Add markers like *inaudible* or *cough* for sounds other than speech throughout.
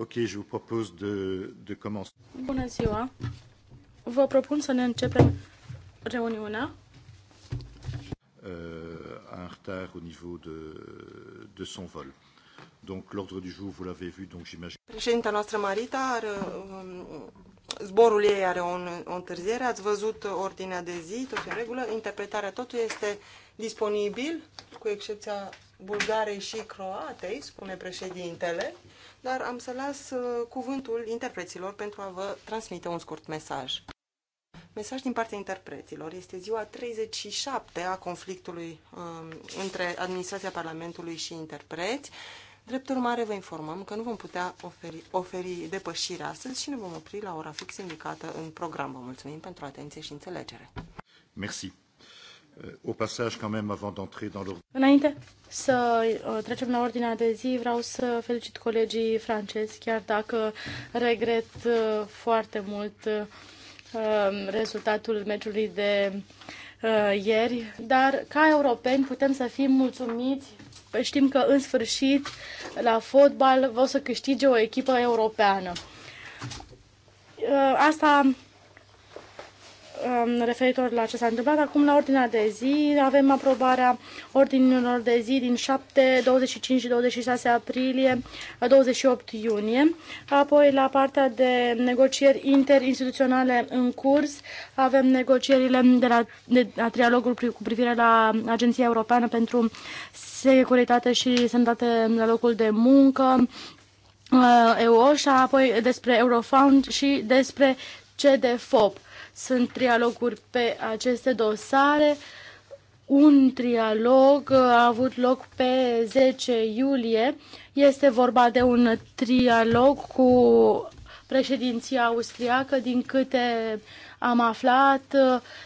Ok, je vous propose de, de commencer. Bună ziua! Vă propun să ne începem reuniunea. Uh, un retard au niveau de, de son vol. Donc l'ordre du jour, vous l'avez vu, donc j'imagine. Președinta noastră Marita are, um, zborul ei are o, o întârziere. Ați văzut ordinea de zi, tot în regulă. Interpretarea totul este disponibil, cu excepția Bulgarei și Croatei, spune președintele dar am să las uh, cuvântul interpreților pentru a vă transmite un scurt mesaj. Mesaj din partea interpreților. Este ziua 37 a conflictului um, între administrația Parlamentului și interpreți. Drept urmare, vă informăm că nu vom putea oferi, oferi depășire astăzi și ne vom opri la ora fix indicată în program. Vă mulțumim pentru atenție și înțelegere. Merci. Au pasaj, quand même, avant d'entrer dans l'ordre. Înainte să uh, trecem la ordinea de zi, vreau să felicit colegii francezi, chiar dacă regret uh, foarte mult uh, rezultatul meciului de ieri, dar ca europeni putem să fim mulțumiți păi știm că în sfârșit la fotbal o să câștige o echipă europeană. Asta Um, referitor la ce s-a întâmplat. Acum, la ordinea de zi, avem aprobarea ordinilor de zi din 7, 25 și 26 aprilie, 28 iunie. Apoi, la partea de negocieri interinstituționale în curs, avem negocierile de la, de, la trialogul cu privire la Agenția Europeană pentru Securitate și Sănătate la locul de muncă, uh, și apoi despre Eurofound și despre CDFOP. Sunt trialoguri pe aceste dosare. Un trialog a avut loc pe 10 iulie. Este vorba de un trialog cu președinția austriacă. Din câte am aflat,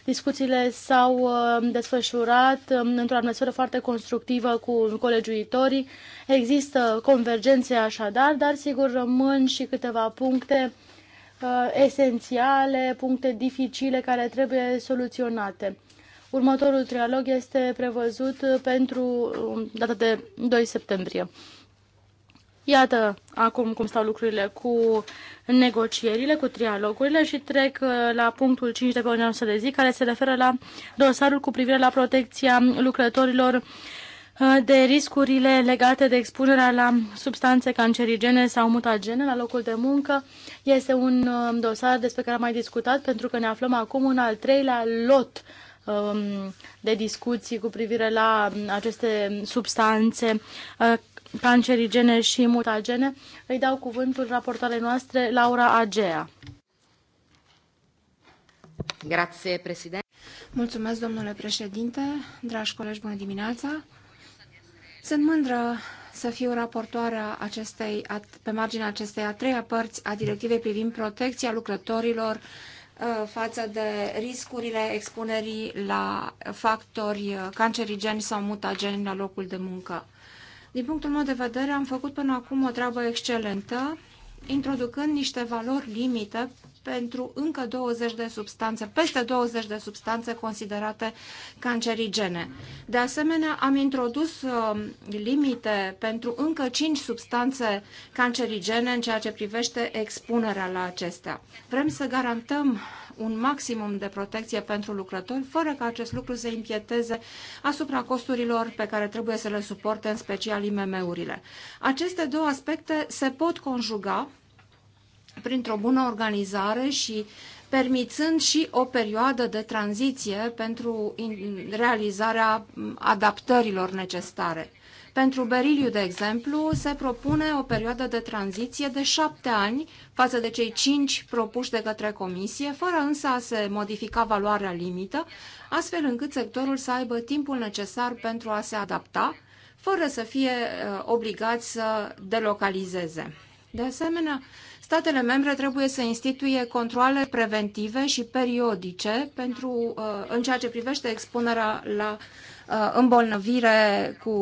discuțiile s-au uh, desfășurat um, într-o atmosferă foarte constructivă cu colegiuitorii. Există convergențe așadar, dar sigur rămân și câteva puncte Uh, esențiale, puncte dificile care trebuie soluționate. Următorul trialog este prevăzut pentru um, data de 2 septembrie. Iată acum cum stau lucrurile cu negocierile, cu trialogurile și trec uh, la punctul 5 de pe ordinea de zi, care se referă la dosarul cu privire la protecția lucrătorilor Uh, de riscurile legate de expunerea la substanțe cancerigene sau mutagene la locul de muncă. Este un um, dosar despre care am mai discutat pentru că ne aflăm acum în al treilea lot um, de discuții cu privire la um, aceste substanțe uh, cancerigene și mutagene. Îi dau cuvântul raportoarei noastre, Laura Agea. Grazie, președinte. Mulțumesc, domnule președinte. Dragi colegi, bună dimineața. Sunt mândră să fiu raportoarea acestei, pe marginea acestei a treia părți a directivei privind protecția lucrătorilor uh, față de riscurile expunerii la factori uh, cancerigeni sau mutageni la locul de muncă. Din punctul meu de vedere, am făcut până acum o treabă excelentă introducând niște valori limită pentru încă 20 de substanțe, peste 20 de substanțe considerate cancerigene. De asemenea, am introdus um, limite pentru încă 5 substanțe cancerigene în ceea ce privește expunerea la acestea. Vrem să garantăm un maximum de protecție pentru lucrători, fără ca acest lucru să impieteze asupra costurilor pe care trebuie să le suporte, în special IMM-urile. Aceste două aspecte se pot conjuga printr-o bună organizare și permițând și o perioadă de tranziție pentru realizarea adaptărilor necesare. Pentru beriliu, de exemplu, se propune o perioadă de tranziție de șapte ani față de cei cinci propuși de către comisie, fără însă a se modifica valoarea limită, astfel încât sectorul să aibă timpul necesar pentru a se adapta, fără să fie uh, obligați să delocalizeze. De asemenea, statele membre trebuie să instituie controle preventive și periodice pentru, uh, în ceea ce privește expunerea la Uh, îmbolnăvire cu,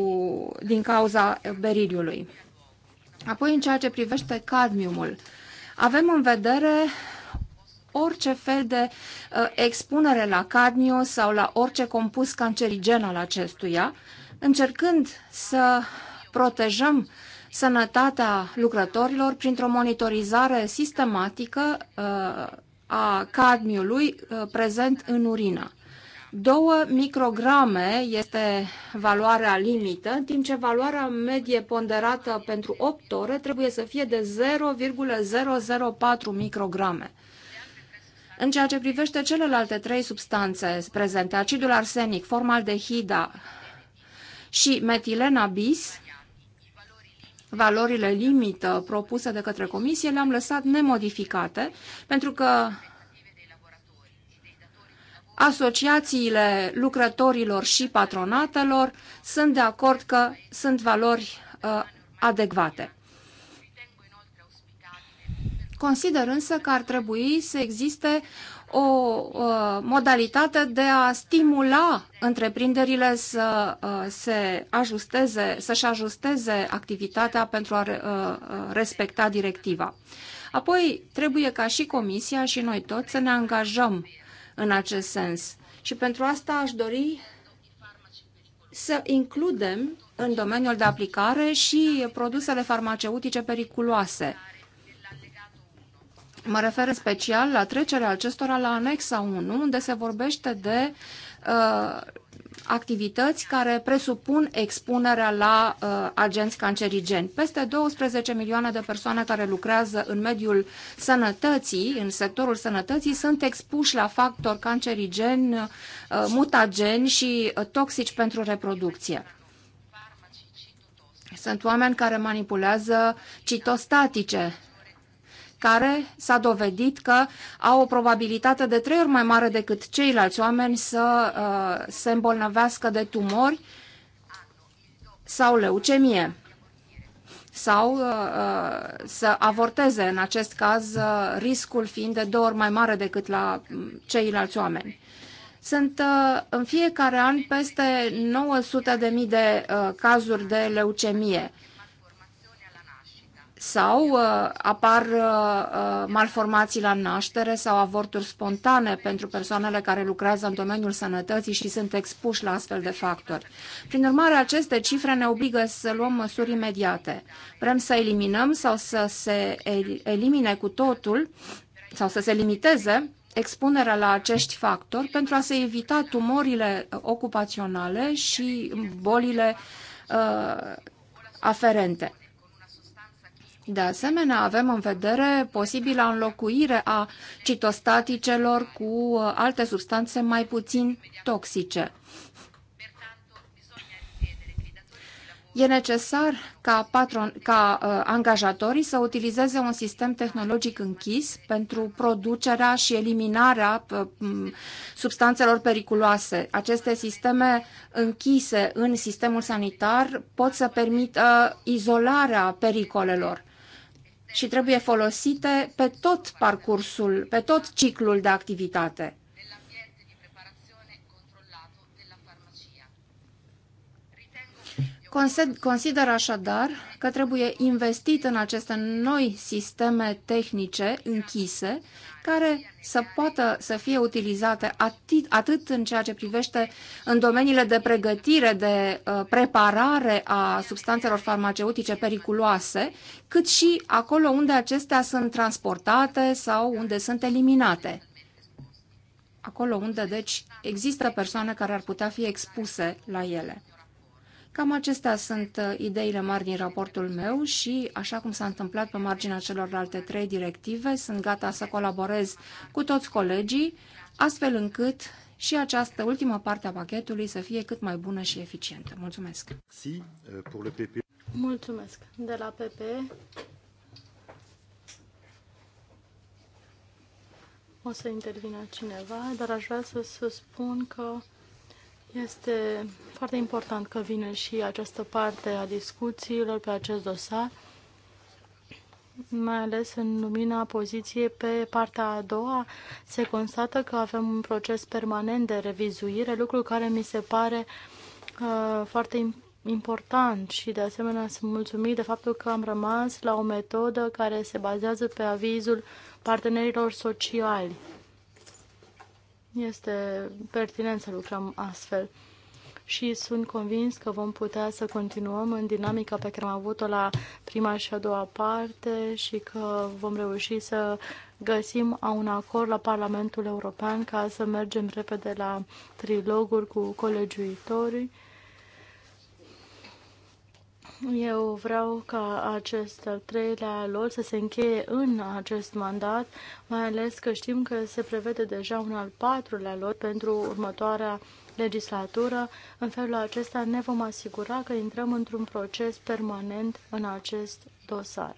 din cauza beriliului. Apoi, în ceea ce privește cadmiumul, avem în vedere orice fel de uh, expunere la cadmiu sau la orice compus cancerigen al acestuia, încercând să protejăm sănătatea lucrătorilor printr-o monitorizare sistematică uh, a cadmiului uh, prezent în urină. 2 micrograme este valoarea limită, în timp ce valoarea medie ponderată pentru 8 ore trebuie să fie de 0,004 micrograme. În ceea ce privește celelalte trei substanțe prezente, acidul arsenic, formaldehida și metilena bis, valorile limită propuse de către comisie le-am lăsat nemodificate, pentru că asociațiile lucrătorilor și patronatelor sunt de acord că sunt valori uh, adecvate. Consider însă că ar trebui să existe o uh, modalitate de a stimula întreprinderile să uh, se ajusteze, să-și ajusteze activitatea pentru a uh, uh, respecta directiva. Apoi trebuie ca și Comisia și noi toți să ne angajăm în acest sens. Și pentru asta aș dori să includem în domeniul de aplicare și produsele farmaceutice periculoase. Mă refer în special la trecerea acestora la anexa 1, unde se vorbește de uh, activități care presupun expunerea la uh, agenți cancerigeni. Peste 12 milioane de persoane care lucrează în mediul sănătății, în sectorul sănătății, sunt expuși la factori cancerigeni, uh, mutageni și uh, toxici pentru reproducție. Sunt oameni care manipulează citostatice, care s-a dovedit că au o probabilitate de trei ori mai mare decât ceilalți oameni să uh, se îmbolnăvească de tumori sau leucemie sau uh, uh să avorteze, în acest caz, uh, riscul fiind de două ori mai mare decât la mm, ceilalți oameni. Sunt uh, în fiecare an peste 900.000 de, de uh, cazuri de leucemie sau uh, apar uh, uh, malformații la naștere sau avorturi spontane pentru persoanele care lucrează în domeniul sănătății și sunt expuși la astfel de factori. Prin urmare, aceste cifre ne obligă să luăm măsuri imediate. Vrem să eliminăm sau să se elimine cu totul sau să se limiteze expunerea la acești factori pentru a se evita tumorile uh, ocupaționale și bolile uh, aferente. De asemenea, avem în vedere posibila înlocuire a citostaticelor cu uh, alte substanțe mai puțin toxice. E necesar ca, patron, ca uh, angajatorii să utilizeze un sistem tehnologic închis pentru producerea și eliminarea uh, substanțelor periculoase. Aceste sisteme închise în sistemul sanitar pot să permită izolarea pericolelor și trebuie folosite pe tot parcursul, pe tot ciclul de activitate. Consider așadar că trebuie investit în aceste noi sisteme tehnice închise, care să poată să fie utilizate atât, atât în ceea ce privește în domeniile de pregătire, de uh, preparare a substanțelor farmaceutice periculoase, cât și acolo unde acestea sunt transportate sau unde sunt eliminate. Acolo unde, deci, există persoane care ar putea fi expuse la ele. Cam acestea sunt uh, ideile mari din raportul meu și, așa cum s-a întâmplat pe marginea celorlalte trei directive, sunt gata să colaborez cu toți colegii, astfel încât și această ultimă parte a pachetului să fie cât mai bună și eficientă. Mulțumesc! Uh, Mulțumesc! De la PP o să intervină cineva, dar aș vrea să, să spun că este foarte important că vine și această parte a discuțiilor pe acest dosar, mai ales în lumina poziției pe partea a doua, se constată că avem un proces permanent de revizuire, lucru care mi se pare uh, foarte important și de asemenea sunt mulțumit de faptul că am rămas la o metodă care se bazează pe avizul partenerilor sociali. Este pertinent să lucrăm astfel și sunt convins că vom putea să continuăm în dinamica pe care am avut-o la prima și a doua parte și că vom reuși să găsim un acord la Parlamentul European ca să mergem repede la triloguri cu colegiuitorii eu vreau ca acest al treilea lot să se încheie în acest mandat, mai ales că știm că se prevede deja un al patrulea lot pentru următoarea legislatură. În felul acesta ne vom asigura că intrăm într-un proces permanent în acest dosar.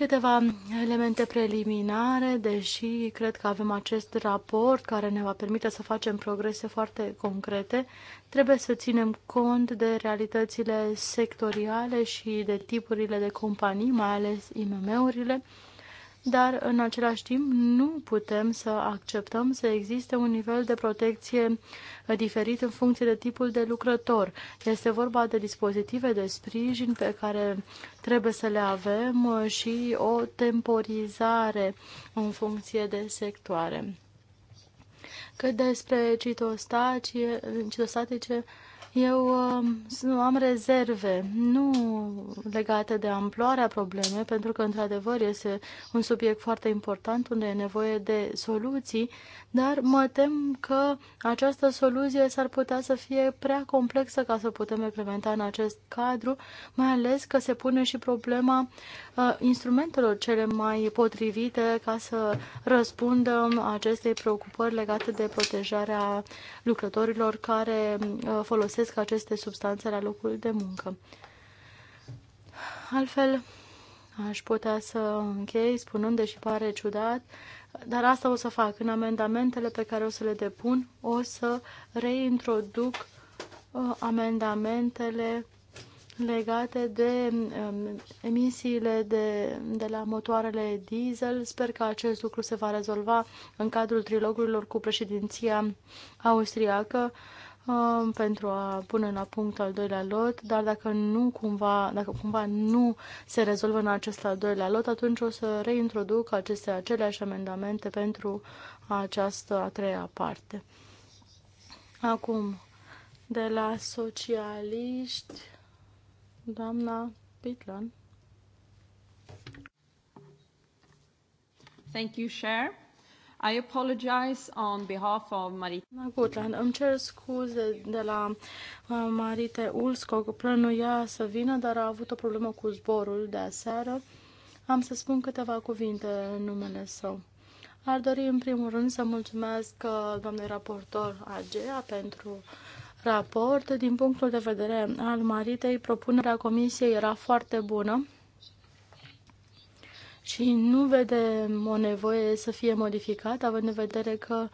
Câteva elemente preliminare, deși cred că avem acest raport care ne va permite să facem progrese foarte concrete, trebuie să ținem cont de realitățile sectoriale și de tipurile de companii, mai ales IMM-urile, dar în același timp nu putem să acceptăm să existe un nivel de protecție diferit în funcție de tipul de lucrător. Este vorba de dispozitive de sprijin pe care trebuie să le avem uh, și o temporizare în funcție de sectoare. Cât despre citostatice, citostatice eu uh, am rezerve, nu legate de amploarea problemei, pentru că, într-adevăr, este un subiect foarte important unde e nevoie de soluții, dar mă tem că această soluție s-ar putea să fie prea complexă ca să putem implementa în acest cadru, mai ales că se pune și problema uh, instrumentelor cele mai potrivite ca să răspundă acestei preocupări legate de protejarea lucrătorilor care uh, folosesc folosesc aceste substanțe la locul de muncă. Altfel, aș putea să închei spunând, deși pare ciudat, dar asta o să fac. În amendamentele pe care o să le depun, o să reintroduc uh, amendamentele legate de um, emisiile de, de la motoarele diesel. Sper că acest lucru se va rezolva în cadrul trilogurilor cu președinția austriacă. Um, pentru a pune la punct al doilea lot, dar dacă nu cumva, dacă cumva nu se rezolvă în acest al doilea lot, atunci o să reintroduc aceste aceleași amendamente pentru această a treia parte. Acum, de la socialiști, doamna Pitlan. Thank you, Cher. I apologize on behalf of Marita Gutland, îmi cer scuze de la uh, Marite că Plănuia să vină, dar a avut o problemă cu zborul de aseară. Am să spun câteva cuvinte în numele său. Ar dori în primul rând să mulțumesc uh, doamnei raportor Agea pentru raport. Din punctul de vedere al Maritei, propunerea comisiei era foarte bună și nu vedem o nevoie să fie modificat, având în vedere că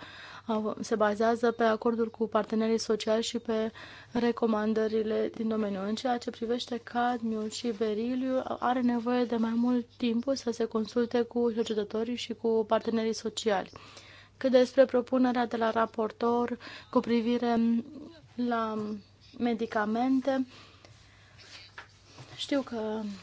uh, se bazează pe acorduri cu partenerii sociali și pe recomandările din domeniu. În ceea ce privește cadmiul și beriliu, are nevoie de mai mult timp să se consulte cu cercetătorii și cu partenerii sociali. Cât despre propunerea de la raportor cu privire la medicamente, știu că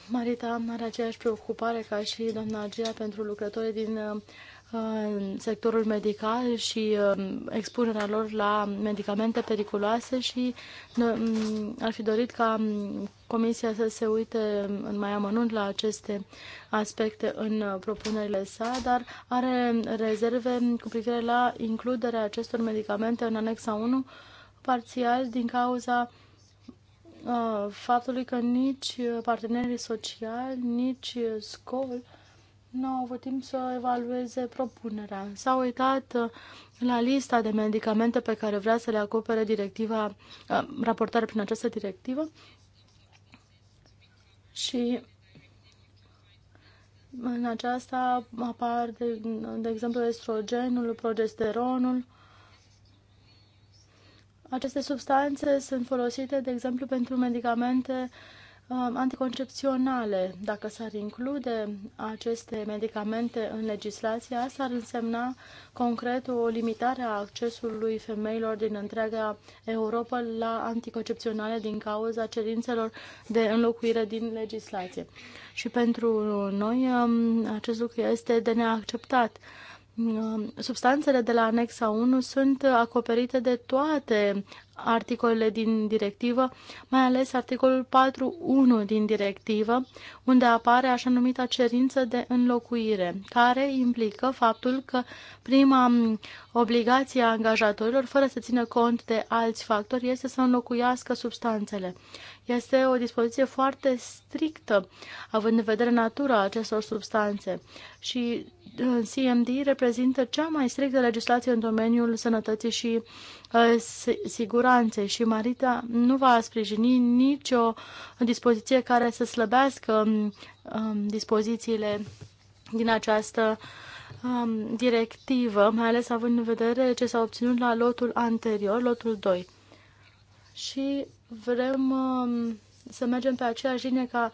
Marita are aceeași preocupare ca și doamna Agia pentru lucrătorii din uh, sectorul medical și uh, expunerea lor la medicamente periculoase și mm, ar fi dorit ca mm, Comisia să se uite în mai amănunt la aceste aspecte în uh, propunerile sa, dar are rezerve cu privire la includerea acestor medicamente în anexa 1 parțial din cauza Uh, faptului că nici uh, partenerii sociali, nici uh, SCOL nu au avut timp să evalueze propunerea. S-au uitat la lista de medicamente pe care vrea să le acopere directiva, raportarea prin această directivă și în aceasta apar, de, de exemplu, estrogenul, progesteronul, aceste substanțe sunt folosite, de exemplu, pentru medicamente um, anticoncepționale. Dacă s-ar include aceste medicamente în legislație, asta ar însemna concret o limitare a accesului femeilor din întreaga Europa la anticoncepționale din cauza cerințelor de înlocuire din legislație. Și pentru noi um, acest lucru este de neacceptat substanțele de la anexa 1 sunt acoperite de toate articolele din directivă, mai ales articolul 4.1 din directivă, unde apare așa numită cerință de înlocuire, care implică faptul că prima obligație a angajatorilor, fără să țină cont de alți factori, este să înlocuiască substanțele. Este o dispoziție foarte strictă, având în vedere natura acestor substanțe și uh, CMD reprezintă cea mai strictă legislație în domeniul sănătății și siguranței și Marita nu va sprijini nicio dispoziție care să slăbească dispozițiile din această directivă, mai ales având în vedere ce s-a obținut la lotul anterior, lotul 2. Și vrem să mergem pe aceeași linie ca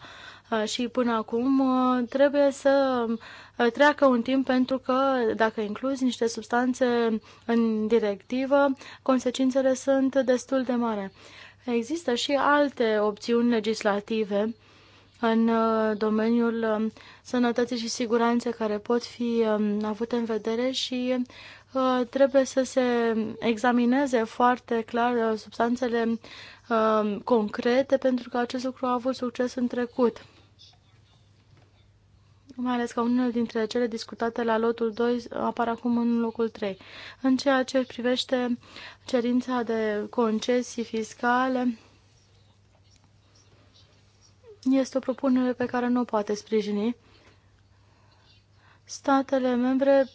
și până acum, trebuie să Uh, treacă un timp pentru că dacă incluzi niște substanțe în directivă, consecințele sunt destul de mari. Există și alte opțiuni legislative în uh, domeniul um, sănătății și siguranței care pot fi um, avute în vedere și uh, trebuie să se examineze foarte clar substanțele um, concrete pentru că acest lucru a avut succes în trecut mai ales că unele dintre cele discutate la lotul 2 apar acum în locul 3. În ceea ce privește cerința de concesii fiscale, este o propunere pe care nu o poate sprijini. Statele membre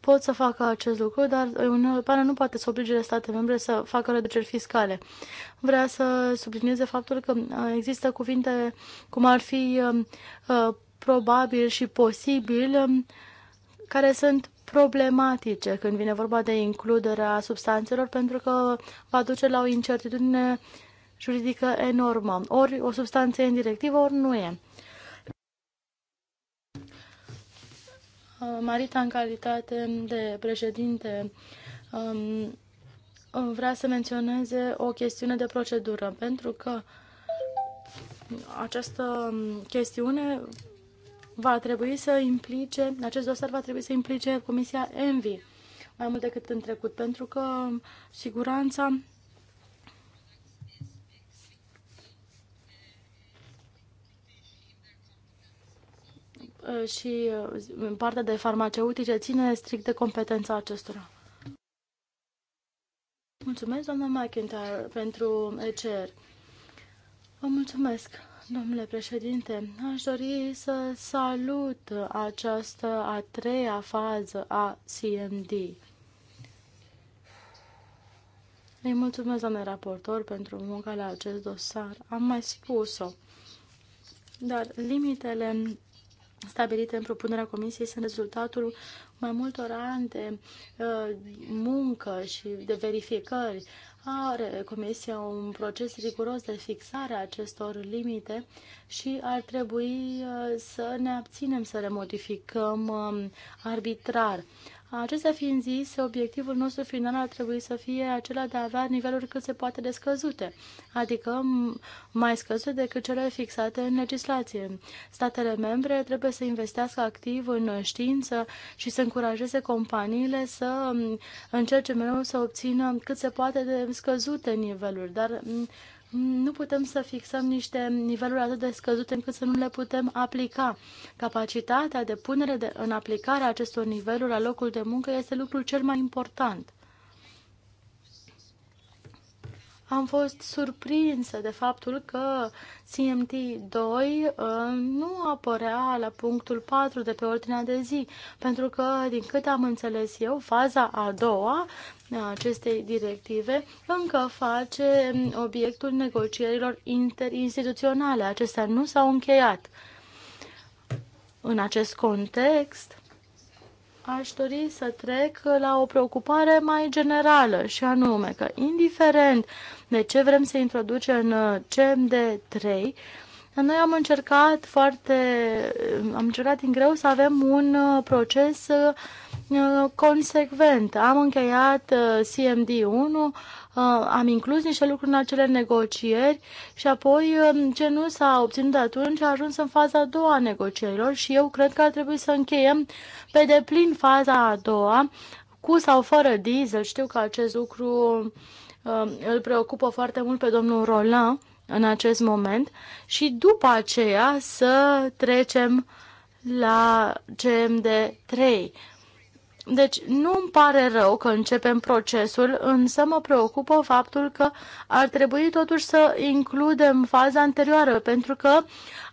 pot să facă acest lucru, dar Uniunea Europeană nu poate să oblige state membre să facă reduceri fiscale. Vrea să sublinieze faptul că uh, există cuvinte cum ar fi uh, uh, probabil și posibil um, care sunt problematice când vine vorba de includerea substanțelor, pentru că va duce la o incertitudine juridică enormă. Ori o substanță e în directivă, ori nu e. Uh, Marita, în calitate de președinte, um, uh, vrea să menționeze o chestiune de procedură, pentru că această chestiune va trebui să implice, acest dosar va trebui să implice Comisia ENVI mai mult decât în trecut, pentru că siguranța și uh, în partea de farmaceutice ține strict de competența acestora. Mulțumesc, doamna McIntyre, pentru ECR. Vă mulțumesc. Domnule președinte, aș dori să salut această a treia fază a CMD. Îi mulțumesc, doamne raportor, pentru munca la acest dosar. Am mai spus-o. Dar limitele stabilite în propunerea comisiei sunt rezultatul mai multor ani de uh, muncă și de verificări are Comisia un proces riguros de fixare a acestor limite și ar trebui uh, să ne abținem să le modificăm um, arbitrar. Acesta fiind zis, obiectivul nostru final ar trebui să fie acela de a avea niveluri cât se poate de scăzute, adică mai scăzute decât cele fixate în legislație. Statele membre trebuie să investească activ în știință și să încurajeze companiile să încerce mereu să obțină cât se poate de scăzute niveluri, dar nu putem să fixăm niște niveluri atât de scăzute încât să nu le putem aplica. Capacitatea de punere de, în aplicare a acestor niveluri la locul de muncă este lucrul cel mai important. Am fost surprinsă de faptul că CMT2 uh, nu apărea la punctul 4 de pe ordinea de zi, pentru că, din câte am înțeles eu, faza a doua a acestei directive încă face obiectul negocierilor interinstituționale. Acestea nu s-au încheiat. În acest context, aș dori să trec la o preocupare mai generală și anume că, indiferent de ce vrem să introducem în CMD3, noi am încercat foarte, am încercat din greu să avem un proces Uh, consecvent. Am încheiat uh, CMD1, uh, am inclus niște lucruri în acele negocieri și apoi um, ce nu s-a obținut atunci a ajuns în faza a doua a negocierilor și eu cred că ar trebui să încheiem pe deplin faza a doua, cu sau fără diesel. Știu că acest lucru um, îl preocupă foarte mult pe domnul Roland în acest moment și după aceea să trecem la CMD 3 deci nu îmi pare rău că începem procesul, însă mă preocupă faptul că ar trebui totuși să includem faza anterioară, pentru că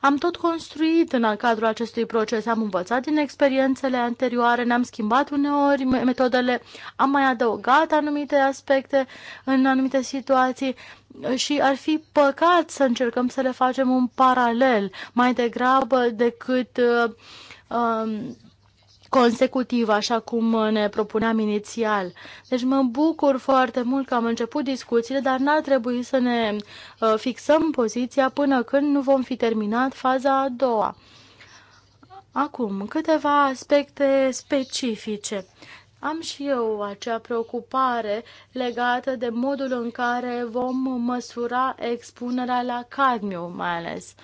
am tot construit în cadrul acestui proces, am învățat din experiențele anterioare, ne-am schimbat uneori metodele, am mai adăugat anumite aspecte în anumite situații și ar fi păcat să încercăm să le facem un paralel mai degrabă decât uh, um, consecutiv, așa cum ne propuneam inițial. Deci mă bucur foarte mult că am început discuțiile, dar n-ar trebui să ne uh, fixăm poziția până când nu vom fi terminat faza a doua. Acum, câteva aspecte specifice. Am și eu acea preocupare legată de modul în care vom măsura expunerea la cadmiu, mai ales. Uh,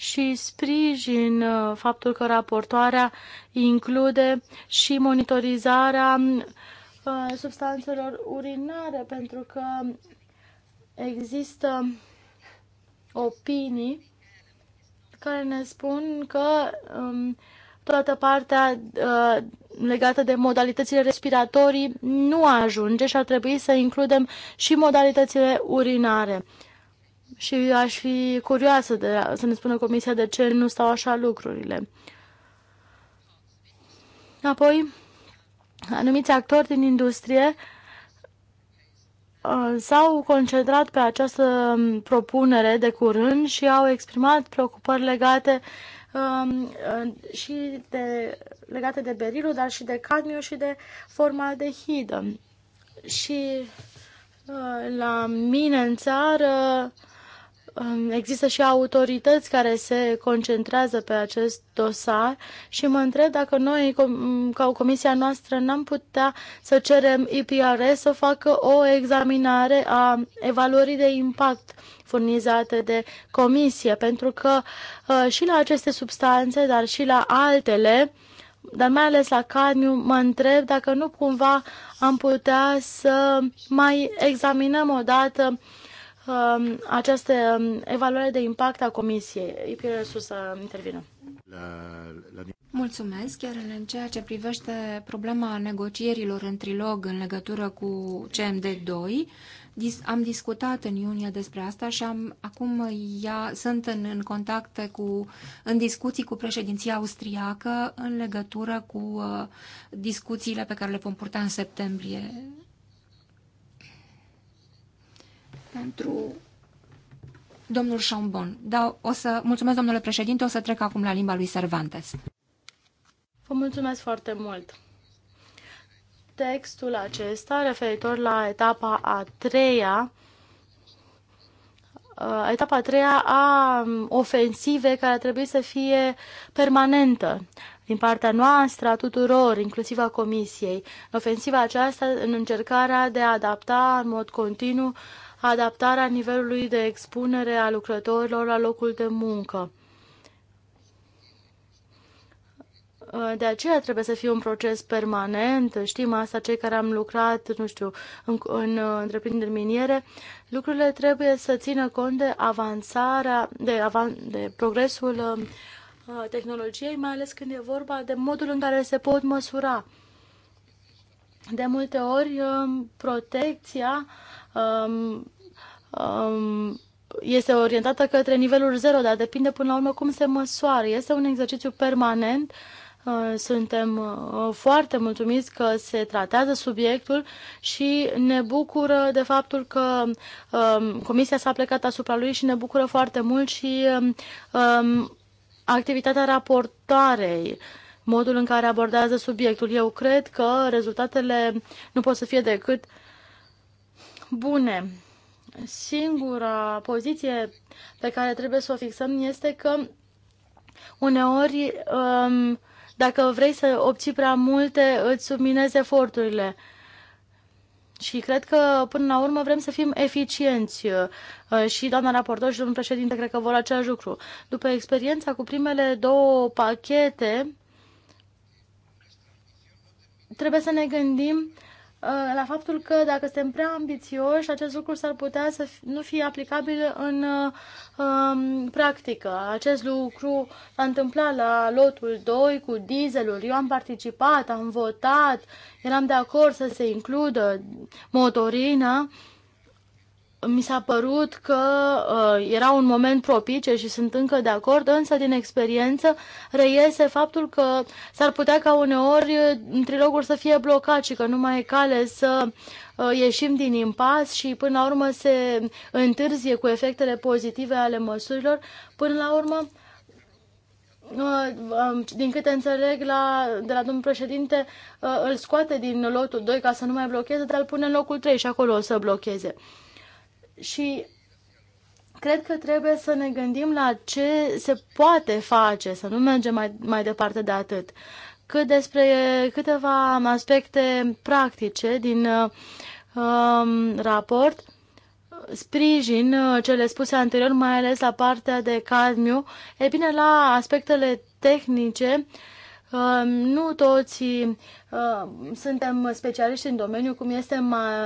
și sprijin uh, faptul că raportoarea include și monitorizarea uh, substanțelor urinare, pentru că există opinii care ne spun că um, toată partea uh, legată de modalitățile respiratorii nu ajunge și ar trebui să includem și modalitățile urinare și aș fi curioasă de, să ne spună comisia de ce nu stau așa lucrurile. Apoi, anumiți actori din industrie uh, s-au concentrat pe această propunere de curând și au exprimat preocupări legate um, uh, și de, legate de berilul, dar și de cadmiu și de forma de hidă. Și uh, la mine în țară Um, există și autorități care se concentrează pe acest dosar și mă întreb dacă noi, ca o comisia noastră, n-am putea să cerem IPRS să facă o examinare a evaluării de impact furnizate de comisie, pentru că uh, și la aceste substanțe, dar și la altele, dar mai ales la cadmiu, mă întreb dacă nu cumva am putea să mai examinăm o dată Um, această um, evaluare de impact a Comisiei. Îi pierd să intervină. La, la... Mulțumesc, iar în ceea ce privește problema negocierilor în trilog în legătură cu CMD2, am discutat în iunie despre asta și am, acum ia, sunt în, în contacte cu, în discuții cu președinția austriacă în legătură cu uh, discuțiile pe care le vom purta în septembrie pentru domnul Chambon. Da, o să, mulțumesc, domnule președinte, o să trec acum la limba lui Cervantes. Vă mulțumesc foarte mult. Textul acesta, referitor la etapa a treia, uh, etapa a treia a um, ofensive care trebuie să fie permanentă din partea noastră, a tuturor, inclusiv a Comisiei. Ofensiva aceasta în încercarea de a adapta în mod continuu adaptarea nivelului de expunere a lucrătorilor la locul de muncă. De aceea trebuie să fie un proces permanent, știm asta cei care am lucrat, nu știu, în, în întreprinderi miniere, lucrurile trebuie să țină cont de avansarea, de, avan, de progresul uh, tehnologiei, mai ales când e vorba de modul în care se pot măsura. De multe ori, uh, protecția uh, um, um, este orientată către nivelul 0, dar depinde până la urmă cum se măsoară. Este un exercițiu permanent. Uh, suntem uh, foarte mulțumiți că se tratează subiectul și ne bucură de faptul că um, comisia s-a plecat asupra lui și ne bucură foarte mult și um, um, activitatea raportoarei modul în care abordează subiectul. Eu cred că rezultatele nu pot să fie decât uh, bune. Singura poziție pe care trebuie să o fixăm este că uneori, um, dacă vrei să obții prea multe, îți subminezi eforturile. Și cred că, până la urmă, vrem să fim eficienți. Uh, și doamna raportor și domnul președinte cred că vor același lucru. După experiența cu primele două pachete, trebuie să ne gândim Uh, la faptul că dacă suntem prea ambițioși, acest lucru s-ar putea să nu fie aplicabil în uh, um, practică. Acest lucru s-a întâmplat la lotul 2 cu dieselul. Eu am participat, am votat, eram de acord să se includă motorina mi s-a părut că uh, era un moment propice și sunt încă de acord, însă din experiență reiese faptul că s-ar putea ca uneori uh, trilogul să fie blocat și că nu mai e cale să uh, ieșim din impas și până la urmă se întârzie cu efectele pozitive ale măsurilor. Până la urmă, uh, din câte înțeleg la, de la domnul președinte, uh, îl scoate din lotul 2 ca să nu mai blocheze, dar îl pune în locul 3 și acolo o să blocheze și cred că trebuie să ne gândim la ce se poate face, să nu mergem mai, mai departe de atât. Cât despre câteva aspecte practice din uh, raport, sprijin uh, cele spuse anterior, mai ales la partea de cadmiu, e bine, la aspectele tehnice, uh, nu toți suntem specialiști în domeniu, cum este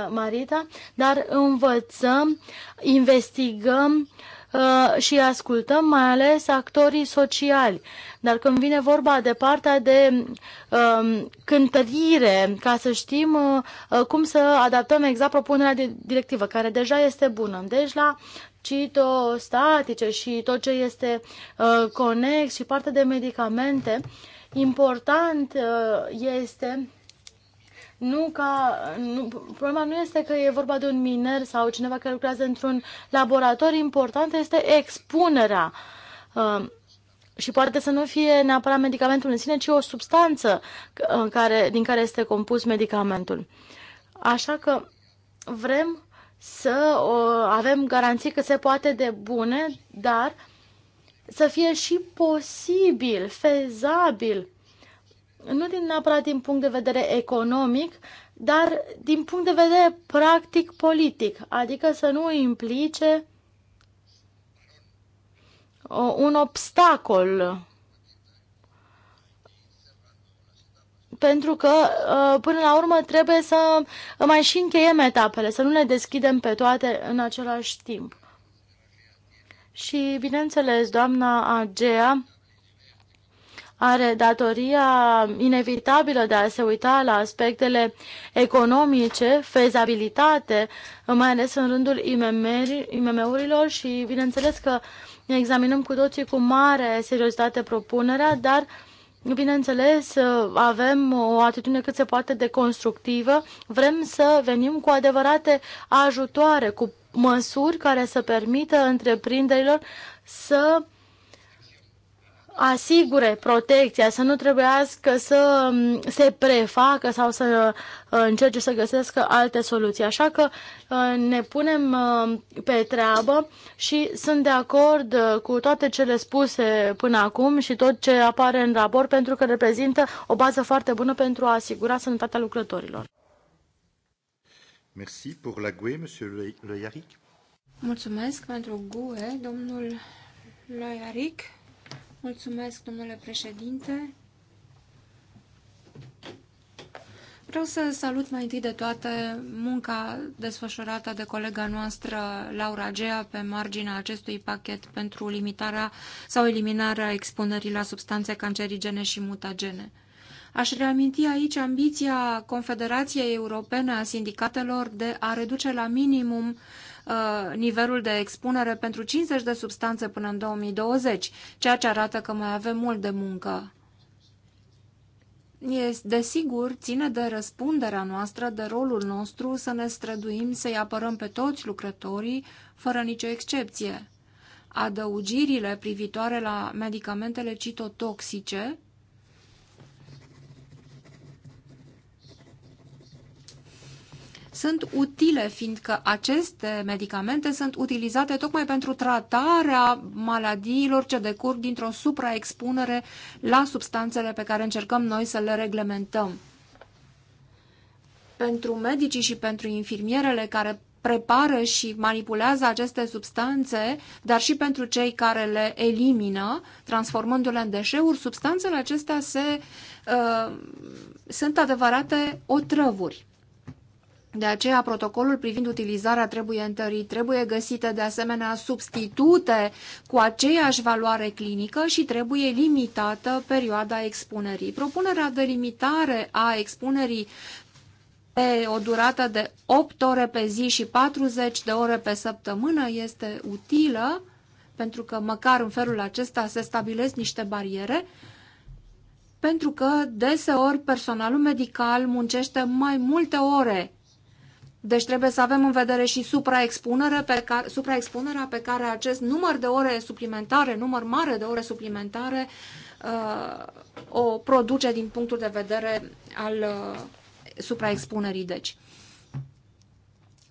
Marita, dar învățăm, investigăm uh, și ascultăm mai ales actorii sociali. Dar când vine vorba de partea de um, cântărire, ca să știm uh, uh cum să adaptăm exact propunerea de directivă, care deja este bună. Deci la citostatice și tot ce este uh, conex și partea de medicamente, uh, important uh, este nu ca, nu, problema nu este că e vorba de un miner sau cineva care lucrează într-un laborator, important este expunerea. Uh, și poate să nu fie neapărat medicamentul în sine, ci o substanță în uh, care, din care este compus medicamentul. Așa că vrem să uh, avem garanții că se poate de bune, dar uh, să fie și posibil, fezabil, nu din neapărat din punct de vedere economic, dar din punct de vedere practic-politic, adică să nu implice un obstacol pentru că ă, până la urmă trebuie să mai și încheiem etapele, să nu le deschidem pe toate în același timp. Și, bineînțeles, doamna Agea are datoria inevitabilă de a se uita la aspectele economice, fezabilitate, mai ales în rândul IMM-urilor și, bineînțeles, că ne examinăm cu toții cu mare seriozitate propunerea, dar uh, Bineînțeles, avem o atitudine cât se poate de constructivă. Vrem să venim cu adevărate ajutoare, cu măsuri care să permită întreprinderilor să asigure protecția, să nu trebuiască să se prefacă sau să uh, încerce să găsească alte soluții. Așa că uh, ne punem uh, pe treabă și sunt de acord cu toate cele spuse până acum și tot ce apare în raport pentru că reprezintă o bază foarte bună pentru a asigura sănătatea lucrătorilor. Merci pour la GUE, monsieur Le, Le Mulțumesc pentru GUE, domnul Le Mulțumesc, domnule președinte. Vreau să salut mai întâi de toate munca desfășurată de colega noastră, Laura Gea, pe marginea acestui pachet pentru limitarea sau eliminarea expunerii la substanțe cancerigene și mutagene. Aș reaminti aici ambiția Confederației Europene a Sindicatelor de a reduce la minimum Uh, nivelul de expunere pentru 50 de substanțe până în 2020, ceea ce arată că mai avem mult de muncă. Este, desigur, ține de răspunderea noastră, de rolul nostru să ne străduim să-i apărăm pe toți lucrătorii, fără nicio excepție. Adăugirile privitoare la medicamentele citotoxice sunt utile, fiindcă aceste medicamente sunt utilizate tocmai pentru tratarea maladiilor ce decurg dintr-o supraexpunere la substanțele pe care încercăm noi să le reglementăm. Pentru medicii și pentru infirmierele care prepară și manipulează aceste substanțe, dar și pentru cei care le elimină, transformându-le în deșeuri, substanțele acestea se, uh, sunt adevărate otrăvuri. De aceea, protocolul privind utilizarea trebuie întărit, trebuie găsite de asemenea substitute cu aceeași valoare clinică și trebuie limitată perioada expunerii. Propunerea de limitare a expunerii pe o durată de 8 ore pe zi și 40 de ore pe săptămână este utilă, pentru că măcar în felul acesta se stabilesc niște bariere, pentru că deseori personalul medical muncește mai multe ore deci trebuie să avem în vedere și supraexpunerea pe, care, supraexpunerea pe care acest număr de ore suplimentare, număr mare de ore suplimentare, uh, o produce din punctul de vedere al uh, supraexpunerii. Deci,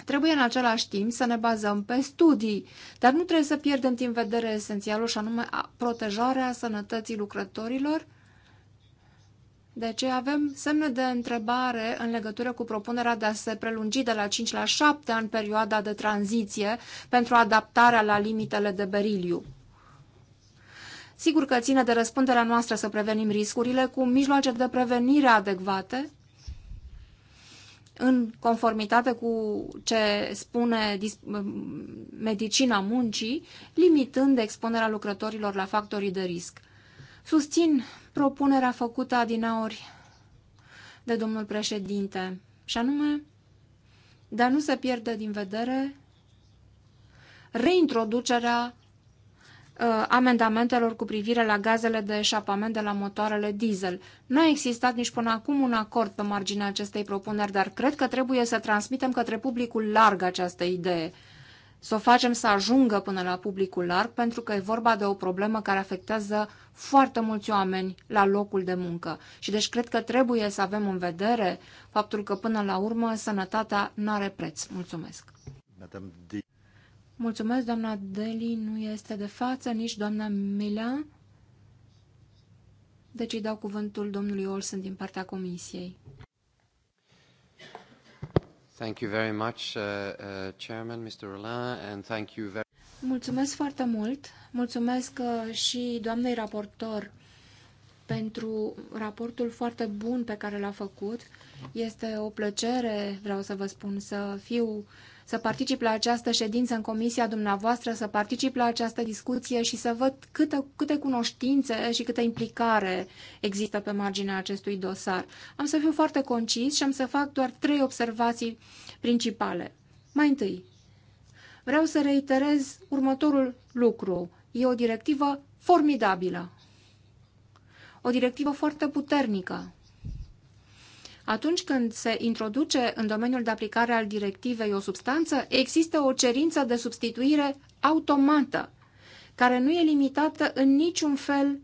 trebuie în același timp să ne bazăm pe studii, dar nu trebuie să pierdem din vedere esențialul și anume protejarea sănătății lucrătorilor, uh, deci avem semne de întrebare în legătură cu propunerea de a se prelungi de la 5 la 7 ani perioada de tranziție pentru adaptarea la limitele de beriliu. Sigur că ține de răspunderea noastră să prevenim riscurile cu mijloace de prevenire adecvate, în conformitate cu ce spune medicina muncii, limitând expunerea lucrătorilor la factorii de risc. Susțin propunerea făcută adinaori de domnul președinte, și anume de a nu se pierde din vedere reintroducerea uh, amendamentelor cu privire la gazele de eșapament de la motoarele diesel. Nu a existat nici până acum un acord pe marginea acestei propuneri, dar cred că trebuie să transmitem către publicul larg această idee să o facem să ajungă până la publicul larg, pentru că e vorba de o problemă care afectează foarte mulți oameni la locul de muncă. Și deci cred că trebuie să avem în vedere faptul că până la urmă sănătatea nu are preț. Mulțumesc! Mulțumesc, doamna Deli nu este de față, nici doamna Mila. Deci îi dau cuvântul domnului Olsen din partea comisiei. Thank you very much, uh, uh, Chairman, Mr. Roland, and thank you very Mulțumesc foarte mult. Mulțumesc uh, și doamnei raportor pentru raportul foarte bun pe care l-a făcut. Este o plăcere, vreau să vă spun, să fiu uh, să particip la această ședință în comisia dumneavoastră, să particip la această discuție și să văd câte, câte cunoștințe și câtă implicare există pe marginea acestui dosar. Am să fiu foarte concis și am să fac doar trei observații principale. Mai întâi, vreau să reiterez următorul lucru. E o directivă formidabilă. O directivă foarte puternică. Atunci când se introduce în domeniul de aplicare al directivei o substanță, există o cerință de substituire automată, care nu e limitată în niciun fel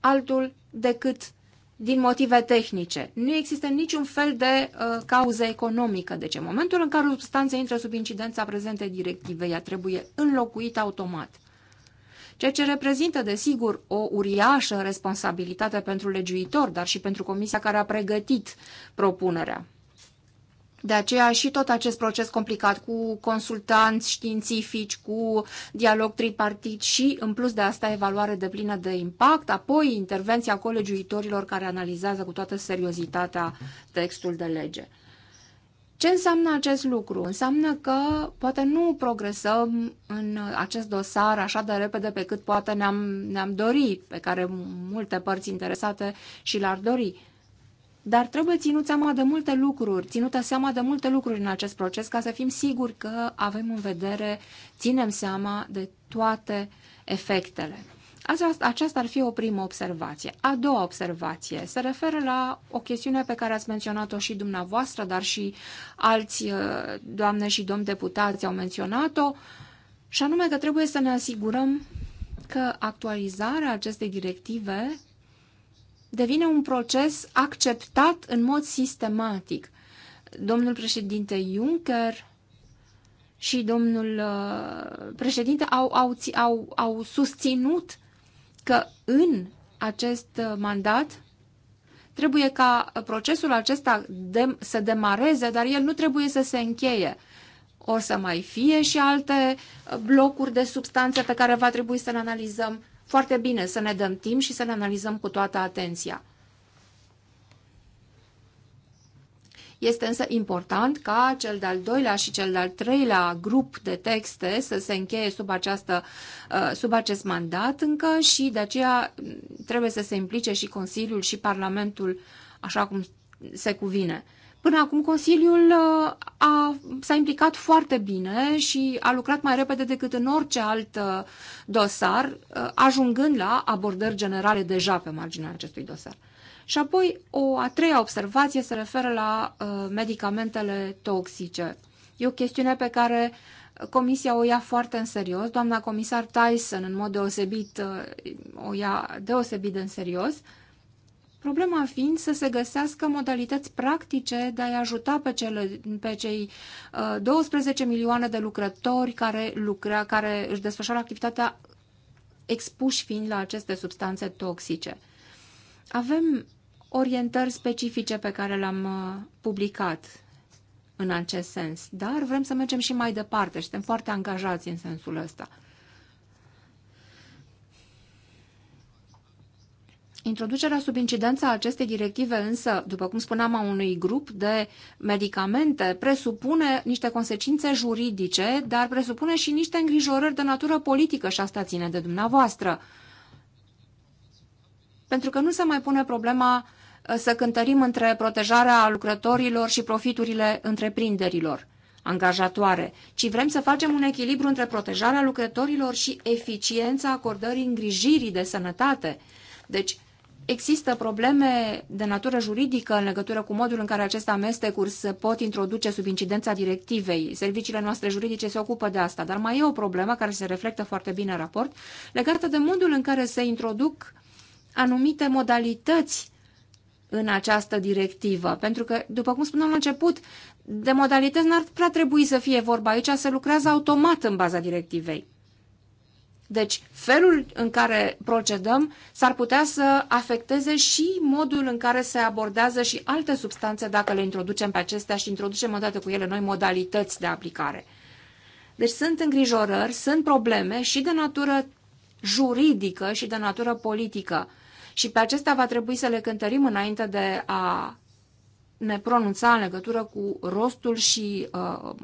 altul decât din motive tehnice. Nu există niciun fel de uh, cauză economică. Deci în momentul în care o substanță intră sub incidența prezentei directivei, ea trebuie înlocuită automat ceea ce reprezintă, desigur, o uriașă responsabilitate pentru legiuitor, dar și pentru comisia care a pregătit propunerea. De aceea și tot acest proces complicat cu consultanți științifici, cu dialog tripartit și, în plus de asta, evaluare de plină de impact, apoi intervenția colegiuitorilor care analizează cu toată seriozitatea textul de lege. Ce înseamnă acest lucru? Înseamnă că poate nu progresăm în acest dosar așa de repede pe cât poate ne-am ne, dori, pe care multe părți interesate și l-ar dori. Dar trebuie ținut seama de multe lucruri, ținută seama de multe lucruri în acest proces ca să fim siguri că avem în vedere, ținem seama de toate efectele. Aceasta, aceasta ar fi o primă observație. A doua observație se referă la o chestiune pe care ați menționat-o și dumneavoastră, dar și alți uh, doamne și domn deputați au menționat-o, și anume că trebuie să ne asigurăm că actualizarea acestei directive devine un proces acceptat în mod sistematic. Domnul președinte Juncker și domnul uh, președinte au, au, au, au susținut că în acest mandat trebuie ca procesul acesta de, să demareze, dar el nu trebuie să se încheie. O să mai fie și alte uh, blocuri de substanțe pe care va trebui să le analizăm foarte bine, să ne dăm timp și să le analizăm cu toată atenția. Este însă important ca cel de-al doilea și cel de-al treilea grup de texte să se încheie sub, această, uh, sub acest mandat încă și de aceea mm, trebuie să se implice și Consiliul și Parlamentul așa cum se cuvine. Până acum Consiliul uh, a, s-a implicat foarte bine și a lucrat mai repede decât în orice alt uh, dosar, ajungând la abordări generale deja pe marginea acestui dosar. Și apoi o a treia observație se referă la uh, medicamentele toxice. E o chestiune pe care Comisia o ia foarte în serios, doamna comisar Tyson în mod deosebit uh, o ia deosebit de în serios, problema fiind să se găsească modalități practice de a-i ajuta pe, cele, pe cei uh, 12 milioane de lucrători care, lucra, care își desfășoară activitatea expuși fiind la aceste substanțe toxice. Avem orientări specifice pe care le-am uh, publicat în acest sens, dar vrem să mergem și mai departe și suntem foarte angajați în sensul ăsta. Introducerea sub incidența acestei directive însă, după cum spuneam, a unui grup de medicamente presupune niște consecințe juridice, dar presupune și niște îngrijorări de natură politică și asta ține de dumneavoastră. Pentru că nu se mai pune problema Uh, să cântărim între protejarea lucrătorilor și profiturile întreprinderilor angajatoare, ci vrem să facem un echilibru între protejarea lucrătorilor și eficiența acordării îngrijirii de sănătate. Deci, există probleme de natură juridică în legătură cu modul în care aceste amestecuri se pot introduce sub incidența directivei. Serviciile noastre juridice se ocupă de asta, dar mai e o problemă care se reflectă foarte bine în raport, legată de modul în care se introduc anumite modalități în această directivă. Pentru că, după cum spuneam la început, de modalități n-ar prea trebui să fie vorba aici, se lucrează automat în baza directivei. Deci, felul în care procedăm s-ar putea să afecteze și modul în care se abordează și alte substanțe dacă le introducem pe acestea și introducem odată cu ele noi modalități de aplicare. Deci sunt îngrijorări, sunt probleme și de natură juridică și de natură politică și pe acestea va trebui să le cântărim înainte de a ne pronunța în legătură cu rostul și uh, uh,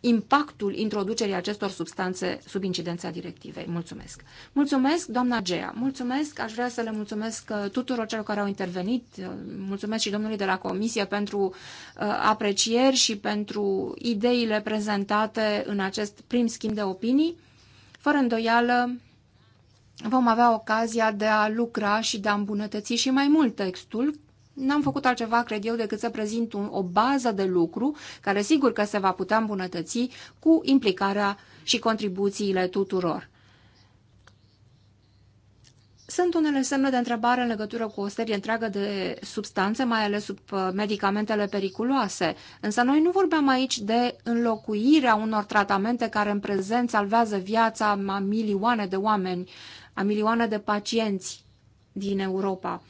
impactul introducerii acestor substanțe sub incidența directivei. Mulțumesc. Mulțumesc, doamna Gea. Mulțumesc, aș vrea să le mulțumesc uh, tuturor celor care au intervenit. Uh, mulțumesc și domnului de la Comisie pentru uh, aprecieri și pentru ideile prezentate în acest prim schimb de opinii. Fără îndoială, vom avea ocazia de a lucra și de a îmbunătăți și mai mult textul. N-am făcut altceva, cred eu, decât să prezint un, o bază de lucru, care sigur că se va putea îmbunătăți cu implicarea și contribuțiile tuturor. Sunt unele semne de întrebare în legătură cu o serie întreagă de substanțe, mai ales sub uh, medicamentele periculoase. Însă noi nu vorbeam aici de înlocuirea unor tratamente care în prezent salvează viața a milioane de oameni a milioane de pacienți din Europa.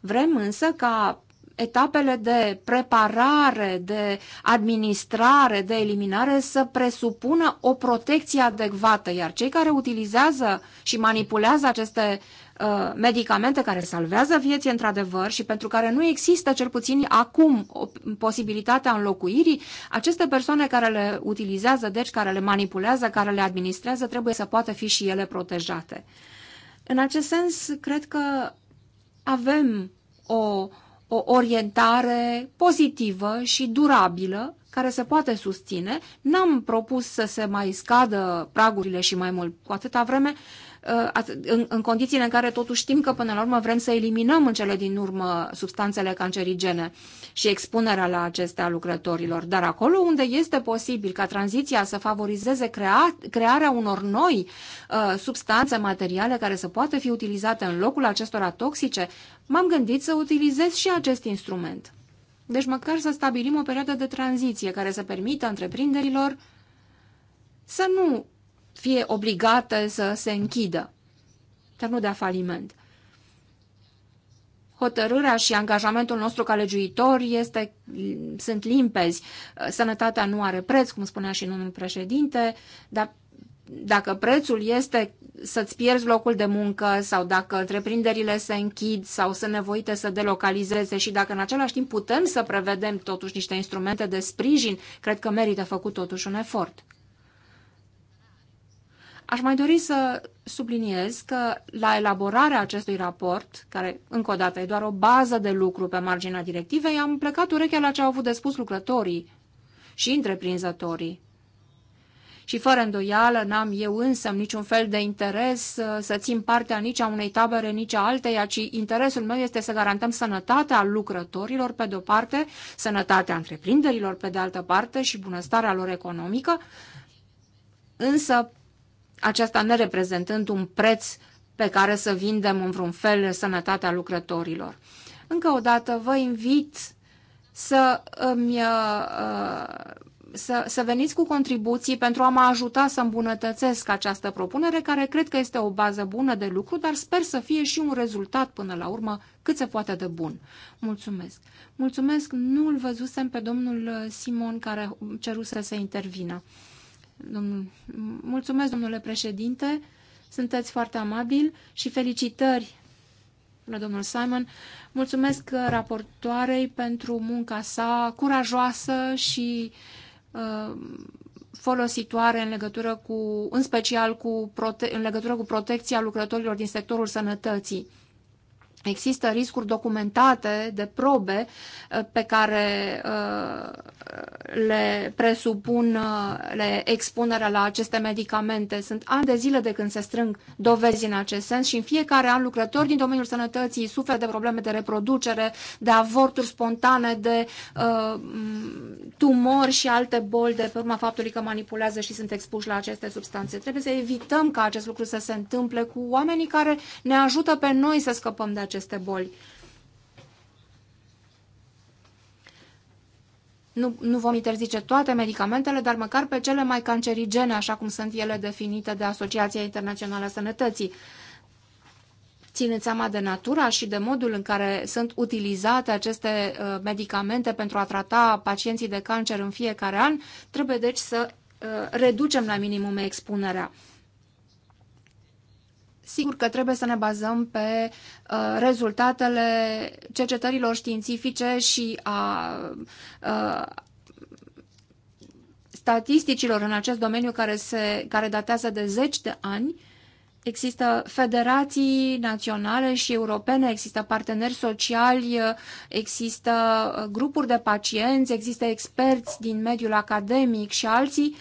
Vrem însă ca etapele de preparare, de administrare, de eliminare să presupună o protecție adecvată, iar cei care utilizează și manipulează aceste uh, medicamente care salvează vieți într-adevăr și pentru care nu există cel puțin acum o posibilitatea înlocuirii, aceste persoane care le utilizează, deci care le manipulează, care le administrează, trebuie să poată fi și ele protejate. În acest sens, cred că avem o, o orientare pozitivă și durabilă care se poate susține. N-am propus să se mai scadă pragurile și mai mult cu atâta vreme Uh, în, în condițiile în care totuși știm că până la urmă vrem să eliminăm în cele din urmă substanțele cancerigene și expunerea la acestea lucrătorilor. Dar acolo unde este posibil ca tranziția să favorizeze crea, crearea unor noi uh, substanțe materiale care să poată fi utilizate în locul acestora toxice, m-am gândit să utilizez și acest instrument. Deci măcar să stabilim o perioadă de tranziție care să permită întreprinderilor să nu fie obligată să se închidă, dar nu de faliment. Hotărârea și angajamentul nostru ca legiuitor este, sunt limpezi. Sănătatea nu are preț, cum spunea și domnul președinte, dar dacă prețul este să-ți pierzi locul de muncă sau dacă întreprinderile se închid sau sunt nevoite să delocalizeze și dacă în același timp putem să prevedem totuși niște instrumente de sprijin, cred că merită făcut totuși un efort. Aș mai dori să subliniez că la elaborarea acestui raport, care încă o dată e doar o bază de lucru pe marginea directivei, am plecat urechea la ce au avut de spus lucrătorii și întreprinzătorii. Și fără îndoială n-am eu însă niciun fel de interes uh, să țin partea nici a unei tabere, nici a alteia, ci interesul meu este să garantăm sănătatea lucrătorilor pe de-o parte, sănătatea întreprinderilor pe de altă parte și bunăstarea lor economică, însă aceasta nereprezentând un preț pe care să vindem în vreun fel sănătatea lucrătorilor. Încă o dată vă invit să îmi uh, uh, să, să veniți cu contribuții pentru a mă ajuta să îmbunătățesc această propunere, care cred că este o bază bună de lucru, dar sper să fie și un rezultat până la urmă cât se poate de bun. Mulțumesc! Mulțumesc! Nu-l văzusem pe domnul Simon care ceruse să intervină. Domnul... Mulțumesc, domnule președinte, sunteți foarte amabil și felicitări, domnul Simon. Mulțumesc raportoarei pentru munca sa curajoasă și uh, folositoare în legătură cu, în special cu prote- în legătură cu protecția lucrătorilor din sectorul sănătății. Există riscuri documentate de probe uh, pe care uh, le presupun, uh, le expunerea la aceste medicamente. Sunt ani de zile de când se strâng dovezi în acest sens și în fiecare an lucrători din domeniul sănătății suferă de probleme de reproducere, de avorturi spontane, de uh, tumori și alte boli de pe urma faptului că manipulează și sunt expuși la aceste substanțe. Trebuie să evităm ca acest lucru să se întâmple cu oamenii care ne ajută pe noi să scăpăm de aceste boli. Nu, nu vom interzice toate medicamentele, dar măcar pe cele mai cancerigene, așa cum sunt ele definite de Asociația Internațională a Sănătății. Țineți seama de natura și de modul în care sunt utilizate aceste uh, medicamente pentru a trata pacienții de cancer în fiecare an, trebuie deci să uh, reducem la minimum expunerea. Sigur că trebuie să ne bazăm pe uh, rezultatele cercetărilor științifice și a uh, statisticilor în acest domeniu care, se, care datează de zeci de ani. Există federații naționale și europene, există parteneri sociali, există uh, grupuri de pacienți, există experți din mediul academic și alții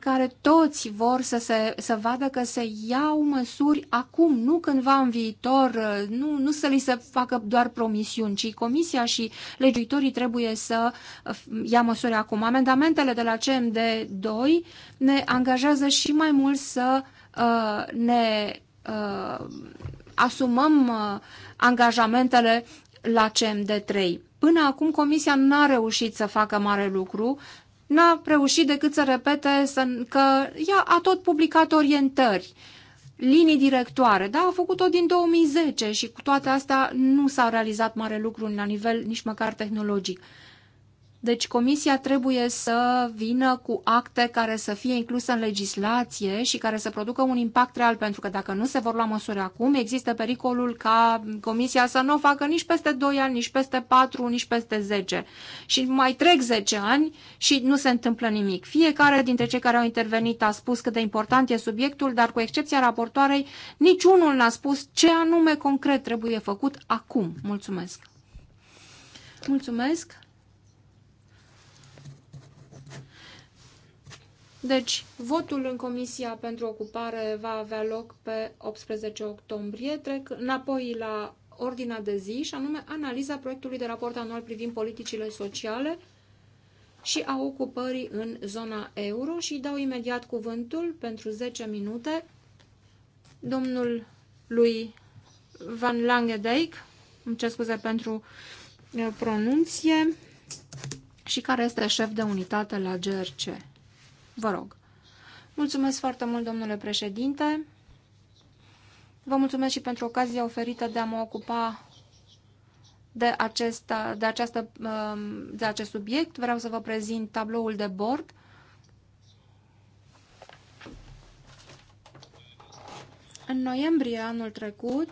care toți vor să, se, să vadă că se iau măsuri acum, nu cândva în viitor, nu, nu să li se facă doar promisiuni, ci Comisia și legiuitorii trebuie să uh, ia măsuri acum. Amendamentele de la CMD2 ne angajează și mai mult să uh, ne uh, asumăm uh, angajamentele la CMD3. Până acum Comisia n-a reușit să facă mare lucru n-a reușit decât să repete să, că ea a tot publicat orientări, linii directoare, da, a făcut-o din 2010 și cu toate astea nu s-a realizat mare lucru la nivel nici măcar tehnologic. Deci comisia trebuie să vină cu acte care să fie incluse în legislație și care să producă un impact real, pentru că dacă nu se vor lua măsuri acum, există pericolul ca comisia să nu o facă nici peste 2 ani, nici peste 4, nici peste 10. Și mai trec 10 ani și nu se întâmplă nimic. Fiecare dintre cei care au intervenit a spus cât de important e subiectul, dar cu excepția raportoarei, niciunul n-a spus ce anume concret trebuie făcut acum. Mulțumesc! Mulțumesc! Deci, votul în Comisia pentru Ocupare va avea loc pe 18 octombrie, trec înapoi la ordinea de zi, și anume analiza proiectului de raport anual privind politicile sociale și a ocupării în zona euro și dau imediat cuvântul pentru 10 minute domnul lui Van Langedijk, îmi cer scuze pentru eh, pronunție, și care este șef de unitate la GRC. Vă rog. Mulțumesc foarte mult, domnule președinte. Vă mulțumesc și pentru ocazia oferită de a mă ocupa de, acesta, de, această, um, de acest subiect. Vreau să vă prezint tabloul de bord. În noiembrie anul trecut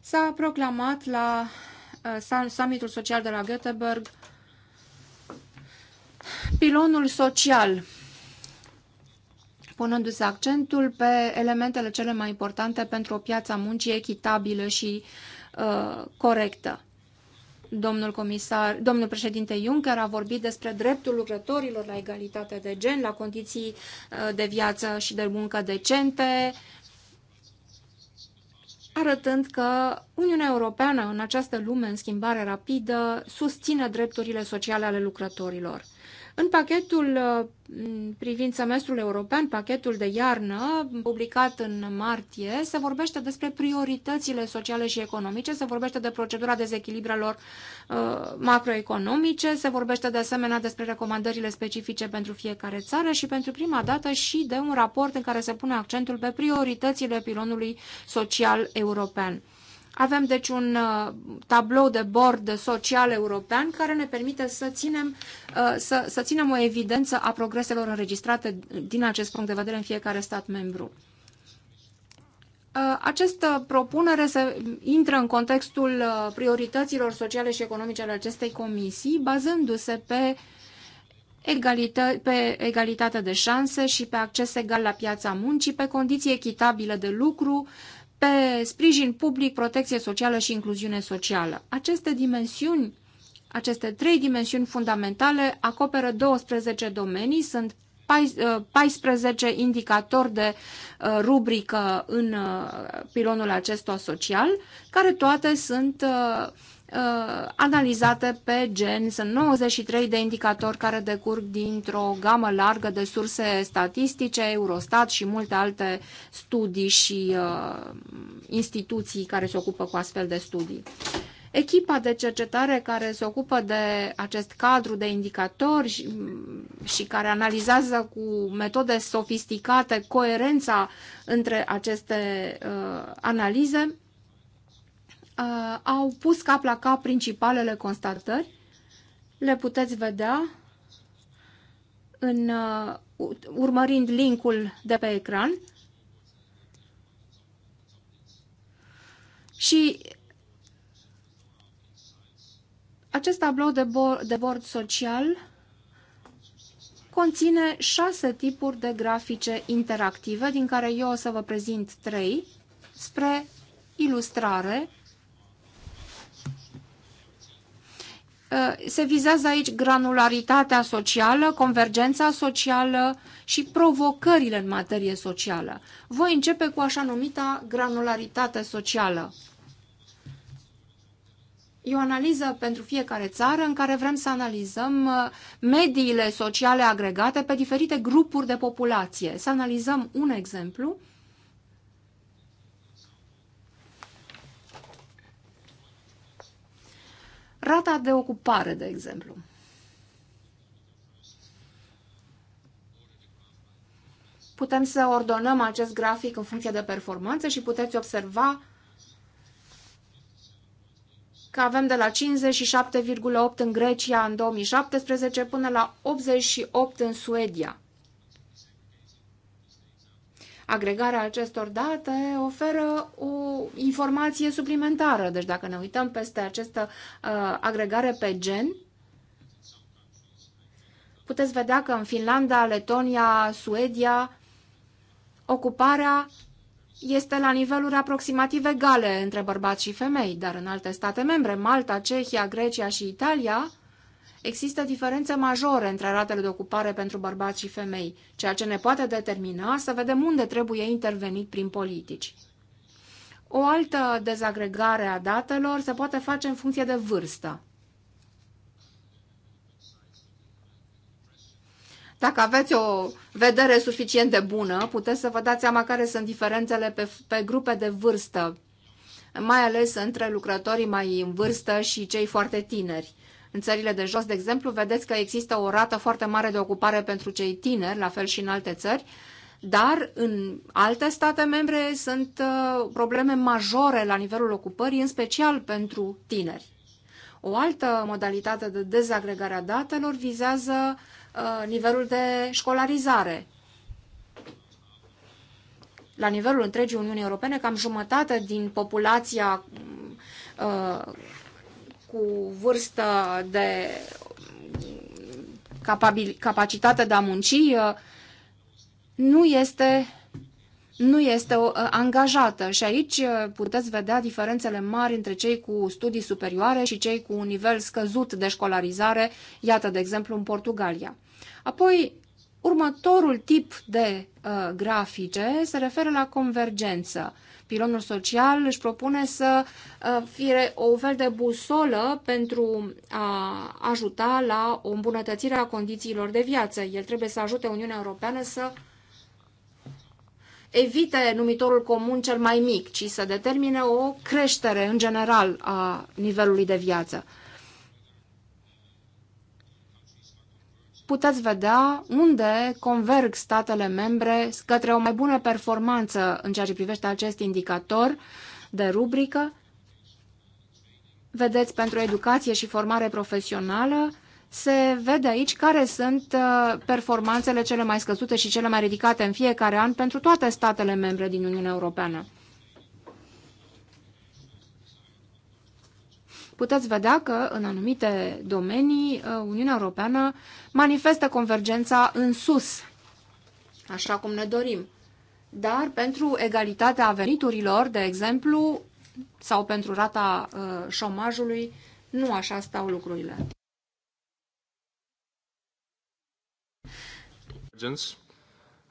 s-a proclamat la uh, summitul social de la Göteborg pilonul social, punându-se accentul pe elementele cele mai importante pentru o piață a muncii echitabilă și uh, corectă. Domnul, comisar, domnul președinte Juncker a vorbit despre dreptul lucrătorilor la egalitate de gen, la condiții uh, de viață și de muncă decente, arătând că Uniunea Europeană, în această lume în schimbare rapidă, susține drepturile sociale ale lucrătorilor. În pachetul uh, privind semestrul european, pachetul de iarnă, publicat în martie, se vorbește despre prioritățile sociale și economice, se vorbește de procedura dezechilibrelor uh, macroeconomice, se vorbește de asemenea despre recomandările specifice pentru fiecare țară și pentru prima dată și de un raport în care se pune accentul pe prioritățile pilonului social european. Avem deci un uh, tablou de bord social european care ne permite să ținem, uh, să, să ținem o evidență a progreselor înregistrate din acest punct de vedere în fiecare stat membru. Uh, această propunere se intră în contextul priorităților sociale și economice ale acestei comisii, bazându-se pe, egalită, pe egalitate de șanse și pe acces egal la piața muncii, pe condiții echitabile de lucru, pe sprijin public, protecție socială și incluziune socială. Aceste dimensiuni, aceste trei dimensiuni fundamentale acoperă 12 domenii, sunt 14 uh, indicatori de uh, rubrică în uh, pilonul acesta social, care toate sunt uh, analizate pe gen. Sunt 93 de indicatori care decurg dintr-o gamă largă de surse statistice, Eurostat și multe alte studii și uh, instituții care se ocupă cu astfel de studii. Echipa de cercetare care se ocupă de acest cadru de indicatori și, mm, și care analizează cu metode sofisticate coerența între aceste uh, analize, uh, au pus cap la cap principalele constatări. Le puteți vedea în, uh, urmărind linkul de pe ecran. Și acest tablou de, bord, de bord social conține șase tipuri de grafice interactive, din care eu o să vă prezint trei, spre ilustrare, Uh, se vizează aici granularitatea socială, convergența socială și provocările în materie socială. Voi începe cu așa numita granularitate socială. E o analiză pentru fiecare țară în care vrem să analizăm uh, mediile sociale agregate pe diferite grupuri de populație. Să analizăm un exemplu Rata de ocupare, de exemplu. Putem să ordonăm acest grafic în funcție de performanță și puteți observa că avem de la 57,8 în Grecia în 2017 până la 88 în Suedia. Agregarea acestor date oferă o informație suplimentară. Deci dacă ne uităm peste această uh, agregare pe gen, puteți vedea că în Finlanda, Letonia, Suedia, ocuparea este la niveluri aproximativ egale între bărbați și femei, dar în alte state membre, Malta, Cehia, Grecia și Italia, există diferențe majore între ratele de ocupare pentru bărbați și femei, ceea ce ne poate determina să vedem unde trebuie intervenit prin politici. O altă dezagregare a datelor se poate face în funcție de vârstă. Dacă aveți o vedere suficient de bună, puteți să vă dați seama care sunt diferențele pe, pe grupe de vârstă, mai ales între lucrătorii mai în vârstă și cei foarte tineri. În țările de jos, de exemplu, vedeți că există o rată foarte mare de ocupare pentru cei tineri, la fel și în alte țări, dar în alte state membre sunt uh, probleme majore la nivelul ocupării, în special pentru tineri. O altă modalitate de dezagregare a datelor vizează uh, nivelul de școlarizare. La nivelul întregii Uniunii Europene, cam jumătate din populația uh, cu vârstă de capacitate de a munci uh, nu este, nu este uh, angajată. Și aici uh, puteți vedea diferențele mari între cei cu studii superioare și cei cu un nivel scăzut de școlarizare, iată, de exemplu, în Portugalia. Apoi, următorul tip de uh, grafice se referă la convergență pilonul social își propune să uh, fie o fel de busolă pentru a ajuta la o îmbunătățire a condițiilor de viață. El trebuie să ajute Uniunea Europeană să evite numitorul comun cel mai mic, ci să determine o creștere în general a nivelului de viață. puteți vedea unde converg statele membre către o mai bună performanță în ceea ce privește acest indicator de rubrică. Vedeți, pentru educație și formare profesională, se vede aici care sunt uh, performanțele cele mai scăzute și cele mai ridicate în fiecare an pentru toate statele membre din Uniunea Europeană. puteți vedea că în anumite domenii uh, Uniunea Europeană manifestă convergența în sus, așa cum ne dorim. Dar pentru egalitatea veniturilor, de exemplu, sau pentru rata uh, șomajului, nu așa stau lucrurile.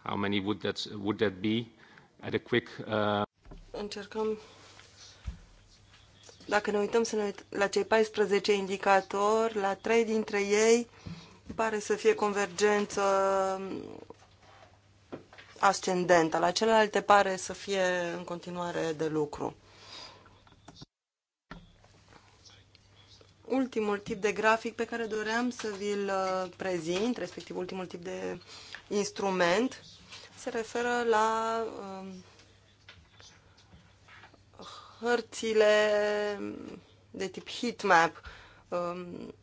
How many would that, would that be at a quick, uh... Încercăm dacă ne uităm să ne uit- la cei 14 indicatori, la trei dintre ei pare să fie convergență ascendentă, la celelalte pare să fie în continuare de lucru. Ultimul tip de grafic pe care doream să vi-l uh, prezint, respectiv ultimul tip de instrument, se referă la um, hărțile de tip heatmap, um,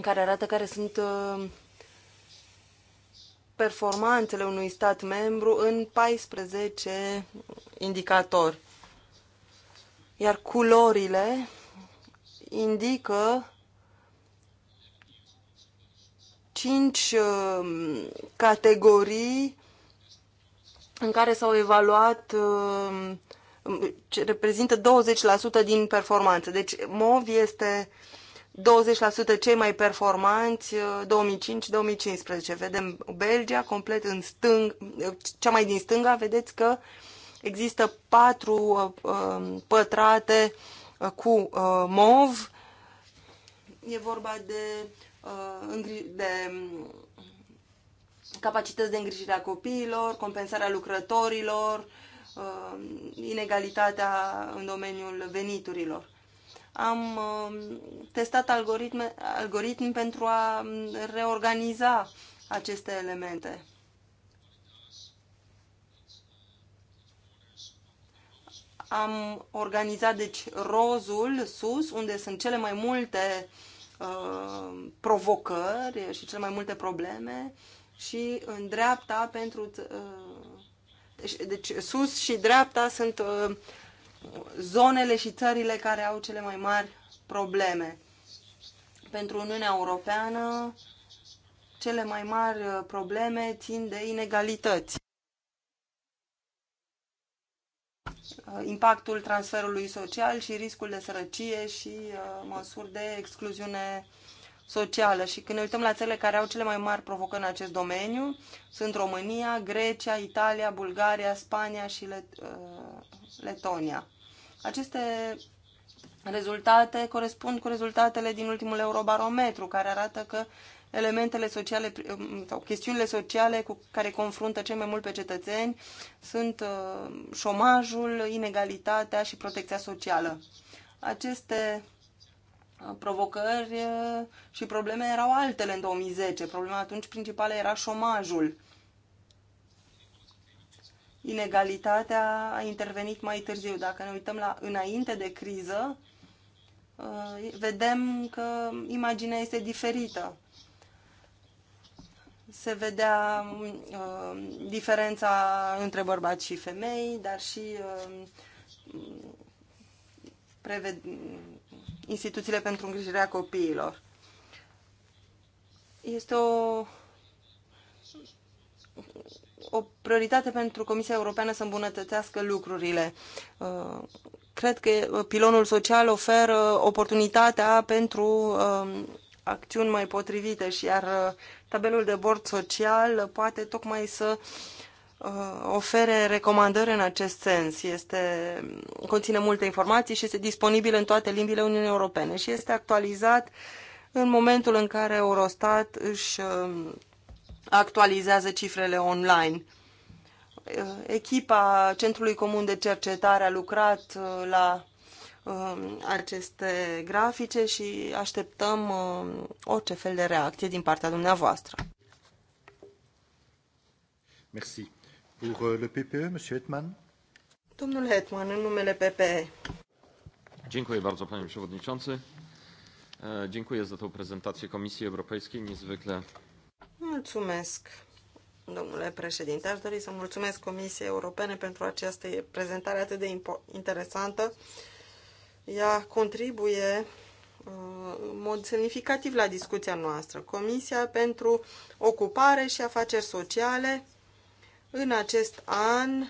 care arată care sunt um, performanțele unui stat membru în 14 indicatori. Iar culorile indică 5 um, categorii în care s-au evaluat uh, ce reprezintă 20% din performanță. Deci MOV este 20% cei mai performanți 2005-2015. Uh, Vedem Belgia complet în stâng, uh, cea mai din stânga, vedeți că există patru uh, pătrate cu MOV. E vorba de, de um, capacități de îngrijire a copiilor, compensarea lucrătorilor, Um, inegalitatea în domeniul veniturilor. Am um, testat algoritme, algoritmi pentru a um, reorganiza aceste elemente. Am organizat, deci, rozul sus, unde sunt cele mai multe uh, provocări și cele mai multe probleme, și în dreapta pentru uh, deci sus și dreapta sunt uh, zonele și țările care au cele mai mari probleme. Pentru Uniunea Europeană, cele mai mari uh, probleme țin de inegalități. Uh, impactul transferului social și riscul de sărăcie și măsuri de excluziune socială și când ne uităm la țările care au cele mai mari provocări în acest domeniu, sunt România, Grecia, Italia, Bulgaria, Spania și Let- uh, Letonia. Aceste rezultate corespund cu rezultatele din ultimul Eurobarometru, care arată că elementele sociale um, sau chestiunile sociale cu care confruntă cei mai mult pe cetățeni sunt uh, șomajul, inegalitatea și protecția socială. Aceste Uh, provocări uh, și probleme erau altele în 2010. Problema atunci principală era șomajul. Inegalitatea a intervenit mai târziu. Dacă ne uităm la înainte de criză, uh, vedem că imaginea este diferită. Se vedea uh, diferența între bărbați și femei, dar și uh, preved- instituțiile pentru îngrijirea copiilor. Este o, o prioritate pentru Comisia Europeană să îmbunătățească lucrurile. Uh, cred că pilonul social oferă oportunitatea pentru um, acțiuni mai potrivite și iar uh, tabelul de bord social poate tocmai să uh, Uh, ofere recomandări în acest sens. Este, conține multe informații și este disponibil în toate limbile Uniunii Europene și este actualizat în momentul în care Eurostat își uh, actualizează cifrele online. Uh, echipa Centrului Comun de Cercetare a lucrat la aceste grafice și așteptăm orice fel de reacție din partea dumneavoastră. Mersi. Pour euh, le PPE, Monsieur Hetman. Domnule Hetman, în numele PPE. Dziękuję bardzo, panie przewodniczący. Dziękuję za tą prezentację Komisji Europejskiej, niezwykle... Mulțumesc, domnule președinte. Aș dori să mulțumesc Comisiei Europene pentru această prezentare atât de interesantă. Ea contribuie în mod semnificativ la discuția noastră. Comisia pentru Ocupare și Afaceri Sociale în acest an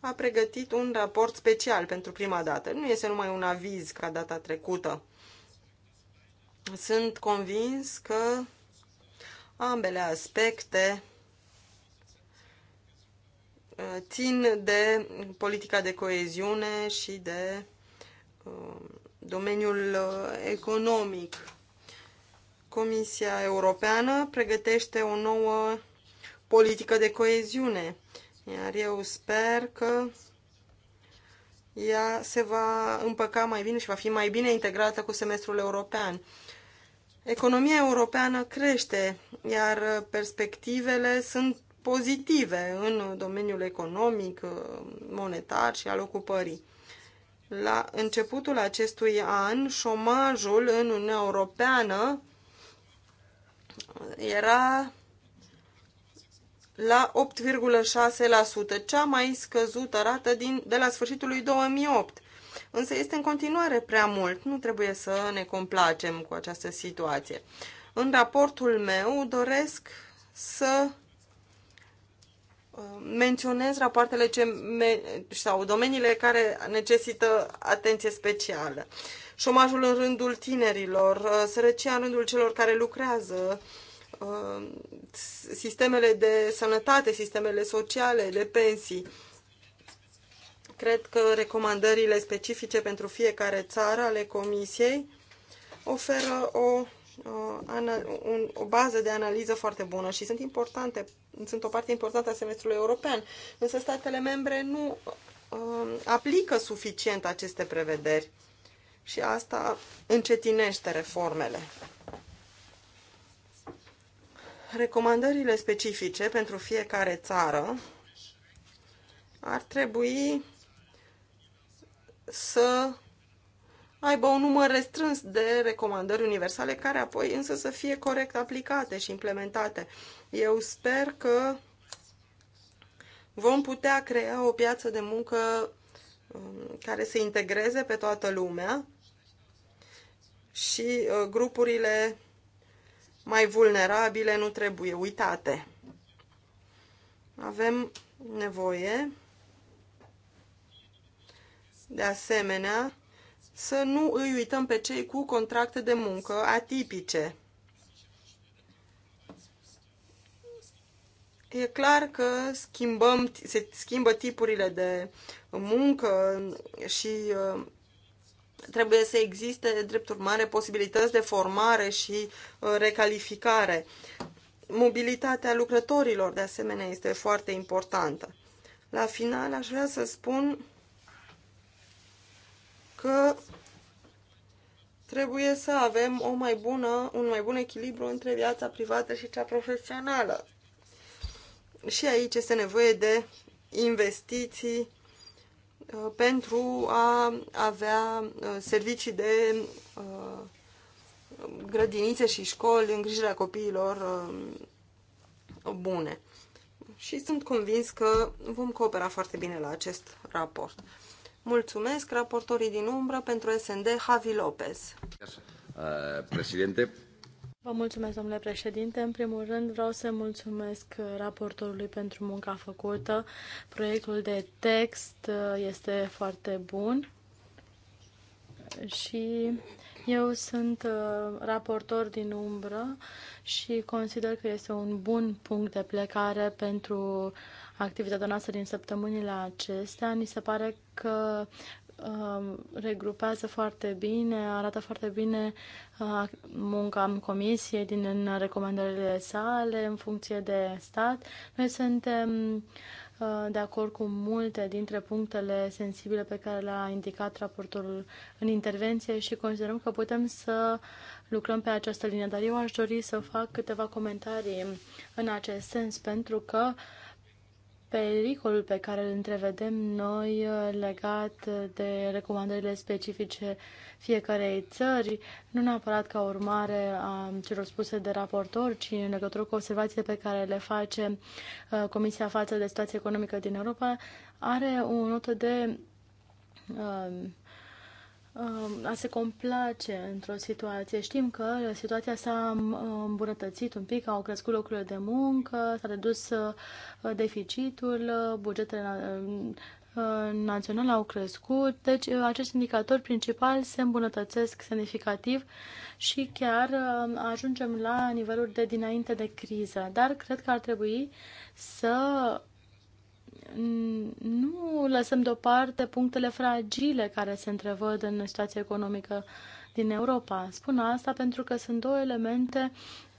a pregătit un raport special pentru prima dată. Nu este numai un aviz ca data trecută. Sunt convins că ambele aspecte uh, țin de politica de coeziune și de uh, domeniul uh, economic. Comisia Europeană pregătește o nouă politică de coeziune. Iar eu sper că ea se va împăca mai bine și va fi mai bine integrată cu semestrul european. Economia europeană crește, iar perspectivele sunt pozitive în domeniul economic, monetar și al ocupării. La începutul acestui an, șomajul în Uniunea Europeană era la 8,6%, cea mai scăzută rată din, de la sfârșitul lui 2008. Însă este în continuare prea mult, nu trebuie să ne complacem cu această situație. În raportul meu doresc să uh, menționez rapoartele ce me- sau domeniile care necesită atenție specială. Șomajul în rândul tinerilor, uh, sărăcia în rândul celor care lucrează, Uh, sistemele de sănătate, sistemele sociale, de pensii. Cred că recomandările specifice pentru fiecare țară ale Comisiei oferă o, o, uh, o bază de analiză foarte bună și sunt importante, sunt o parte importantă a semestrului european, însă statele membre nu uh, aplică suficient aceste prevederi și asta încetinește reformele recomandările specifice pentru fiecare țară ar trebui să aibă un număr restrâns de recomandări universale, care apoi însă să fie corect aplicate și implementate. Eu sper că vom putea crea o piață de muncă um, care să integreze pe toată lumea și uh, grupurile mai vulnerabile nu trebuie uitate. Avem nevoie, de asemenea, să nu îi uităm pe cei cu contracte de muncă atipice. E clar că schimbăm, se schimbă tipurile de muncă și uh, trebuie să existe, drept urmare, posibilități de formare și uh, recalificare. Mobilitatea lucrătorilor, de asemenea, este foarte importantă. La final, aș vrea să spun că trebuie să avem o mai bună, un mai bun echilibru între viața privată și cea profesională. Și aici este nevoie de investiții Uh, pentru a avea uh, servicii de uh, grădinițe și școli, îngrijirea copiilor bune. Și sunt convins că vom coopera foarte bine la acest raport. Mulțumesc raportorii din umbră pentru SND, Javi Lopez. Președinte, Vă mulțumesc, domnule președinte. În primul rând, vreau să mulțumesc uh, raportorului pentru munca făcută. Proiectul de text uh, este foarte bun și eu sunt uh, raportor din umbră și consider că este un bun punct de plecare pentru activitatea noastră din săptămânile acestea. Ni se pare că Um, regrupează foarte bine, arată foarte bine uh, munca în comisie din în recomandările sale în funcție de stat. Noi suntem uh, de acord cu multe dintre punctele sensibile pe care le-a indicat raportorul în intervenție și considerăm că putem să lucrăm pe această linie, dar eu aș dori să fac câteva comentarii în acest sens pentru că uh, pericolul pe care îl întrevedem noi uh, legat de recomandările specifice fiecarei țări, nu neapărat ca urmare a celor spuse de raportor, ci în legătură cu observațiile pe care le face uh, Comisia față de situația economică din Europa, are o notă de uh, Um, a se complace într-o situație. Știm că situația s-a um, îmbunătățit un pic, au crescut locurile de muncă, s-a redus uh, deficitul, uh, bugetele uh, naționale au crescut, deci acești indicatori principali se îmbunătățesc semnificativ și chiar ajungem la niveluri de dinainte de criză. Dar cred că ar trebui să nu lăsăm deoparte punctele fragile care se întrevăd în situația economică din Europa. Spun asta pentru că sunt două elemente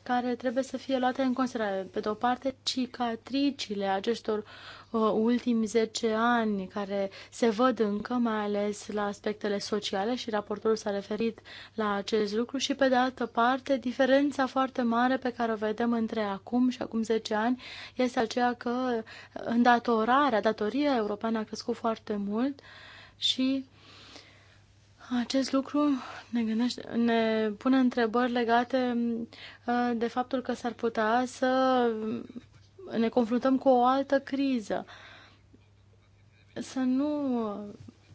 care trebuie să fie luate în considerare. Pe de o parte, cicatricile acestor Uh, ultimii 10 ani, care se văd încă, mai ales la aspectele sociale și raportorul s-a referit la acest lucru și, pe de altă parte, diferența foarte mare pe care o vedem între acum și acum 10 ani este aceea că uh, îndatorarea, datoria europeană a crescut foarte mult și acest lucru ne, gândește, ne pune întrebări legate uh, de faptul că s-ar putea să ne confruntăm cu o altă criză. Să nu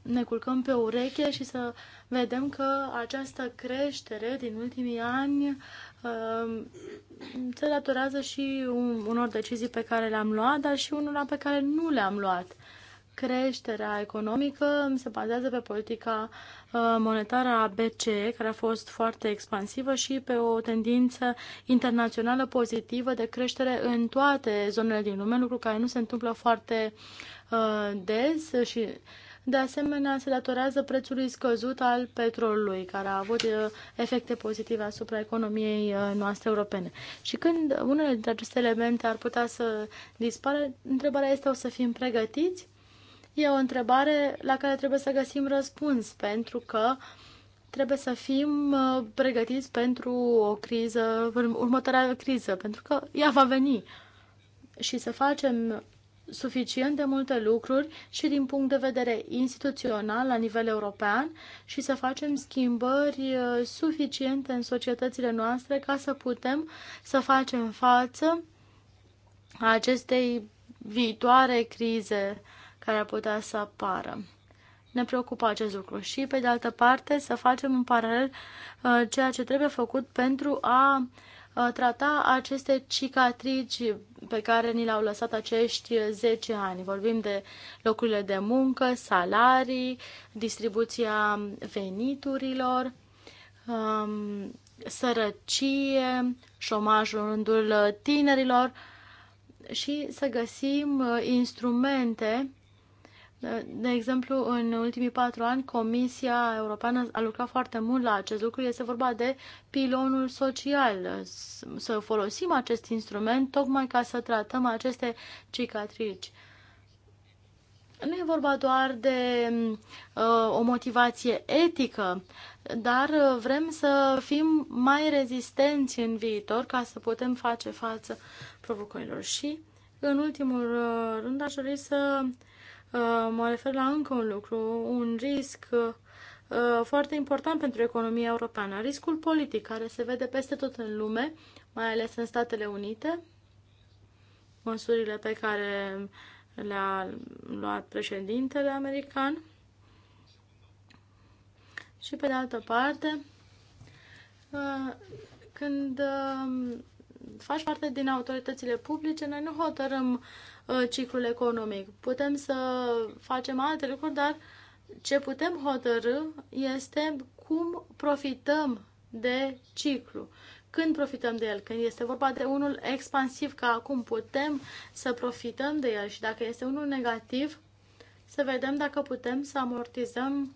ne culcăm pe ureche și să vedem că această creștere din ultimii ani um, se datorează și unor decizii pe care le-am luat, dar și unora pe care nu le-am luat creșterea economică se bazează pe politica uh, monetară a BCE, care a fost foarte expansivă și pe o tendință internațională pozitivă de creștere în toate zonele din lume, lucru care nu se întâmplă foarte uh, des și de asemenea, se datorează prețului scăzut al petrolului, care a avut uh, efecte pozitive asupra economiei noastre europene. Și când unele dintre aceste elemente ar putea să dispară, întrebarea este o să fim pregătiți E o întrebare la care trebuie să găsim răspuns, pentru că trebuie să fim uh, pregătiți pentru o criză, următoarea criză, pentru că ea va veni. Și să facem suficient de multe lucruri și din punct de vedere instituțional la nivel european și să facem schimbări uh, suficiente în societățile noastre ca să putem să facem față acestei viitoare crize care ar putea să apară. Ne preocupă acest lucru și, pe de altă parte, să facem în paralel uh, ceea ce trebuie făcut pentru a uh, trata aceste cicatrici pe care ni le-au lăsat acești 10 ani. Vorbim de locurile de muncă, salarii, distribuția veniturilor, um, sărăcie, șomajul în rândul tinerilor și să găsim uh, instrumente de exemplu, în ultimii patru ani, Comisia Europeană a lucrat foarte mult la acest lucru. Este vorba de pilonul social. Să folosim acest instrument tocmai ca să tratăm aceste cicatrici. Nu e vorba doar de uh, o motivație etică, dar uh, vrem să fim mai rezistenți în viitor ca să putem face față provocărilor. Și, în ultimul uh, rând, aș dori să uh, Uh, mă refer la încă un lucru, un risc uh, foarte important pentru economia europeană, riscul politic care se vede peste tot în lume, mai ales în Statele Unite, măsurile pe care le-a luat președintele american și pe de altă parte uh, când faci parte din autoritățile publice, noi nu hotărâm Uh, ciclul economic. Putem să facem alte lucruri, dar ce putem hotărâ este cum profităm de ciclu. Când profităm de el? Când este vorba de unul expansiv, ca acum putem să profităm de el și dacă este unul negativ, să vedem dacă putem să amortizăm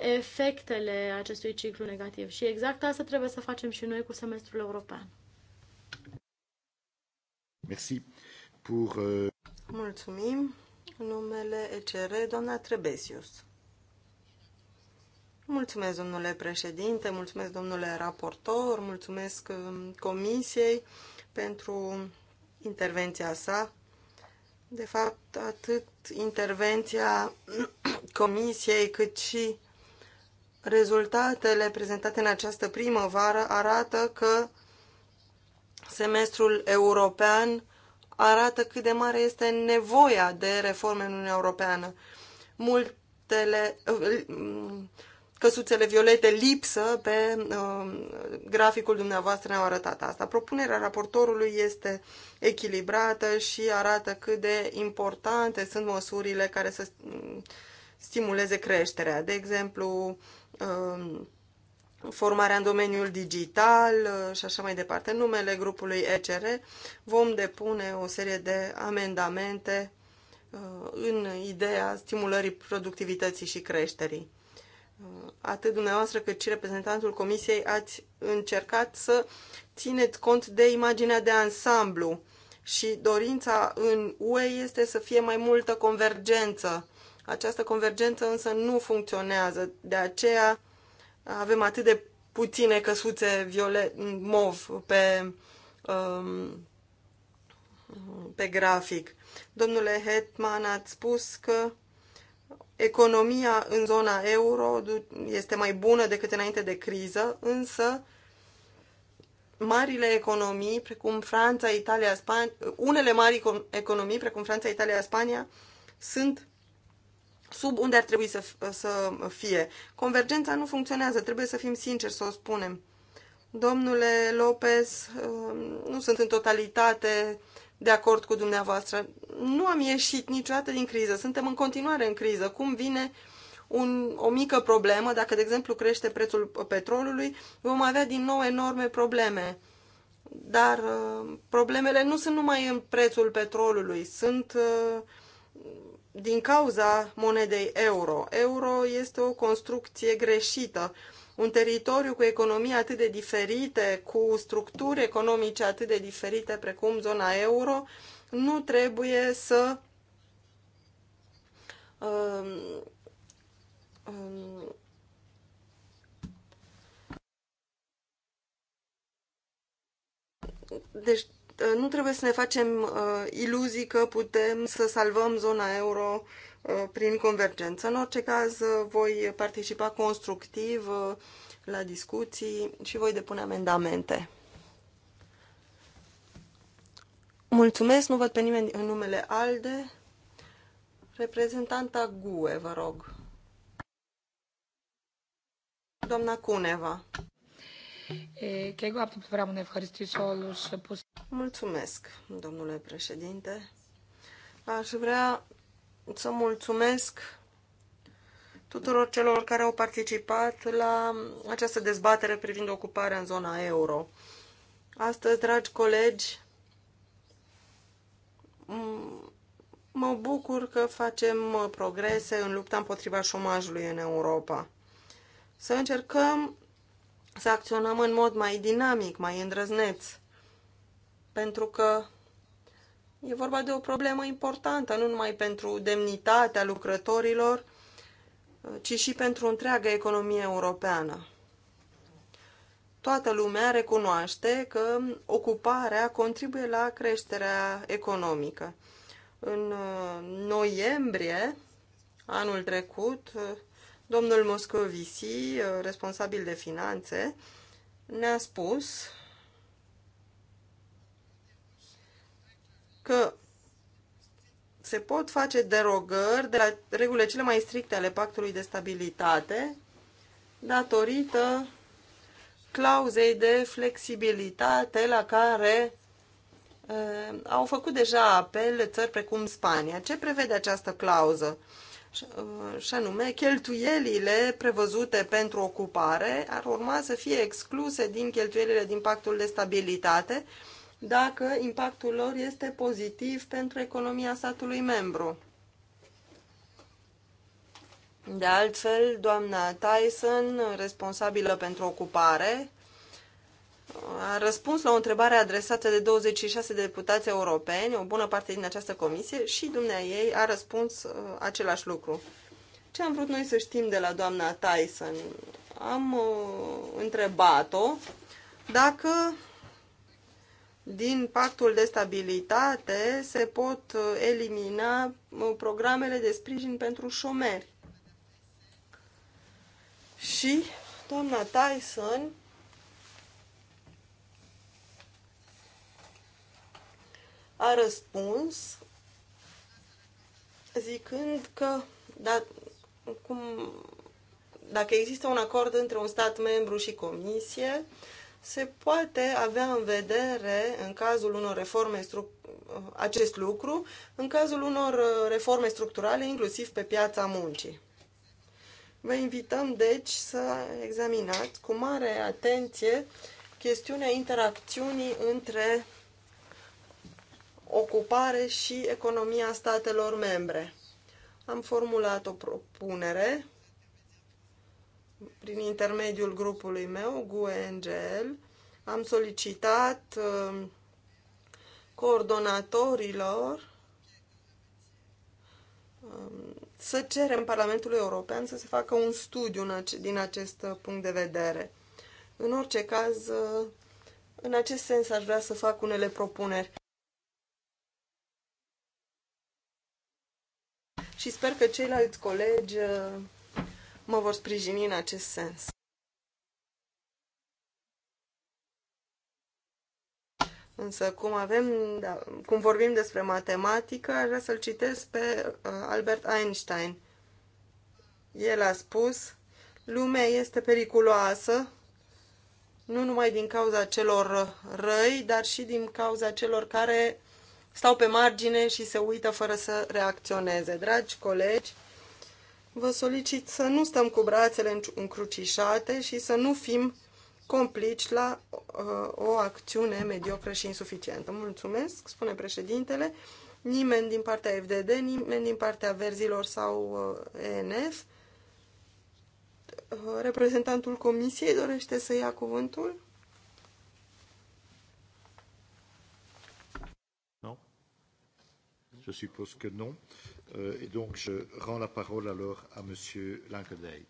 efectele acestui ciclu negativ. Și exact asta trebuie să facem și noi cu semestrul european. Merci pour euh, Mulțumim. Numele ECR, doamna Trebesius. Mulțumesc, domnule președinte, mulțumesc, domnule raportor, mulțumesc um, comisiei pentru intervenția sa. De fapt, atât intervenția *clears throat* comisiei cât și rezultatele prezentate în această primăvară arată că semestrul european arată cât de mare este nevoia de reforme în Uniunea Europeană. Multele, uh, căsuțele violete lipsă pe uh, graficul dumneavoastră ne-au arătat asta. Propunerea raportorului este echilibrată și arată cât de importante sunt măsurile care să uh, stimuleze creșterea. De exemplu, formarea în domeniul digital uh, și așa mai departe. În numele grupului ECR vom depune o serie de amendamente uh, în ideea stimulării productivității și creșterii. Uh, atât dumneavoastră cât și reprezentantul Comisiei ați încercat să țineți cont de imaginea de ansamblu și dorința în UE este să fie mai multă convergență. Această convergență însă nu funcționează, de aceea avem atât de puține căsuțe violet, mov pe, um, pe grafic. Domnule Hetman, ați spus că economia în zona euro este mai bună decât înainte de criză, însă marile economii, precum Franța, Italia, Spania, unele mari economii, precum Franța, Italia, Spania, sunt sub unde ar trebui să, să fie. Convergența nu funcționează, trebuie să fim sinceri să o spunem. Domnule Lopez, um, nu sunt în totalitate de acord cu dumneavoastră. Nu am ieșit niciodată din criză, suntem în continuare în criză. Cum vine un, o mică problemă, dacă, de exemplu, crește prețul petrolului, vom avea din nou enorme probleme. Dar uh, problemele nu sunt numai în prețul petrolului, sunt uh, din cauza monedei euro. Euro este o construcție greșită. Un teritoriu cu economii atât de diferite, cu structuri economice atât de diferite precum zona euro, nu trebuie să um, um, deci Uh, nu trebuie să ne facem uh, iluzii că putem să salvăm zona euro uh, prin convergență. În orice caz, uh, voi participa constructiv la discuții și voi depune amendamente. Mulțumesc, nu văd pe nimeni în numele ALDE. Reprezentanta GUE, vă rog. Doamna Cuneva. Mulțumesc, domnule președinte. Aș vrea să mulțumesc tuturor celor care au participat la această dezbatere privind ocuparea în zona euro. Astăzi, dragi colegi, mă bucur că facem progrese în lupta împotriva șomajului în Europa. Să încercăm să acționăm în mod mai dinamic, mai îndrăzneț. Pentru că e vorba de o problemă importantă, nu numai pentru demnitatea lucrătorilor, ci și pentru întreaga economie europeană. Toată lumea recunoaște că ocuparea contribuie la creșterea economică. În uh, noiembrie anul trecut, uh, Domnul Moscovici, uh, responsabil de finanțe, ne-a spus că se pot face derogări de la regulile cele mai stricte ale pactului de stabilitate datorită clauzei de flexibilitate la care uh, au făcut deja apel țări precum Spania. Ce prevede această clauză? Uh, Uh, și anume cheltuielile prevăzute pentru ocupare ar urma să fie excluse din cheltuielile din pactul de stabilitate dacă impactul lor este pozitiv pentru economia statului membru. De altfel, doamna Tyson, responsabilă pentru ocupare, a răspuns la o întrebare adresată de 26 de deputați europeni, o bună parte din această comisie, și dumnea ei a răspuns uh, același lucru. Ce am vrut noi să știm de la doamna Tyson? Am uh, întrebat-o dacă din pactul de stabilitate se pot uh, elimina programele de sprijin pentru șomeri. Și doamna Tyson a răspuns zicând că da, cum, dacă există un acord între un stat membru și comisie, se poate avea în vedere, în cazul unor reforme, acest lucru, în cazul unor uh, reforme structurale, inclusiv pe piața muncii. Vă invităm, deci, să examinați cu mare atenție chestiunea interacțiunii între ocupare și economia statelor membre. Am formulat o propunere prin intermediul grupului meu, GUENGEL. Am solicitat uh, coordonatorilor um, să cerem Parlamentului European să se facă un studiu din acest punct de vedere. În orice caz, uh, în acest sens aș vrea să fac unele propuneri. și sper că ceilalți colegi uh, mă vor sprijini în acest sens. Însă cum avem, da, cum vorbim despre matematică, aș vrea să-l citesc pe uh, Albert Einstein. El a spus, lumea este periculoasă, nu numai din cauza celor răi, dar și din cauza celor care stau pe margine și se uită fără să reacționeze. Dragi colegi, vă solicit să nu stăm cu brațele încrucișate și să nu fim complici la uh, o acțiune mediocră și insuficientă. Mulțumesc, spune președintele, nimeni din partea FDD, nimeni din partea Verzilor sau uh, ENF. Uh, reprezentantul comisiei dorește să ia cuvântul? Je suppose que non. Euh, et donc, je rends la parole alors à Monsieur Lankedey.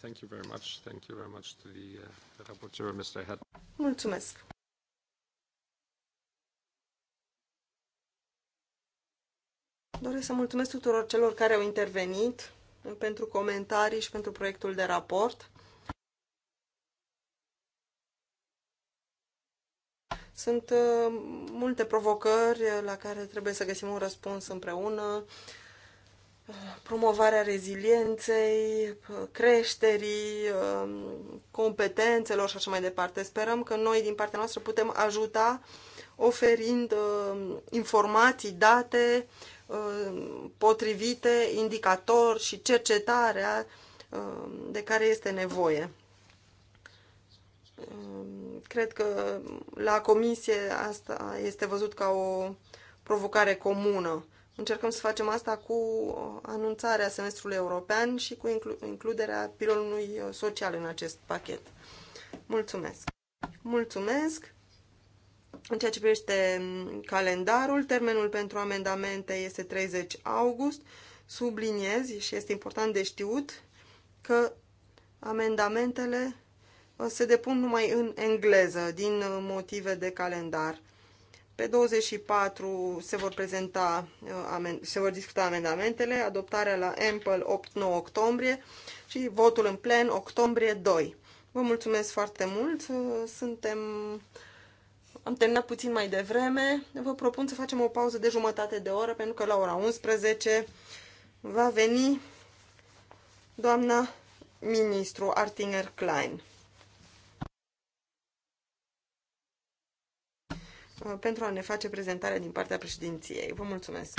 Thank you very much. Thank you very much to the, uh, the rapporteur, Mr. Head. Mulțumesc. Doresc să mulțumesc tuturor celor care au intervenit pentru comentarii și pentru proiectul de raport. Sunt uh, multe provocări la care trebuie să găsim un răspuns împreună. Promovarea rezilienței, creșterii, um, competențelor și așa mai departe. Sperăm că noi, din partea noastră, putem ajuta oferind um, informații, date um, potrivite, indicatori și cercetarea de care este nevoie cred că la comisie asta este văzut ca o provocare comună. Încercăm să facem asta cu anunțarea semestrului european și cu inclu includerea pilonului uh, social în acest pachet. Mulțumesc! Mulțumesc! În ceea ce privește mm, calendarul, termenul pentru amendamente este 30 august. Subliniez și este important de știut că amendamentele Uh, se depun numai în engleză, din uh, motive de calendar. Pe 24 se vor, prezenta, uh, se vor discuta amendamentele, adoptarea la Ample 8-9 octombrie și votul în plen octombrie 2. Vă mulțumesc foarte mult, suntem... Am terminat puțin mai devreme. Vă propun să facem o pauză de jumătate de oră, pentru că la ora 11 va veni doamna ministru Artinger Klein. Uh, pentru a ne face prezentarea din partea președinției. Vă mulțumesc!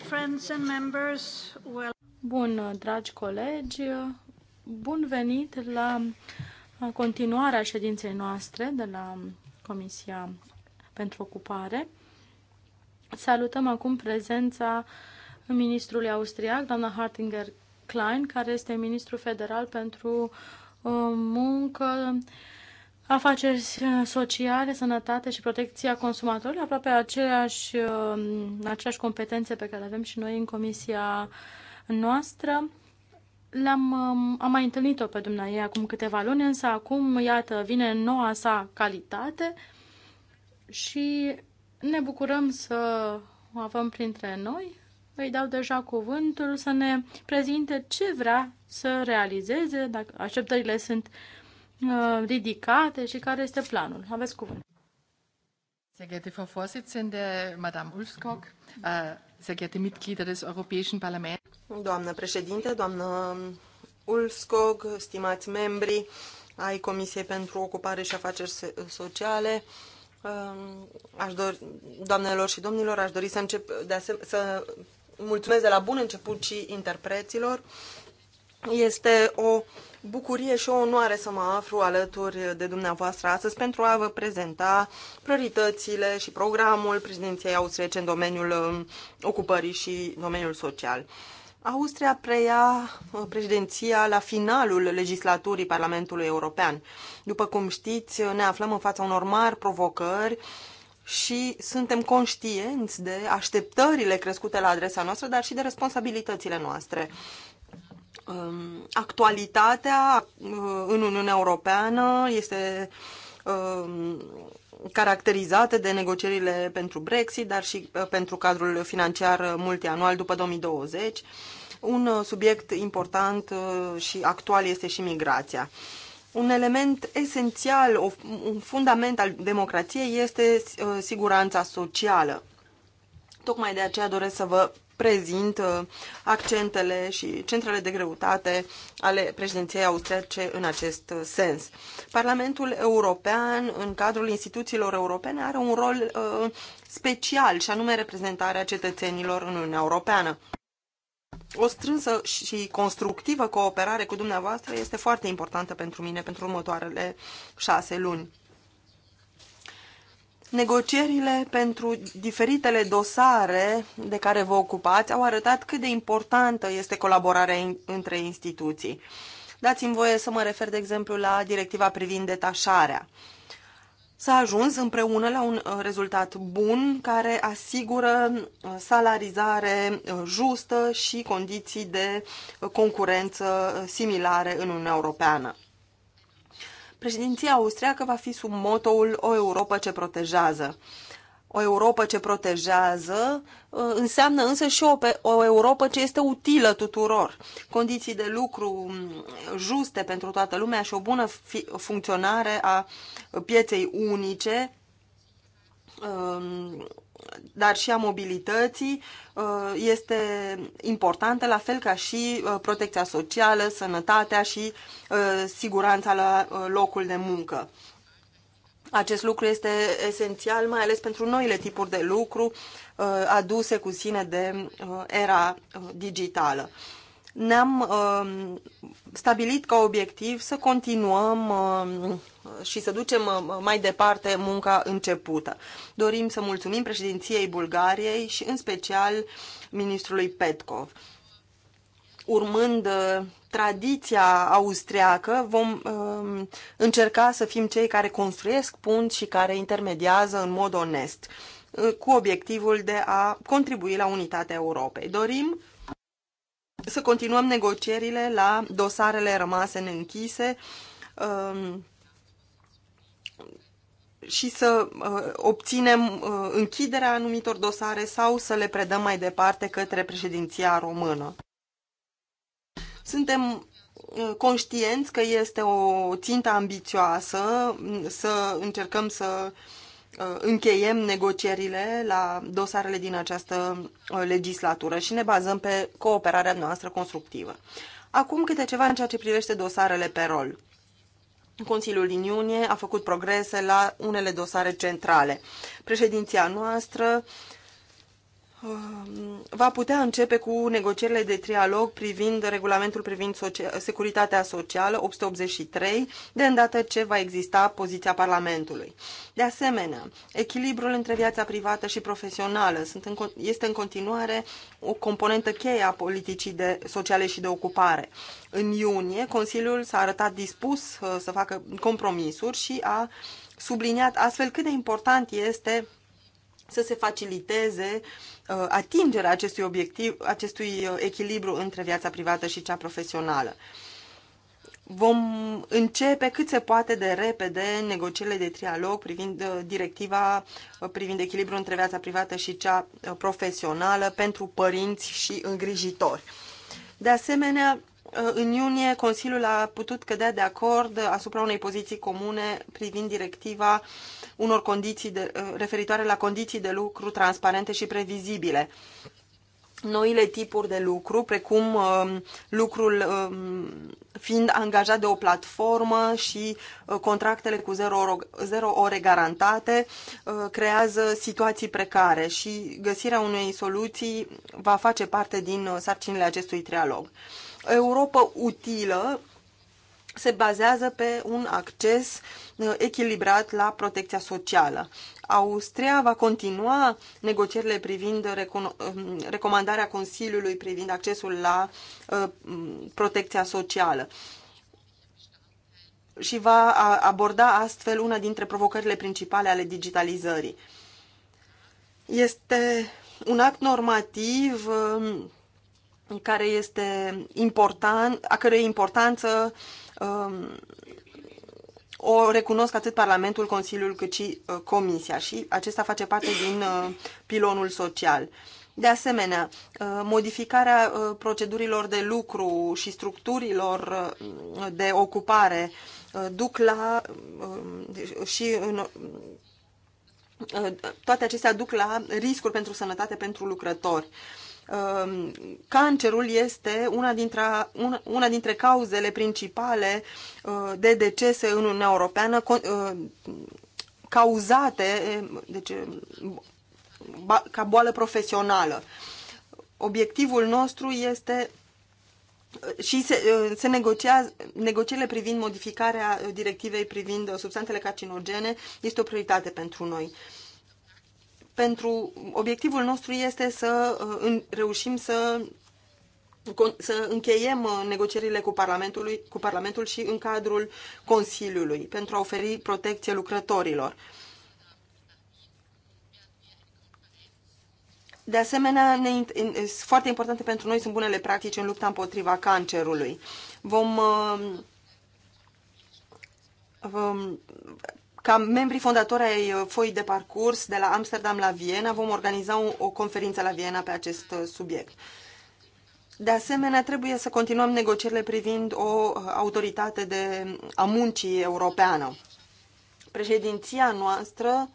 friends and members, well... Bun, dragi colegi, bun venit la continuarea ședinței noastre de la Comisia pentru Ocupare. Salutăm acum prezența ministrului austriac, doamna Hartinger Klein, care este ministru federal pentru uh, muncă, afaceri sociale, sănătate și protecția consumatorilor, aproape aceleași, um, aceleași competențe pe care le avem și noi în comisia noastră. am um, am mai întâlnit-o pe dumneavoastră acum câteva luni, însă acum, iată, vine noua sa calitate și ne bucurăm să o avem printre noi. Îi dau deja cuvântul să ne prezinte ce vrea să realizeze, dacă așteptările sunt uh, Uh, ridicate și care este planul. Aveți cuvânt. Sehr geehrte Frau Vorsitzende, Madame Ulfskog, äh, sehr geehrte Mitglieder des Europäischen Parlaments. Doamnă președinte, doamnă Ulfskog, stimați membri ai Comisiei pentru Ocupare și Afaceri Sociale, um, aș dori, doamnelor și domnilor, aș dori să, încep, de asem- să mulțumesc de la bun început și interpreților. Este o bucurie și o onoare să mă aflu alături de dumneavoastră astăzi pentru a vă prezenta prioritățile și programul prezidenției austriece în domeniul um, ocupării și domeniul social. Austria preia uh, președinția la finalul legislaturii Parlamentului European. După cum știți, ne aflăm în fața unor mari provocări și suntem conștienți de așteptările crescute la adresa noastră, dar și de responsabilitățile noastre. Um, actualitatea uh, în Uniunea Europeană este um, caracterizată de negocierile pentru Brexit, dar și uh, pentru cadrul financiar multianual după 2020. Un uh, subiect important și actual este și migrația. Un element esențial, un fundament al democrației este siguranța socială. Tocmai de aceea doresc să vă prezint accentele și centrele de greutate ale președinției austriace în acest sens. Parlamentul European, în cadrul instituțiilor europene, are un rol uh, special, și anume reprezentarea cetățenilor în Uniunea Europeană. O strânsă și constructivă cooperare cu dumneavoastră este foarte importantă pentru mine pentru următoarele șase luni. Negocierile pentru diferitele dosare de care vă ocupați au arătat cât de importantă este colaborarea între instituții. Dați-mi voie să mă refer, de exemplu, la directiva privind detașarea. S-a ajuns împreună la un uh, rezultat bun care asigură uh, salarizare uh, justă și condiții de concurență similare în Uniunea Europeană. Președinția austriacă va fi sub motoul O Europa ce protejează. O Europa ce protejează uh, înseamnă însă și o, o Europa ce este utilă tuturor. Condiții de lucru mm, juste pentru toată lumea și o bună funcționare a pieței unice um, dar și a mobilității uh, este importantă, la fel ca și uh, protecția socială, sănătatea și uh, siguranța la locul de muncă. Acest lucru este esențial, mai ales pentru noile tipuri de lucru aduse cu sine de era digitală. Ne-am stabilit ca obiectiv să continuăm și să ducem uh, mai departe munca începută. Dorim să mulțumim președinției Bulgariei și în special ministrului Petkov. Urmând uh, tradiția austriacă, vom um, încerca să fim cei care construiesc punți și care intermediază în mod onest, uh, cu obiectivul de a contribui la unitatea Europei. Dorim să continuăm negocierile la dosarele rămase neînchise, um, și să uh, obținem uh, închiderea anumitor dosare sau să le predăm mai departe către președinția română. Suntem uh, conștienți că este o țintă ambițioasă mm, să încercăm să încheiem negocierile la dosarele din această legislatură și ne bazăm pe cooperarea noastră constructivă. Acum câte ceva în ceea ce privește dosarele pe rol. Consiliul din iunie a făcut progrese la unele dosare centrale. Președinția noastră Um, va putea începe cu negocierile de trialog privind regulamentul privind socia securitatea socială 883, de îndată ce va exista poziția Parlamentului. De asemenea, echilibrul între viața privată și profesională sunt în, este în continuare o componentă cheie a politicii de, sociale și de ocupare. În iunie, Consiliul s-a arătat dispus uh, să facă compromisuri și a subliniat astfel cât de important este să se faciliteze uh, Uh, atingerea acestui obiectiv, acestui uh, echilibru între viața privată și cea profesională. Vom începe cât se poate de repede negocierile de trialog privind uh, directiva privind echilibru între viața privată și cea profesională pentru părinți și îngrijitori. De asemenea, în iunie, Consiliul a putut cădea de acord asupra unei poziții comune privind directiva uh, unor condiții de, uh, referitoare la condiții de lucru transparente și previzibile. Noile tipuri de lucru, precum um, lucrul um, fiind angajat de o platformă și uh, contractele cu zero, oro, zero ore garantate, uh, creează situații precare și găsirea unei soluții va face parte din sarcinile acestui trialog. Europa utilă se bazează pe un acces uh, echilibrat la protecția socială. Austria va continua negocierile privind um, recomandarea Consiliului privind accesul la uh, protecția socială și va aborda astfel una dintre provocările principale ale digitalizării. Este un act normativ um, care este important, a cărei importanță Um, o recunosc atât Parlamentul, Consiliul, cât și uh, Comisia și acesta face parte din uh, pilonul social. De asemenea, uh, modificarea uh, procedurilor de lucru și structurilor uh, de ocupare duc la um, și în, toate acestea duc la riscuri pentru sănătate pentru lucrători. Um, cancerul este una dintre, una dintre cauzele principale uh, de decese în Uniunea Europeană uh, cauzate um, deci, um, ca boală profesională. Obiectivul nostru este uh, și se, se negocia, negocierile privind modificarea directivei privind substanțele carcinogene este o prioritate pentru noi. Uh, pentru obiectivul nostru este să uh, reușim să să încheiem uh, negocierile cu Parlamentul, cu Parlamentul și în cadrul Consiliului pentru a oferi protecție lucrătorilor. De asemenea, ne, foarte importante pentru noi sunt bunele practici în lupta împotriva cancerului. Vom, uh, vom ca membrii fondatori ai uh, foii de parcurs de la Amsterdam la Viena, vom organiza o conferință la Viena pe acest uh, subiect. De asemenea, trebuie să continuăm negocierile privind o uh, autoritate de a muncii europeană. Președinția noastră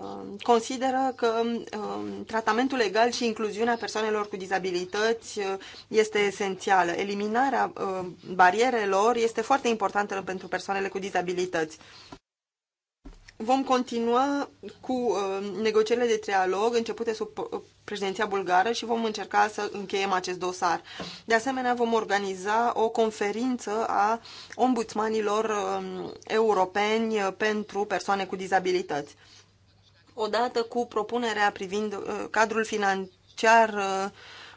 Um, consideră că um, tratamentul legal și incluziunea persoanelor cu dizabilități uh, este esențială. Eliminarea um, barierelor este foarte importantă pentru persoanele cu dizabilități. Vom continua cu negocierile de trialog începute sub uh, președinția bulgară și vom încerca să încheiem acest dosar. De asemenea, vom organiza o conferință a ombudsmanilor europeni uh, pentru persoane cu dizabilități odată cu propunerea privind uh, cadrul financiar uh,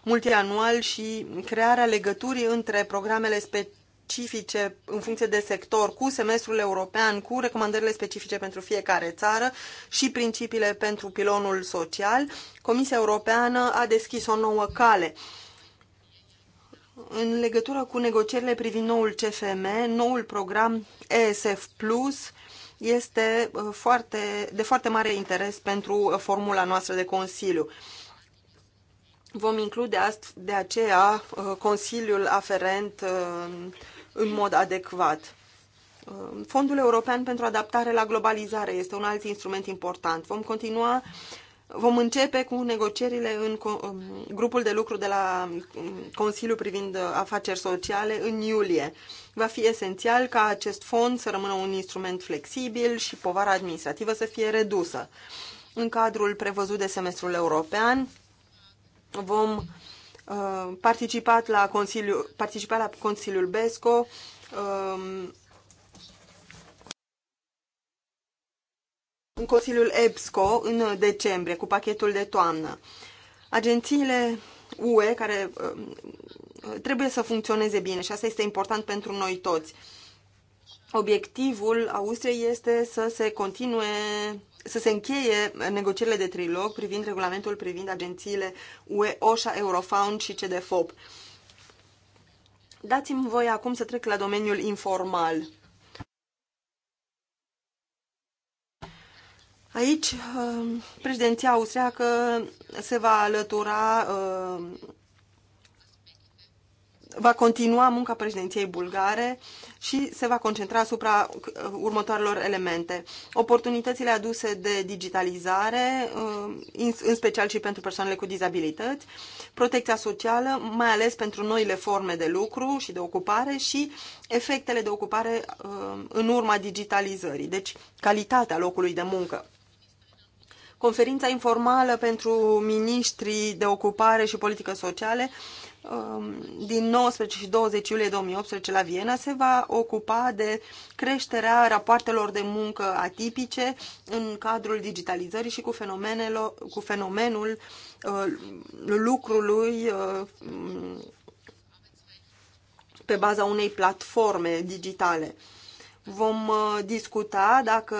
multianual și crearea legăturii între programele specifice în funcție de sector, cu semestrul european, cu recomandările specifice pentru fiecare țară și principiile pentru pilonul social, Comisia Europeană a deschis o nouă cale. În legătură cu negocierile privind noul CFM, noul program ESF Plus este uh, foarte, de foarte mare interes pentru uh, formula noastră de Consiliu. Vom include de aceea uh, Consiliul aferent în mod adecvat. Fondul European pentru Adaptare la Globalizare este un alt instrument important. Vom continua Vom începe cu negocierile în um, grupul de lucru de la um, Consiliu privind uh, afaceri sociale în iulie. Va fi esențial ca acest fond să rămână un instrument flexibil și povara administrativă să fie redusă. În cadrul prevăzut de semestrul european vom uh, participa la Consiliul participa la Consiliul BESCO um, în Consiliul EBSCO în decembrie, cu pachetul de toamnă. Agențiile UE care um, trebuie să funcționeze bine și asta este important pentru noi toți. Obiectivul Austriei este să se continue să se încheie negocierile de trilog privind regulamentul privind agențiile UE, OSHA, Eurofound și CDFOP. Dați-mi voi acum să trec la domeniul informal. Aici, uh, președinția austriacă se va alătura, uh, va continua munca președinției bulgare și se va concentra asupra uh, următoarelor elemente. Oportunitățile aduse de digitalizare, în special și pentru persoanele cu dizabilități, protecția socială, mai ales pentru noile forme de lucru și de ocupare și efectele de ocupare în urma digitalizării, deci calitatea locului de muncă conferința informală pentru ministrii de ocupare și politică sociale um, din 19 și 20 iulie 2018 la Viena se va ocupa de creșterea rapoartelor de muncă atipice în cadrul digitalizării și cu, cu fenomenul uh, lucrului uh, pe baza unei platforme digitale. Vom uh, discuta dacă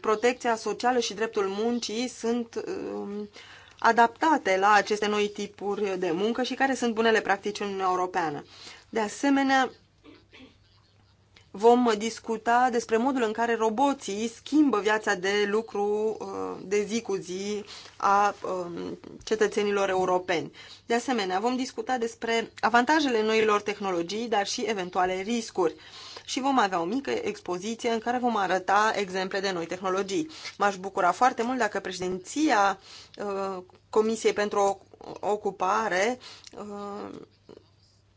protecția socială și dreptul muncii sunt um, adaptate la aceste noi tipuri de muncă și care sunt bunele practici în Uniunea Europeană. De asemenea, vom discuta despre modul în care roboții schimbă viața de lucru uh, de zi cu zi a um, cetățenilor europeni. De asemenea, vom discuta despre avantajele noilor tehnologii, dar și eventuale riscuri și vom avea o mică expoziție în care vom arăta exemple de noi tehnologii. M-aș bucura foarte mult dacă președinția uh, Comisiei pentru Ocupare uh,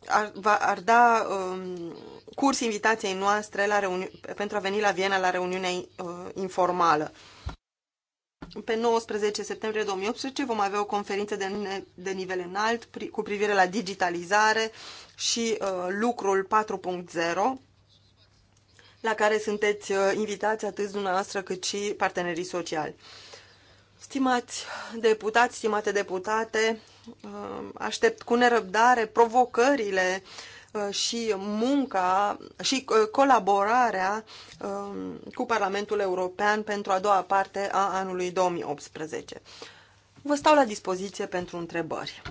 ar, va, ar da um, curs invitației noastre la reuni- pentru a veni la Viena la reuniunea uh, informală. Pe 19 septembrie 2018 vom avea o conferință de, de nivel înalt pri, cu privire la digitalizare și uh, lucrul 4.0 la care sunteți uh, invitați atât dumneavoastră cât și partenerii sociali. Stimați deputați, stimate deputate, uh, aștept cu nerăbdare provocările uh, și munca și colaborarea um, cu Parlamentul European pentru a doua parte a anului 2018. Vă stau la dispoziție pentru întrebări.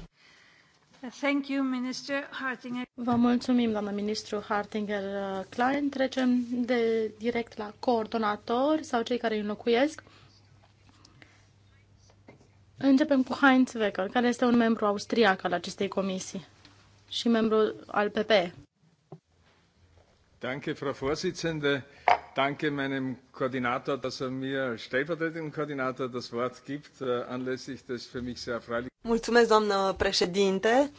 Vă mulțumim, doamnă ministru Hartinger-Klein. Uh, Trecem de direct la coordonatori sau cei care îi înlocuiesc. Începem cu Heinz Wecker, care este un membru austriac al acestei comisii și membru al PP. Danke, Frau Vorsitzende danke meinem Koordinator, dass er mir stellvertretenden Koordinator das Wort gibt, äh, anlässlich des für mich sehr erfreulichen. Mulțumesc, doamnă președinte.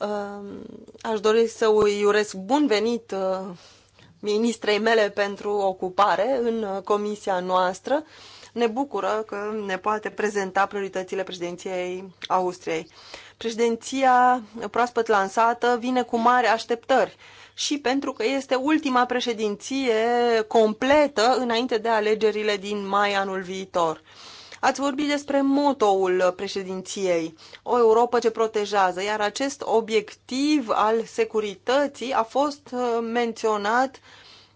Ehm, aș dori să îi urez bun venit uh, ministrei mele pentru ocupare în uh, comisia noastră. Ne bucură că ne poate prezenta prioritățile președinției Austriei. Președinția proaspăt lansată vine cu mari așteptări și pentru că este ultima președinție completă înainte de alegerile din mai anul viitor. Ați vorbit despre motoul președinției, o Europa ce protejează, iar acest obiectiv al securității a fost uh, menționat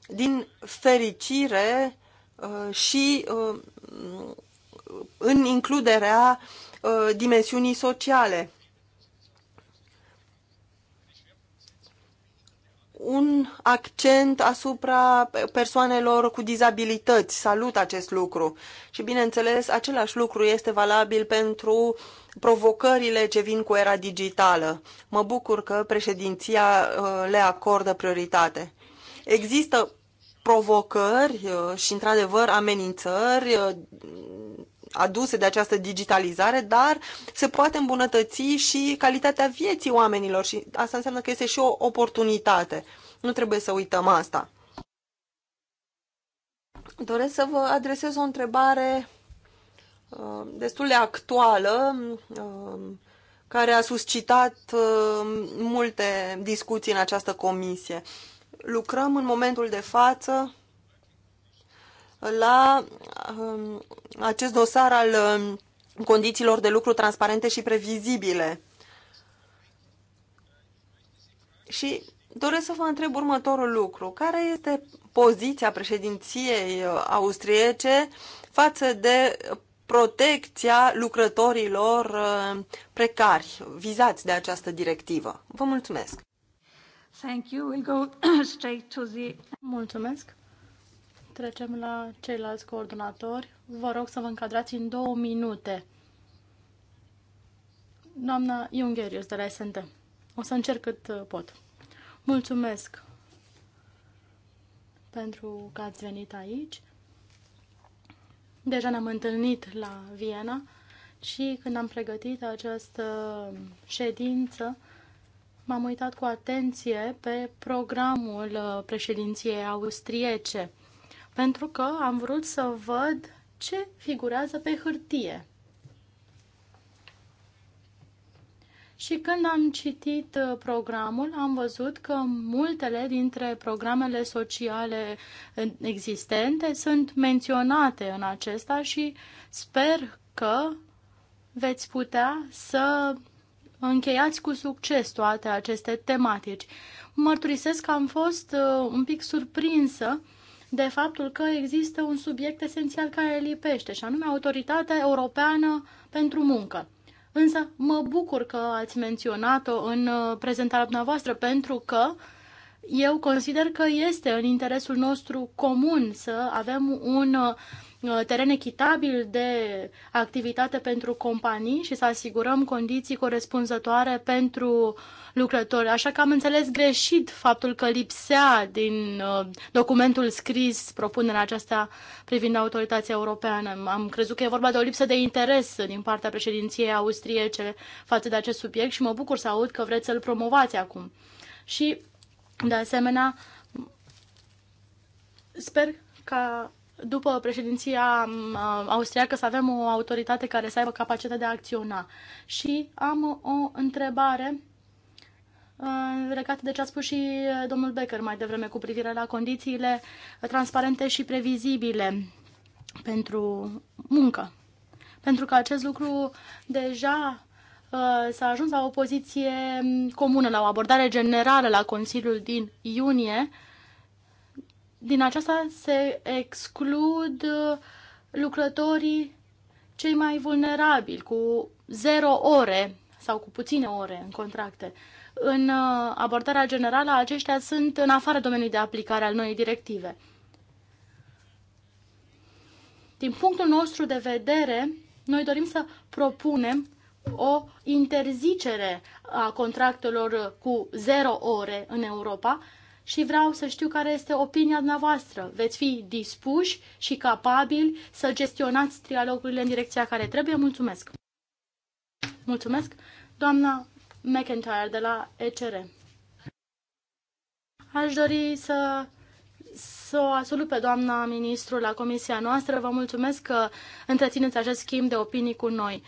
din fericire uh, și uh, în includerea dimensiunii sociale. un accent asupra persoanelor cu dizabilități. Salut acest lucru. Și, bineînțeles, același lucru este valabil pentru provocările ce vin cu era digitală. Mă bucur că președinția uh, le acordă prioritate. Există provocări uh, și, într-adevăr, amenințări uh, aduse de această digitalizare, dar se poate îmbunătăți și calitatea vieții oamenilor și asta înseamnă că este și o oportunitate. Nu trebuie să uităm asta. Doresc să vă adresez o întrebare uh, destul de actuală uh, care a suscitat uh, multe discuții în această comisie. Lucrăm în momentul de față la um, acest dosar al um, condițiilor de lucru transparente și previzibile. Și doresc să vă întreb următorul lucru. Care este poziția președinției uh, austriece față de protecția lucrătorilor uh, precari vizați de această directivă? Vă mulțumesc! Thank you. We'll go *clears throat* straight to the... Mulțumesc! Trecem la ceilalți coordonatori. Vă rog să vă încadrați în două minute. Doamna Iungherius de la SNT. O să încerc cât uh, pot. Mulțumesc pentru că ați venit aici. Deja ne-am întâlnit la Viena și când am pregătit această ședință, m-am uitat cu atenție pe programul uh, președinției austriece pentru că am vrut să văd ce figurează pe hârtie. Și când am citit uh, programul, am văzut că multele dintre programele sociale uh, existente sunt menționate în acesta și sper că veți putea să încheiați cu succes toate aceste tematici. Mărturisesc că am fost uh, un pic surprinsă de faptul că există un subiect esențial care lipește, și anume Autoritatea Europeană pentru Muncă. Însă mă bucur că ați menționat-o în uh, prezentarea dumneavoastră, pentru că eu consider că este în interesul nostru comun să avem un uh, teren echitabil de activitate pentru companii și să asigurăm condiții corespunzătoare pentru uh, lucrători. Așa că am înțeles greșit faptul că lipsea din uh, documentul scris propunerea aceasta privind autoritatea europeană. Am crezut că e vorba de o lipsă de interes din partea președinției austriece față de acest subiect și mă bucur să aud că vreți să-l promovați acum. Și, de asemenea, sper ca după președinția uh, austriacă să avem o autoritate care să aibă capacitatea de a acționa. Și am o întrebare legat de ce a spus și uh, domnul Becker mai devreme cu privire la condițiile transparente și previzibile pentru muncă. Pentru că acest lucru deja uh, s-a ajuns la o poziție comună, la o abordare generală la Consiliul din iunie. Din aceasta se exclud uh, lucrătorii cei mai vulnerabili, cu zero ore sau cu puține ore în contracte în uh, abordarea generală, aceștia sunt în afară domeniului de aplicare al noii directive. Din punctul nostru de vedere, noi dorim să propunem o interzicere a contractelor cu zero ore în Europa și vreau să știu care este opinia dumneavoastră. Veți fi dispuși și capabili să gestionați trialogurile în direcția care trebuie? Mulțumesc! Mulțumesc! Doamna McIntyre de la ECR. Aș dori să să o asult pe doamna ministru la comisia noastră. Vă mulțumesc că întrețineți acest schimb de opinii cu noi.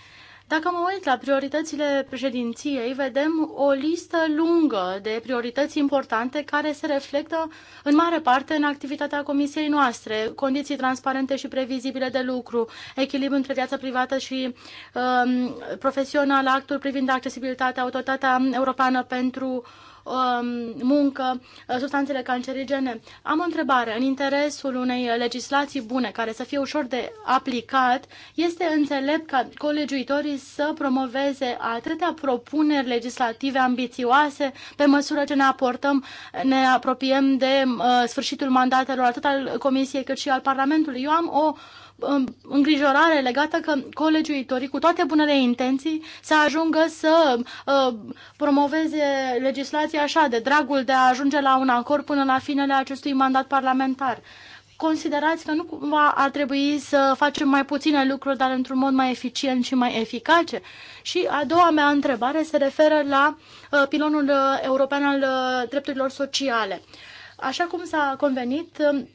Dacă mă uit la prioritățile președinției, vedem o listă lungă de priorități importante care se reflectă în mare parte în activitatea comisiei noastre, condiții transparente și previzibile de lucru, echilibru între viața privată și um, profesională, actul privind accesibilitatea, autoritatea europeană pentru uh, Um, muncă, uh, substanțele cancerigene. Am o întrebare. În interesul unei legislații bune, care să fie ușor de aplicat, este înțelept ca colegiuitorii să promoveze atâtea propuneri legislative ambițioase pe măsură ce ne aportăm, ne apropiem de uh, sfârșitul mandatelor atât al Comisiei cât și al Parlamentului. Eu am o Um, îngrijorare legată că colegiuitorii, cu toate bunele intenții, să ajungă să uh, promoveze legislația așa, de dragul de a ajunge la un acord până la finele acestui mandat parlamentar considerați că nu cumva ar trebui să facem mai puține lucruri, dar într-un mod mai eficient și mai eficace? Și a doua mea întrebare se referă la uh, pilonul uh, european al drepturilor sociale. Așa cum s-a convenit, um,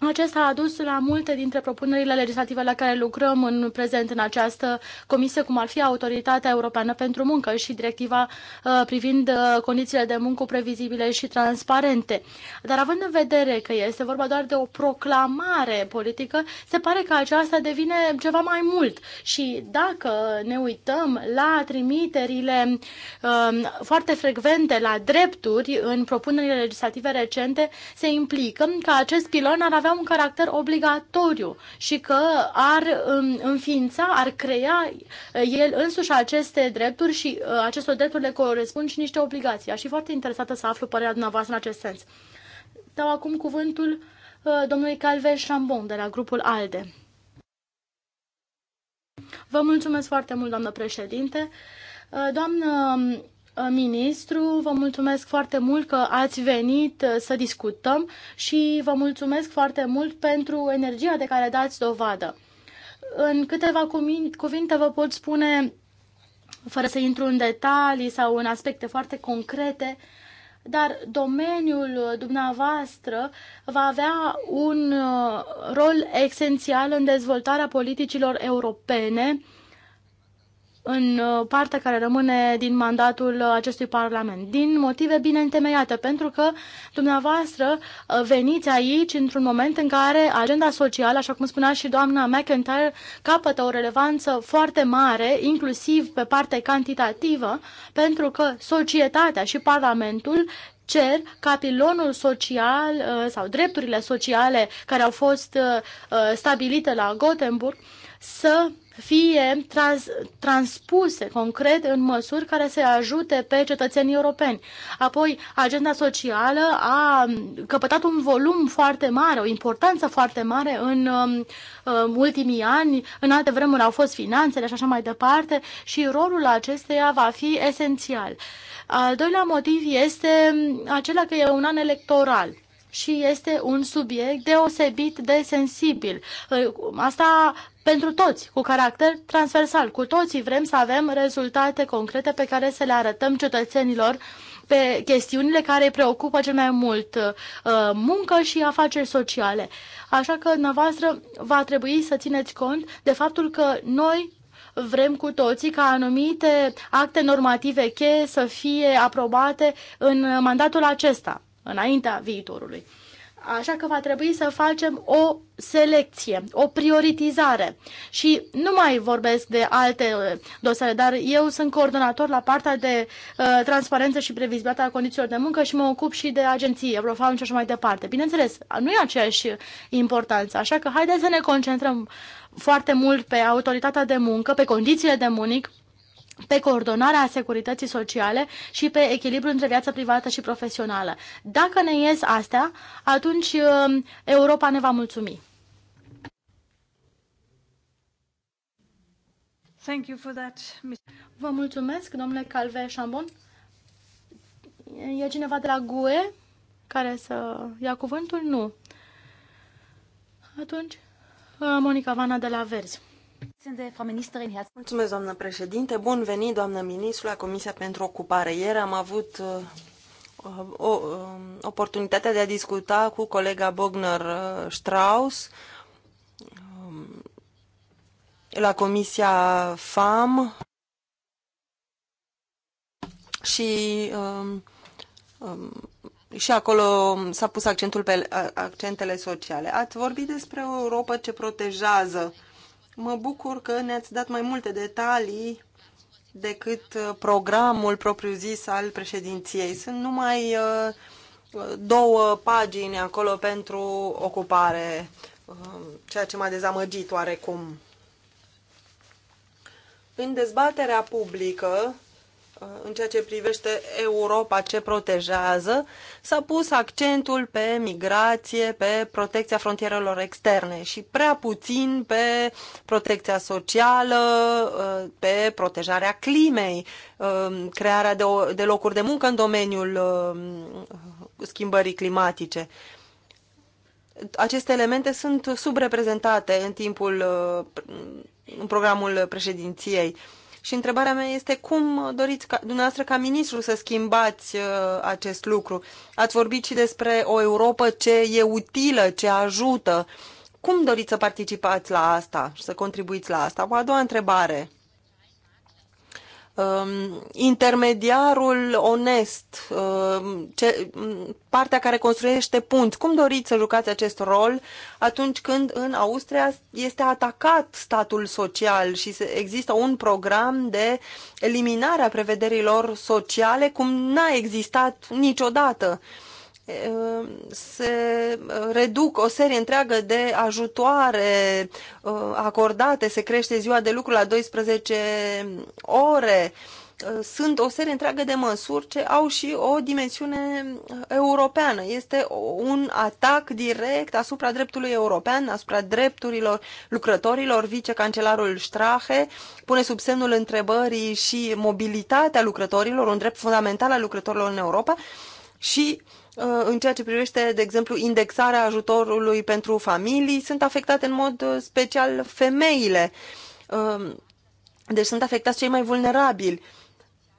acesta a adus la multe dintre propunerile legislative la care lucrăm în prezent în această comisie, cum ar fi Autoritatea Europeană pentru Muncă și directiva uh, privind uh, condițiile de muncă previzibile și transparente. Dar având în vedere că este vorba doar de o proclamare politică, se pare că aceasta devine ceva mai mult. Și dacă ne uităm la trimiterile um, foarte frecvente la drepturi în propunerile legislative recente, se implică că acest pilon ar avea avea un caracter obligatoriu și că ar um, înființa, ar crea uh, el însuși aceste drepturi și uh, acestor drepturi le corespund și niște obligații. Aș fi foarte interesată să aflu părerea dumneavoastră în acest sens. Dau acum cuvântul uh, domnului Calve Chambon de la grupul ALDE. Vă mulțumesc foarte mult, doamnă președinte. Doamnă um, Uh, ministru, vă mulțumesc foarte mult că ați venit uh, să discutăm și vă mulțumesc foarte mult pentru energia de care dați dovadă. În câteva cuvinte vă pot spune, fără să intru în detalii sau în aspecte foarte concrete, dar domeniul dumneavoastră va avea un uh, rol esențial în dezvoltarea politicilor europene în uh, partea care rămâne din mandatul uh, acestui Parlament, din motive bine întemeiate, pentru că dumneavoastră uh, veniți aici într-un moment în care agenda socială, așa cum spunea și doamna McIntyre, capătă o relevanță foarte mare, inclusiv pe parte cantitativă, pentru că societatea și Parlamentul cer ca pilonul social sau drepturile sociale care au fost stabilite la Gothenburg să fie trans, transpuse concret în măsuri care să ajute pe cetățenii europeni. Apoi, agenda socială a căpătat un volum foarte mare, o importanță foarte mare în um, um, ultimii ani. În alte vremuri au fost finanțele și așa mai departe și rolul acesteia va fi esențial. Al doilea motiv este acela că e un an electoral și este un subiect deosebit de sensibil. Asta pentru toți, cu caracter transversal. Cu toții vrem să avem rezultate concrete pe care să le arătăm cetățenilor pe chestiunile care îi preocupă cel mai mult uh, muncă și afaceri sociale. Așa că dumneavoastră va trebui să țineți cont de faptul că noi vrem cu toții ca anumite acte normative cheie să fie aprobate în mandatul acesta înaintea viitorului. Așa că va trebui să facem o selecție, o prioritizare. Și nu mai vorbesc de alte uh, dosare, dar eu sunt coordonator la partea de uh, transparență și a condițiilor de muncă și mă ocup și de agenții, Eurofound și așa mai departe. Bineînțeles, nu e aceeași importanță, așa că haideți să ne concentrăm foarte mult pe autoritatea de muncă, pe condițiile de muncă, pe coordonarea securității sociale și pe echilibru între viața privată și profesională. Dacă ne ies astea, atunci uh, Europa ne va mulțumi. Thank you for that. Vă mulțumesc, domnule Calve Șambon. E cineva de la GUE care să ia cuvântul? Nu. Atunci, uh, Monica Vana de la Verzi. Mulțumesc, doamnă președinte. Bun venit, doamnă ministru, la Comisia pentru Ocupare. Ieri am avut uh, o, o, uh, oportunitatea de a discuta cu colega Bogner uh, Strauss um, la Comisia FAM și um, um, și acolo s-a pus accentul pe accentele sociale. Ați vorbit despre o Europa ce protejează Mă bucur că ne-ați dat mai multe detalii decât uh, programul propriu-zis al președinției. Sunt numai uh, două pagini acolo pentru ocupare, uh, ceea ce m-a dezamăgit oarecum. În dezbaterea publică Uh, în ceea ce privește Europa ce protejează, s-a pus accentul pe migrație, pe protecția frontierelor externe și prea puțin pe protecția socială, uh, pe protejarea climei, uh, crearea de, locuri de muncă în domeniul schimbării climatice. Aceste elemente sunt subreprezentate în timpul în programul președinției. Și întrebarea mea este cum doriți ca, dumneavoastră ca ministru să schimbați uh, acest lucru? Ați vorbit și despre o Europa ce e utilă, ce ajută. Cum doriți să participați la asta și să contribuiți la asta? O a doua întrebare. Um, intermediarul onest, um, ce, partea care construiește punți. Cum doriți să jucați acest rol atunci când în Austria este atacat statul social și există un program de eliminare a prevederilor sociale cum n-a existat niciodată? Uh, se reduc o serie întreagă de ajutoare uh, acordate, se crește ziua de lucru la 12 ore. Uh, sunt o serie întreagă de măsuri ce au și o dimensiune uh, europeană. Este un atac direct asupra dreptului european, asupra drepturilor lucrătorilor. Vicecancelarul Strache pune sub semnul întrebării și mobilitatea lucrătorilor, un drept fundamental al lucrătorilor în Europa și uh, Uh, în ceea ce privește, de exemplu, indexarea ajutorului pentru familii, sunt afectate în mod uh, special femeile. Uh, deci sunt afectați cei mai vulnerabili.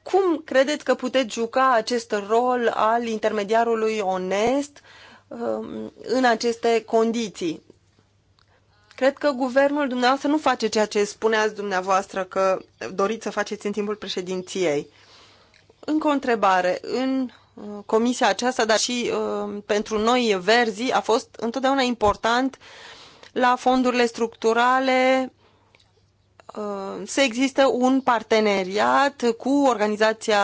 Cum credeți că puteți juca acest rol al intermediarului onest în aceste condiții? Cred că guvernul dumneavoastră nu face ceea ce spuneați dumneavoastră că doriți să faceți în timpul președinției. Încă o întrebare. În comisia aceasta, dar și uh, pentru noi verzii a fost întotdeauna important la fondurile structurale uh, să există un parteneriat cu organizația,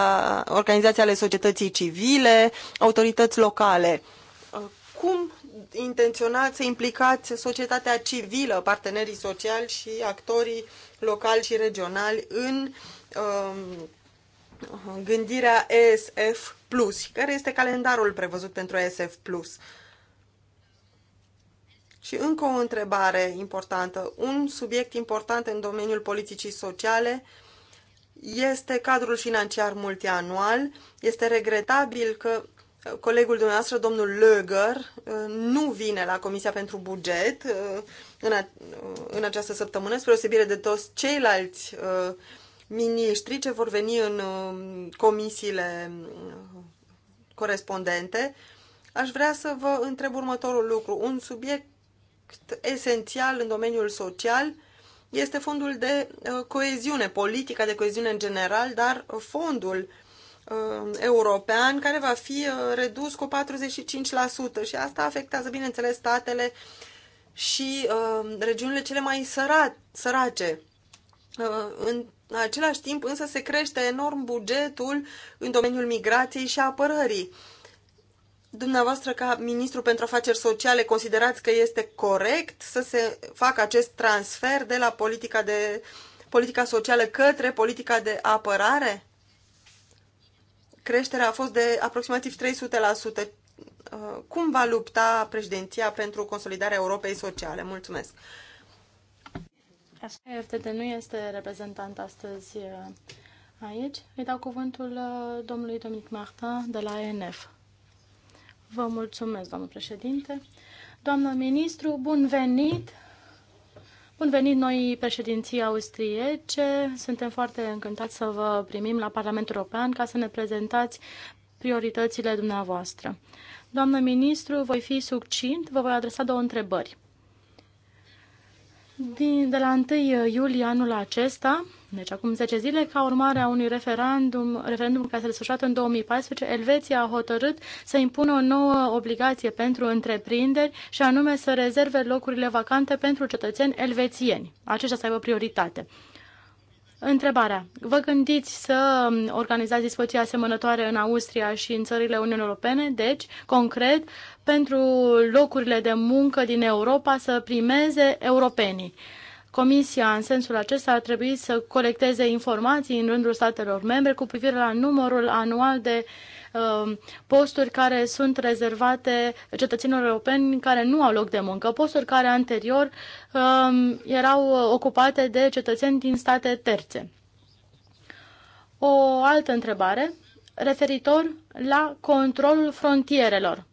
organizația ale societății civile, autorități locale. Uh, cum intenționați să implicați societatea civilă, partenerii sociali și actorii locali și regionali în gândirea ESF Plus? Care este calendarul prevăzut pentru SF Plus? Și încă o întrebare importantă. Un subiect important în domeniul politicii sociale este cadrul financiar multianual. Este regretabil că uh, colegul dumneavoastră, domnul Löger, uh, nu vine la Comisia pentru Buget uh, în, a, în această săptămână, spre osebire de toți ceilalți uh, miniștri ce vor veni în um, comisiile uh, corespondente, aș vrea să vă întreb următorul lucru. Un subiect esențial în domeniul social este fondul de uh, coeziune, politica de coeziune în general, dar fondul uh, european care va fi redus cu 45% și asta afectează, bineînțeles, statele și regiunile cele mai săra- sărace. În în același timp, însă, se crește enorm bugetul în domeniul migrației și apărării. Dumneavoastră, ca ministru pentru afaceri sociale, considerați că este corect să se facă acest transfer de la politica, de, politica socială către politica de apărare? Creșterea a fost de aproximativ 300%. Uh, cum va lupta președinția pentru consolidarea Europei Sociale? Mulțumesc! de nu este reprezentant astăzi uh, aici. Îi dau cuvântul uh, domnului Dominic Martin de la ANF. Vă mulțumesc, domnul președinte. Doamnă ministru, bun venit! Bun venit noi președinții austriece. Suntem foarte încântați să vă primim la Parlamentul European ca să ne prezentați prioritățile dumneavoastră. Doamnă ministru, voi fi succint, vă voi adresa două întrebări din, de la 1 uh, iulie anul acesta, deci acum 10 zile, ca urmare a unui referendum, referendum care s-a desfășurat în 2014, Elveția a hotărât să impună o nouă obligație pentru întreprinderi și anume să rezerve locurile vacante pentru cetățeni elvețieni. Aceștia să aibă prioritate. Întrebarea. Vă gândiți să organizați dispoziții asemănătoare în Austria și în țările Uniunii Europene, deci, concret, pentru locurile de muncă din Europa să primeze europenii. Comisia, în sensul acesta, ar trebui să colecteze informații în rândul statelor membre cu privire la numărul anual de uh, Um, posturi care sunt rezervate cetățenilor europeni care nu au loc de muncă, posturi care anterior um, erau ocupate de cetățeni din state terțe. O altă întrebare referitor la controlul frontierelor.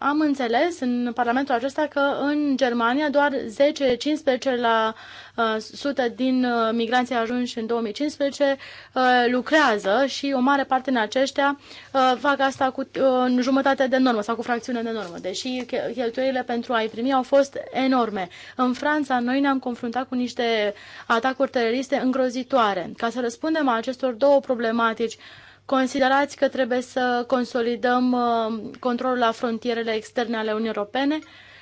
Am înțeles în Parlamentul acesta că în Germania doar 10-15% la 100 din uh, migranții ajunși în 2015 uh, lucrează și o mare parte din aceștia uh, fac asta cu în jumătate de normă sau cu fracțiune de normă, deși cheltuielile pentru a-i primi au fost enorme. În Franța, noi ne-am confruntat cu niște atacuri teroriste îngrozitoare. Ca să răspundem acestor două problematici, Considerați că trebuie să consolidăm controlul la frontierele externe ale Uniunii Europene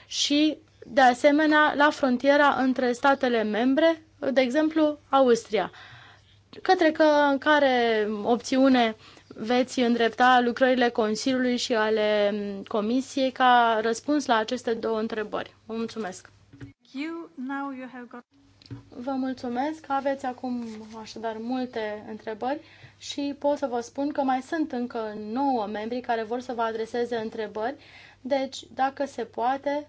și de asemenea, la frontiera între statele membre, de exemplu, Austria. Către că, în care opțiune veți îndrepta lucrările Consiliului și ale mm, Comisiei ca răspuns la aceste două întrebări? Vă mulțumesc! Vă mulțumesc! Aveți acum așadar multe întrebări și pot să vă spun că mai sunt încă nouă membri care vor să vă adreseze întrebări. Deci, dacă se poate,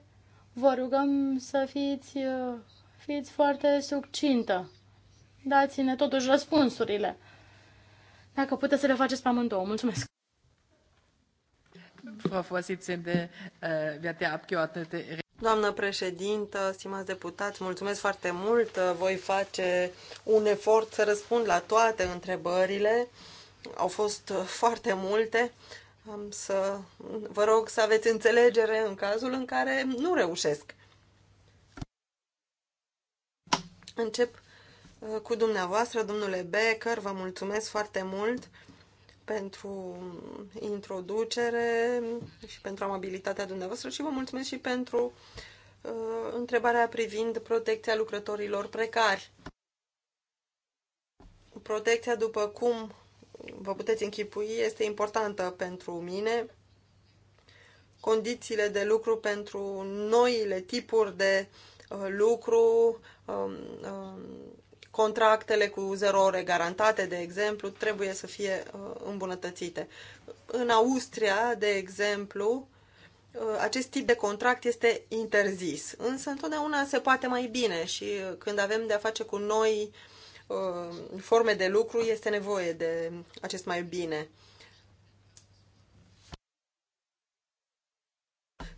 Vă rugăm să fiți, uh, fiți foarte succintă. Dați-ne totuși răspunsurile. Dacă puteți să le faceți pe amândouă. Mulțumesc. Äh, Doamnă președintă, stimați deputați, mulțumesc foarte mult. Voi face un efort să răspund la toate întrebările. Au fost foarte multe. Am să vă rog să aveți înțelegere în cazul în care nu reușesc. Încep uh, cu dumneavoastră, domnule Becker, vă mulțumesc foarte mult pentru introducere și pentru amabilitatea dumneavoastră și vă mulțumesc și pentru uh, întrebarea privind protecția lucrătorilor precari. Protecția, după cum vă puteți închipui, este importantă pentru mine. Condițiile de lucru pentru noile tipuri de uh, lucru, um, um, contractele cu zero ore garantate, de exemplu, trebuie să fie uh, îmbunătățite. În Austria, de exemplu, uh, acest tip de contract este interzis, însă întotdeauna se poate mai bine și când avem de-a face cu noi uh, Uh, forme de lucru este nevoie de acest mai bine.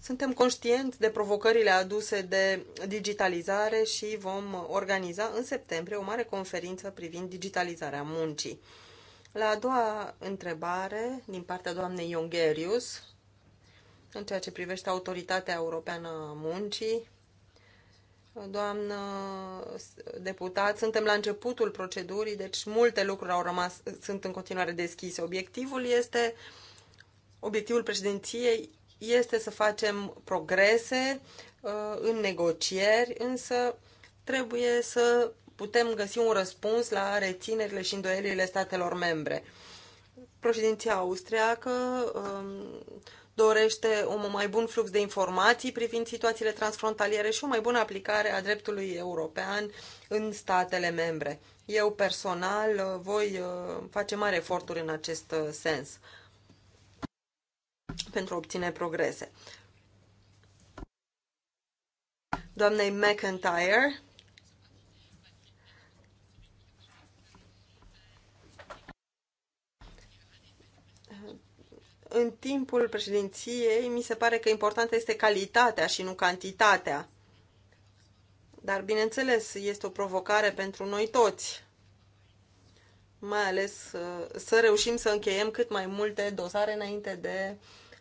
Suntem conștienți de provocările aduse de digitalizare și vom organiza în septembrie o mare conferință privind digitalizarea muncii. La a doua întrebare din partea doamnei Iongerius, în ceea ce privește Autoritatea Europeană a Muncii, Doamnă deputat, suntem la începutul procedurii, deci multe lucruri au rămas, sunt în continuare deschise. Obiectivul este, obiectivul președinției este să facem progrese uh, în negocieri, însă trebuie să putem găsi un răspuns la reținerile și îndoielile statelor membre. Președinția austriacă um, dorește un mai bun flux de informații privind situațiile transfrontaliere și o mai bună aplicare a dreptului european în statele membre. Eu personal uh, voi uh, face mari eforturi în acest uh, sens pentru a obține progrese. Doamnei McIntyre, În timpul președinției, mi se pare că importantă este calitatea și nu cantitatea. Dar, bineînțeles, este o provocare pentru noi toți, mai ales uh, să reușim să încheiem cât mai multe dosare înainte de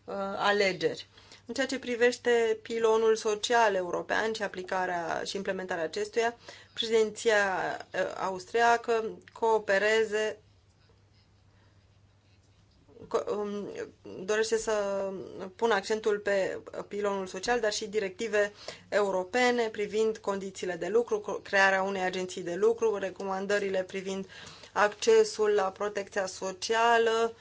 uh, alegeri. În ceea ce privește pilonul social european și aplicarea și implementarea acestuia, președinția uh, austriacă coopereze, Um, dorește să pună accentul pe pilonul social, dar și directive europene privind condițiile de lucru, crearea unei agenții de lucru, recomandările privind accesul la protecția socială.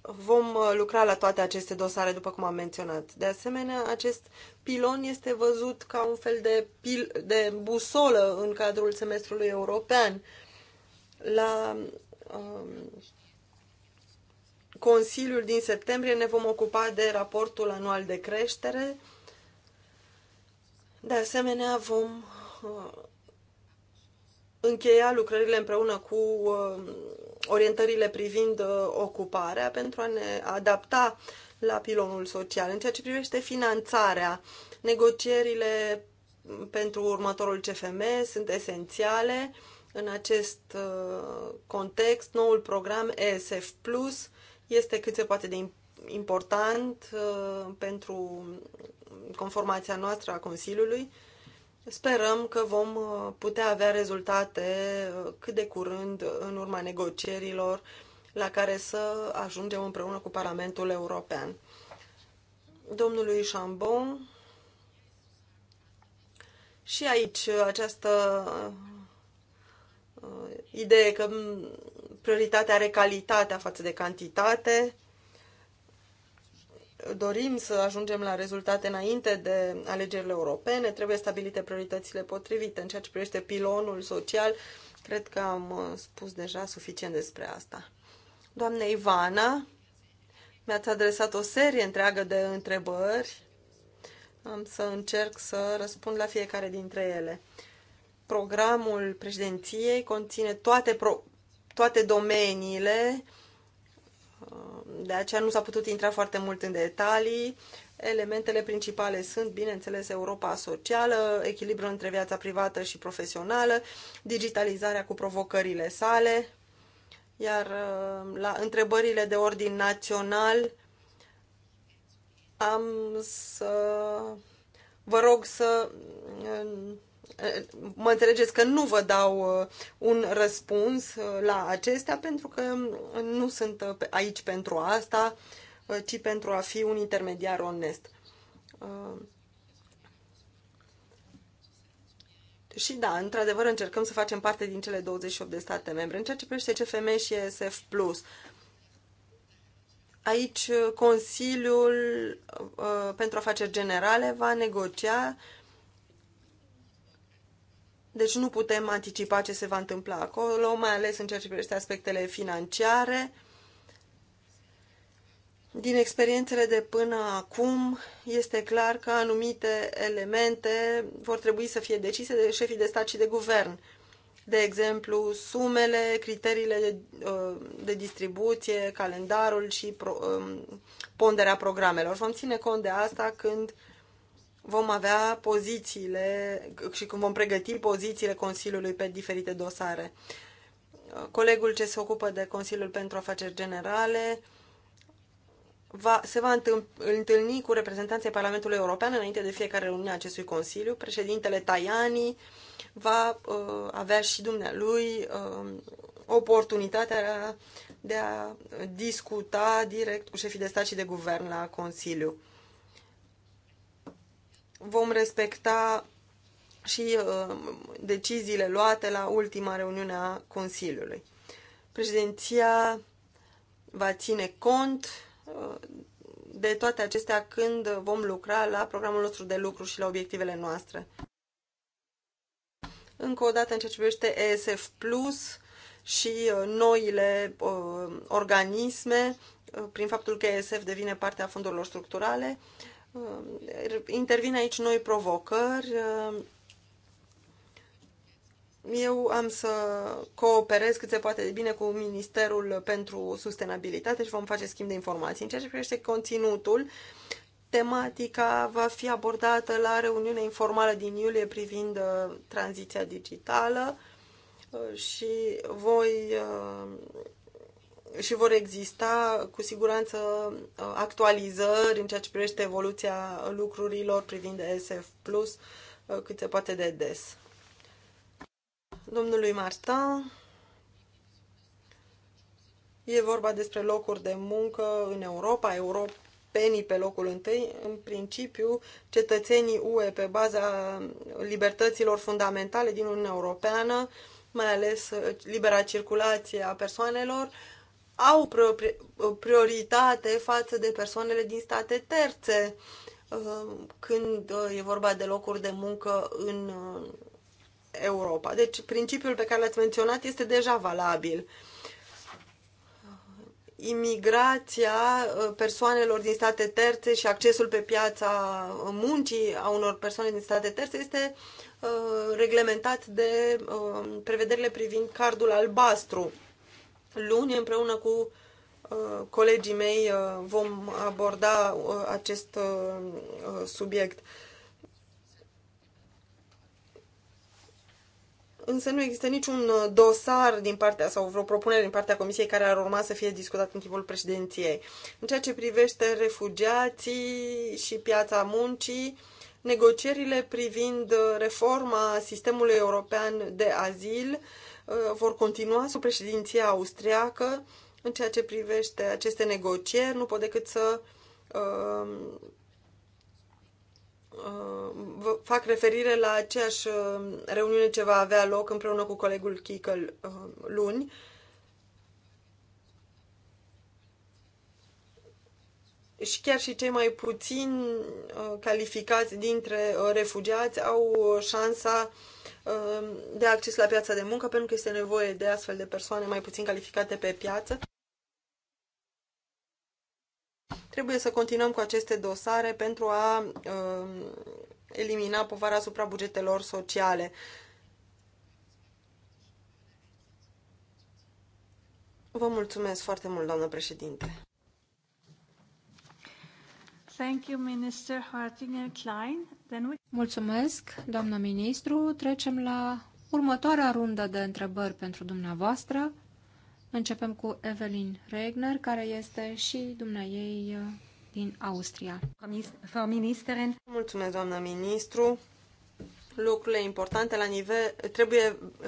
Vom uh, lucra la toate aceste dosare, după cum am menționat. De asemenea, acest pilon este văzut ca un fel de, pil- de busolă în cadrul semestrului european. La um, Consiliul din septembrie ne vom ocupa de raportul anual de creștere. De asemenea, vom uh, încheia lucrările împreună cu uh, orientările privind uh, ocuparea pentru a ne adapta la pilonul social. În ceea ce privește finanțarea, negocierile pentru următorul CFM sunt esențiale. În acest context, noul program ESF Plus este cât se poate de important uh, pentru conformația noastră a Consiliului. Sperăm că vom uh, putea avea rezultate uh, cât de curând în urma negocierilor la care să ajungem împreună cu Parlamentul European. Domnului Chambon, și aici această idee că mm, prioritatea are calitatea față de cantitate. Dorim să ajungem la rezultate înainte de alegerile europene, trebuie stabilite prioritățile potrivite. În ceea ce privește pilonul social, cred că am uh, spus deja suficient despre asta. Doamne Ivana, mi-ați adresat o serie întreagă de întrebări. Am să încerc să răspund la fiecare dintre ele programul președinției conține toate pro- toate domeniile, de aceea nu s-a putut intra foarte mult în detalii. Elementele principale sunt, bineînțeles, Europa socială, echilibru între viața privată și profesională, digitalizarea cu provocările sale, iar uh, la întrebările de ordin național am să vă rog să uh, mă înțelegeți că nu vă dau uh, un răspuns uh, la acestea pentru că nu sunt uh, aici pentru asta, ci pentru a fi un intermediar onest. Și da, într-adevăr încercăm să facem parte din cele 28 de state membre. În ceea ce privește CFM și SF+. aici Consiliul pentru Afaceri Generale va negocia deci nu putem anticipa ce se va întâmpla acolo, mai ales în ceea ce privește aspectele financiare. Din experiențele de până acum, este clar că anumite elemente vor trebui să fie decise de șefii de stat și de guvern. De exemplu, sumele, criteriile de, uh, de distribuție, calendarul și pro, um, ponderea programelor. Vom ține cont de asta când uh, vom avea pozițiile și când vom pregăti pozițiile Consiliului pe diferite dosare. Colegul ce se ocupă de Consiliul pentru Afaceri Generale va, se va întâlni cu reprezentanții Parlamentului European înainte de fiecare reuniune a acestui Consiliu. Președintele Tajani va uh, avea și dumnealui uh, oportunitatea de a discuta direct cu șefii de stat și de guvern la Consiliu vom respecta și uh, deciziile luate la ultima reuniune a Consiliului. Președinția va ține cont uh, de toate acestea când vom lucra la programul nostru de lucru și la obiectivele noastre. Încă o dată, în ceea ce privește ESF Plus și uh, noile uh, organisme, uh, prin faptul că ESF devine parte a fondurilor structurale, uh, Um, intervin aici noi provocări. Um, eu am să cooperez cât se poate de bine cu Ministerul pentru Sustenabilitate și vom face schimb de informații. În ceea ce privește conținutul, tematica va fi abordată la reuniunea informală din iulie privind uh, tranziția digitală uh, și voi uh, și vor exista cu siguranță actualizări în ceea ce privește evoluția lucrurilor privind SF Plus cât se poate de des. Domnului Martin, e vorba despre locuri de muncă în Europa, Europa penii pe locul întâi, în principiu cetățenii UE pe baza libertăților fundamentale din Uniunea Europeană, mai ales libera circulație a persoanelor, au prioritate față de persoanele din state terțe uh, când uh, e vorba de locuri de muncă în uh, Europa. Deci principiul pe care l-ați menționat este deja valabil. Imigrația persoanelor din state terțe și accesul pe piața muncii a unor persoane din state terțe este reglementat de prevederile privind cardul albastru Luni, împreună cu uh, colegii mei, uh, vom aborda uh, acest subiect. Însă nu există niciun dosar din partea sau vreo propunere din partea Comisiei care ar urma să fie discutat în timpul președinției. În ceea ce privește refugiații și piața muncii, negocierile privind reforma sistemului european de azil uh, Uh, vor continua sub președinția austriacă în ceea ce privește aceste negocieri. Nu pot decât să uh, uh, fac referire la aceeași uh, reuniune ce va avea loc împreună cu colegul Kikel uh, luni. și chiar și cei mai puțin uh, calificați dintre refugiați au șansa Um, de acces la piața de muncă, pentru că este nevoie de astfel de persoane mai puțin calificate pe piață. Trebuie să continuăm cu aceste dosare pentru a um, elimina povara asupra bugetelor sociale. Vă mulțumesc foarte mult, doamnă președinte. Thank you, Minister Hartinger Klein. Then we... Mulțumesc, doamnă ministru. Trecem la următoarea rundă de întrebări pentru dumneavoastră. Începem cu Evelyn Regner, care este și ei uh, din Austria. Mulțumesc, doamnă ministru. Lucrurile importante la nivel, trebuie uh,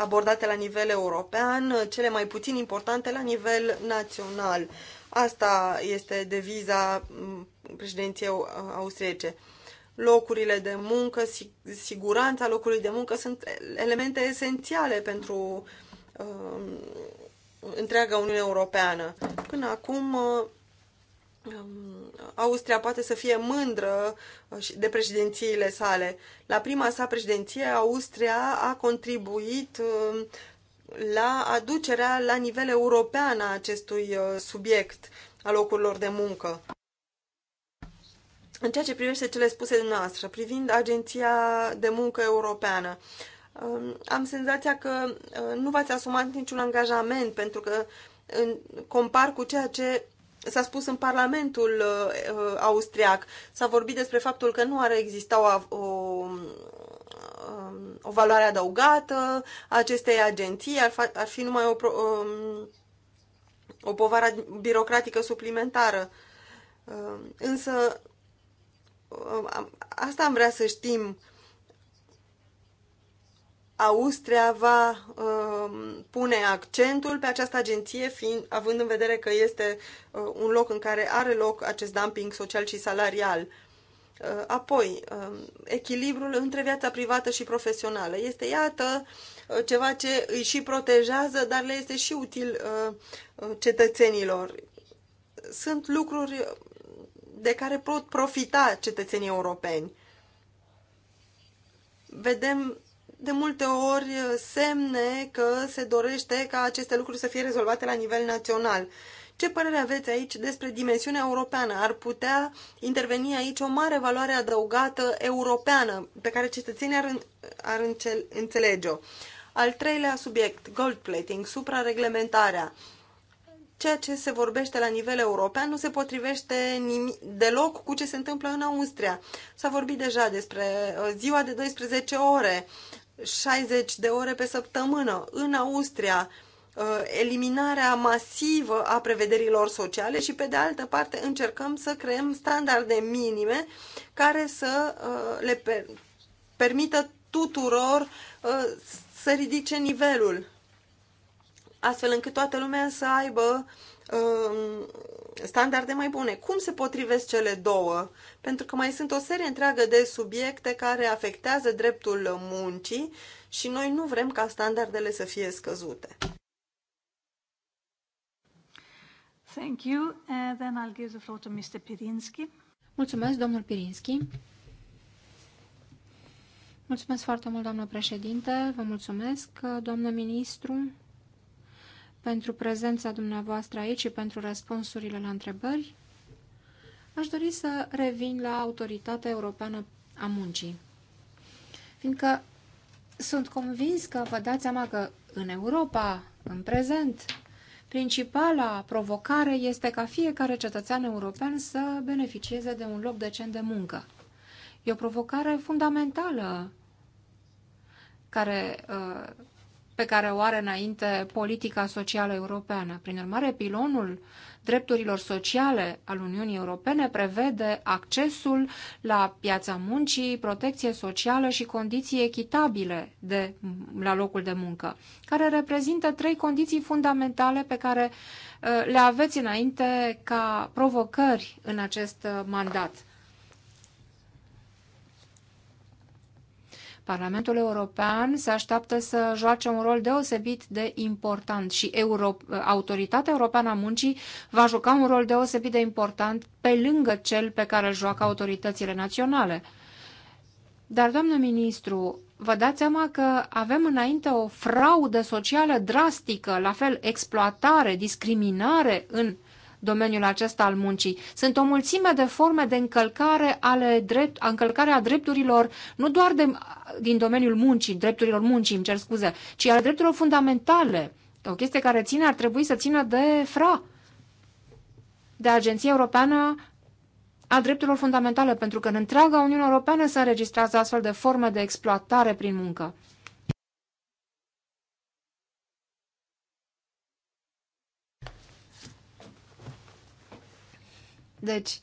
abordate la nivel european, cele mai puțin importante la nivel național. Asta este deviza mm, președinției austriece. Locurile de muncă, siguranța locului de muncă sunt elemente esențiale pentru uh, întreaga Uniune Europeană. Până acum, uh, um, Austria poate să fie mândră uh, de președințiile sale. La prima sa președinție, Austria a contribuit um, la aducerea la nivel european a acestui uh, subiect a locurilor de muncă. În ceea ce privește cele spuse noastră, privind Agenția de Muncă Europeană, um, am senzația că uh, nu v-ați asumat niciun angajament, pentru că în, compar cu ceea ce s-a spus în Parlamentul uh, austriac. S-a vorbit despre faptul că nu ar exista o, o o valoare adăugată acestei agenții, ar, fa- ar fi numai o, um, o povară birocratică suplimentară. Um, însă, um, asta am vrea să știm. Austria va pune accentul pe această agenție, fiind, având în vedere că este uh, un loc în care are loc acest dumping social și salarial. Uh, apoi, uh, echilibrul între viața privată și profesională este, iată, uh, ceva ce îi și protejează, dar le este și util cetățenilor. Sunt lucruri de care pot profita cetățenii europeni. Vedem de multe ori semne că se dorește ca aceste lucruri să fie rezolvate la nivel național. Ce părere aveți aici despre dimensiunea europeană? Ar putea interveni aici o mare valoare adăugată europeană pe care cetățenii ar, ar înțelege-o. Al treilea subiect, gold plating, suprareglementarea. Ceea ce se vorbește la nivel european nu se potrivește nimic, deloc cu ce se întâmplă în Austria. S-a vorbit deja despre uh, ziua de 12 ore, 60 de ore pe săptămână. În Austria, Uh, eliminarea masivă a prevederilor sociale și, pe de altă parte, încercăm să creăm standarde minime care să uh, le per permită tuturor uh, să ridice nivelul, astfel încât toată lumea să aibă um, standarde mai bune. Cum se potrivesc cele două? Pentru că mai sunt o serie întreagă de subiecte care afectează dreptul muncii și noi nu vrem ca standardele să fie scăzute. Thank you. Uh, then I'll give the floor to Mr. Pirinski. Mulțumesc, domnul Pirinski. Mulțumesc foarte mult, doamnă președinte. Vă mulțumesc, doamnă ministru, pentru prezența dumneavoastră aici și pentru răspunsurile la întrebări. Aș dori să revin la Autoritatea Europeană a Muncii, fiindcă sunt convins că vă dați seama că în Europa, în prezent, Principala provocare este ca fiecare cetățean european să beneficieze de un loc decent de muncă. E o provocare fundamentală care, uh, pe care o are înainte politica socială europeană. Prin urmare, pilonul drepturilor sociale al Uniunii Europene prevede accesul la piața muncii, protecție socială și condiții echitabile de, la locul de muncă, care reprezintă trei condiții fundamentale pe care uh, le aveți înainte ca provocări în acest uh, mandat. Parlamentul European se așteaptă să joace un rol deosebit de important și Euro- Autoritatea Europeană a Muncii va juca un rol deosebit de important pe lângă cel pe care îl joacă autoritățile naționale. Dar, doamnă ministru, vă dați seama că avem înainte o fraudă socială drastică, la fel exploatare, discriminare în domeniul acesta al muncii. Sunt o mulțime de forme de încălcare, ale drept, a încălcare a drepturilor, nu doar de, din domeniul muncii, drepturilor muncii, îmi cer scuze, ci ale drepturilor fundamentale. O chestie care ține, ar trebui să țină de FRA, de Agenția Europeană a drepturilor fundamentale, pentru că în întreaga Uniune Europeană se înregistrează astfel de forme de exploatare prin muncă. Deci,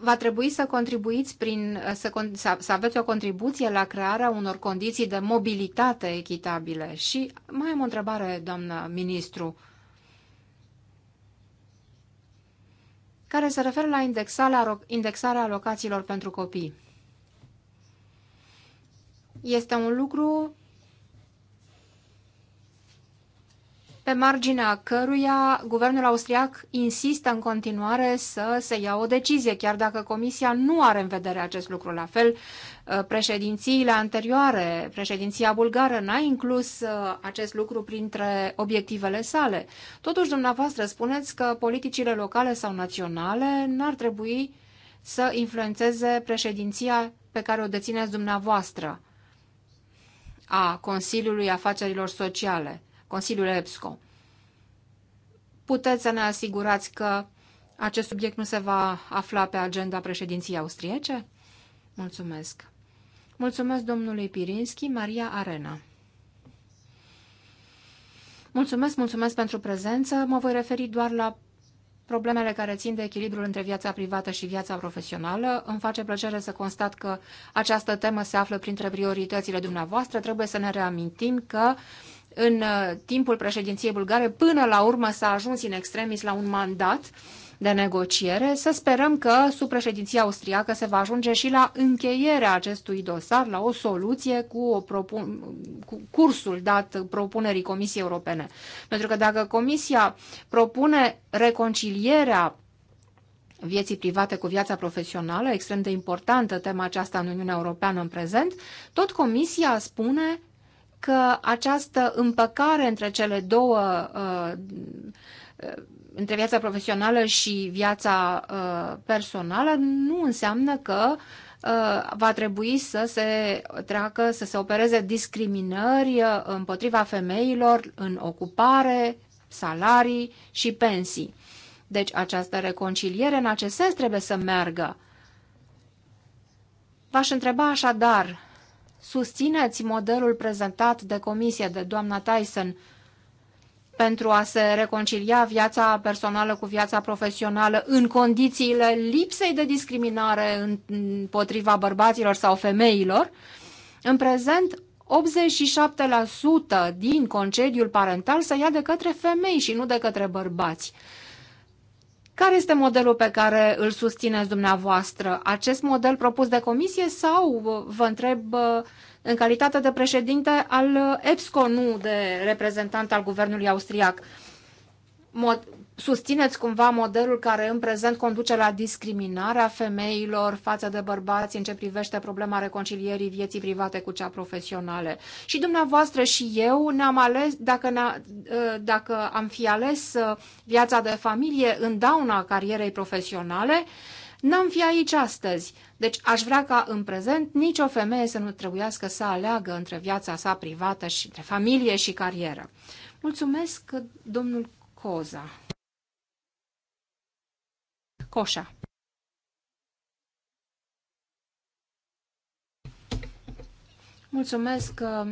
va trebui să contribuiți prin, să, să aveți o contribuție la crearea unor condiții de mobilitate echitabile. Și mai am o întrebare, doamnă ministru, care se referă la indexarea, indexarea alocațiilor pentru copii. Este un lucru pe marginea căruia guvernul austriac insistă în continuare să se ia o decizie, chiar dacă Comisia nu are în vedere acest lucru. La fel, uh, președințiile anterioare, președinția bulgară, n-a inclus uh, acest lucru printre obiectivele sale. Totuși, dumneavoastră, spuneți că politicile locale sau naționale n-ar trebui să influențeze președinția pe care o dețineți dumneavoastră a Consiliului Afacerilor Sociale. Consiliul EBSCO. Puteți să ne asigurați că acest subiect nu se va afla pe agenda președinției austriece? Mulțumesc. Mulțumesc domnului Pirinski, Maria Arena. Mulțumesc, mulțumesc pentru prezență. Mă voi referi doar la problemele care țin de echilibrul între viața privată și viața profesională. Îmi face plăcere să constat că această temă se află printre prioritățile dumneavoastră. Trebuie să ne reamintim că uh, în uh, timpul președinției bulgare, până la urmă s-a ajuns în extremis la un mandat de negociere. Să sperăm că sub președinția austriacă se va ajunge și la încheierea acestui dosar, la o soluție cu, o propun- cu cursul dat propunerii Comisiei Europene. Pentru că dacă Comisia propune reconcilierea vieții private cu viața profesională, extrem de importantă tema aceasta în Uniunea Europeană în prezent, tot Comisia spune că această împăcare între cele două, uh, între viața profesională și viața uh, personală, nu înseamnă că uh, va trebui să se treacă, să se opereze discriminări împotriva femeilor în ocupare, salarii și pensii. Deci această reconciliere în acest sens trebuie să meargă. V-aș întreba așadar, susțineți modelul prezentat de comisie de doamna Tyson pentru a se reconcilia viața personală cu viața profesională în condițiile lipsei de discriminare împotriva bărbaților sau femeilor, în prezent 87% din concediul parental se ia de către femei și nu de către bărbați. Care este modelul pe care îl susțineți dumneavoastră? Acest model propus de comisie sau vă întreb în calitate de președinte al uh, EPSCO, nu de reprezentant al guvernului austriac? susțineți cumva modelul care în prezent conduce la discriminarea femeilor față de bărbați în ce privește problema reconcilierii vieții private cu cea profesională. Și dumneavoastră și eu ne-am ales, dacă, ne ă, dacă am fi ales ă, viața de familie în dauna carierei profesionale, n-am fi aici astăzi. Deci aș vrea ca în prezent nicio femeie să nu trebuiască să aleagă între viața sa privată și între familie și carieră. Mulțumesc, domnul Coza. Coșa. Mulțumesc, uh,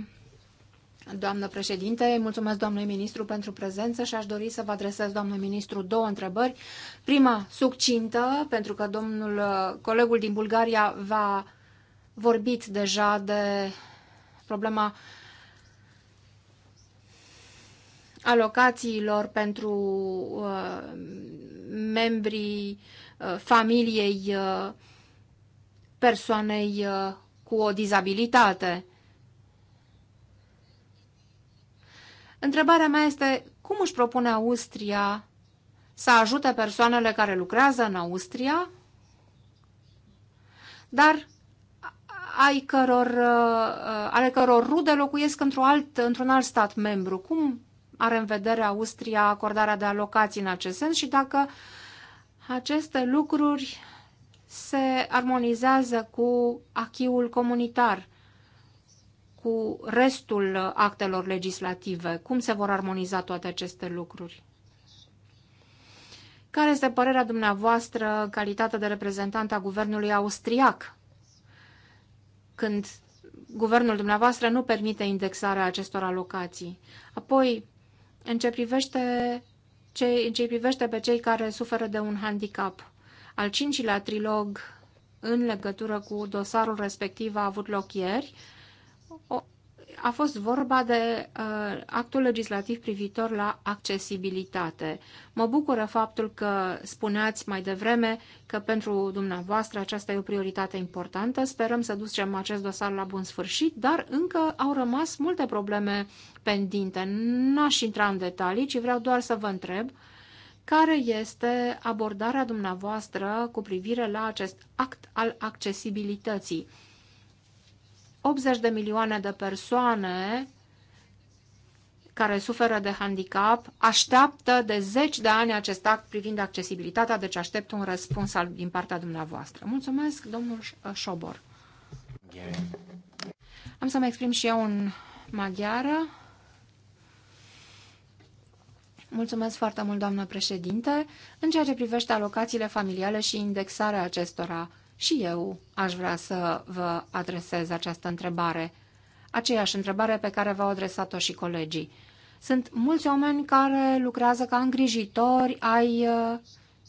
doamnă președinte, mulțumesc doamnei ministru pentru prezență și aș dori să vă adresez, doamnă ministru, două întrebări. Prima, succintă, pentru că domnul uh, colegul din Bulgaria va vorbit deja de problema alocațiilor pentru uh, membrii uh, familiei uh, persoanei uh, cu o dizabilitate. Întrebarea mea este cum își propune Austria să ajute persoanele care lucrează în Austria, dar ai căror, ale căror rude locuiesc într-un alt, într alt stat membru. Cum are în vedere Austria acordarea de alocații în acest sens și dacă aceste lucruri se armonizează cu achiul comunitar, cu restul actelor legislative. Cum se vor armoniza toate aceste lucruri? Care este părerea dumneavoastră în calitate de reprezentant a guvernului austriac când guvernul dumneavoastră nu permite indexarea acestor alocații? Apoi, în ce privește, ce, în ce privește pe cei care suferă de un handicap. Al cincilea trilog în legătură cu dosarul respectiv a avut loc ieri. O, a fost vorba de uh, actul legislativ privitor la accesibilitate. Mă bucură faptul că spuneați mai devreme că pentru dumneavoastră aceasta e o prioritate importantă. Sperăm să ducem acest dosar la bun sfârșit, dar încă au rămas multe probleme pendinte. N-aș intra în detalii, ci vreau doar să vă întreb care este abordarea dumneavoastră cu privire la acest act al accesibilității 80 de milioane de persoane care suferă de handicap așteaptă de zeci de ani acest act privind accesibilitatea, deci aștept un răspuns al, din partea dumneavoastră. Mulțumesc, domnul uh, Șobor. Yeah. Am să mă exprim și eu în maghiară. Mulțumesc foarte mult, doamnă președinte. În ceea ce privește alocațiile familiale și indexarea acestora, și eu aș vrea să vă adresez această întrebare, aceeași întrebare pe care v-au adresat-o și colegii. Sunt mulți oameni care lucrează ca îngrijitori ai uh,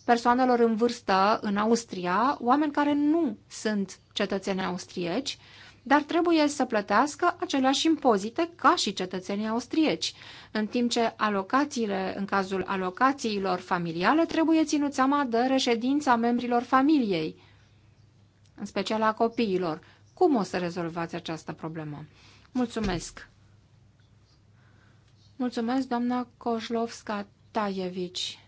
persoanelor în vârstă în Austria, oameni care nu sunt cetățeni austrieci, dar trebuie să plătească aceleași impozite ca și cetățenii austrieci, în timp ce alocațiile, în cazul alocațiilor familiale, trebuie ținut seama de reședința membrilor familiei în special a copiilor. Cum o să rezolvați această problemă? Mulțumesc! Mulțumesc, doamna Koșlovska-Taievici.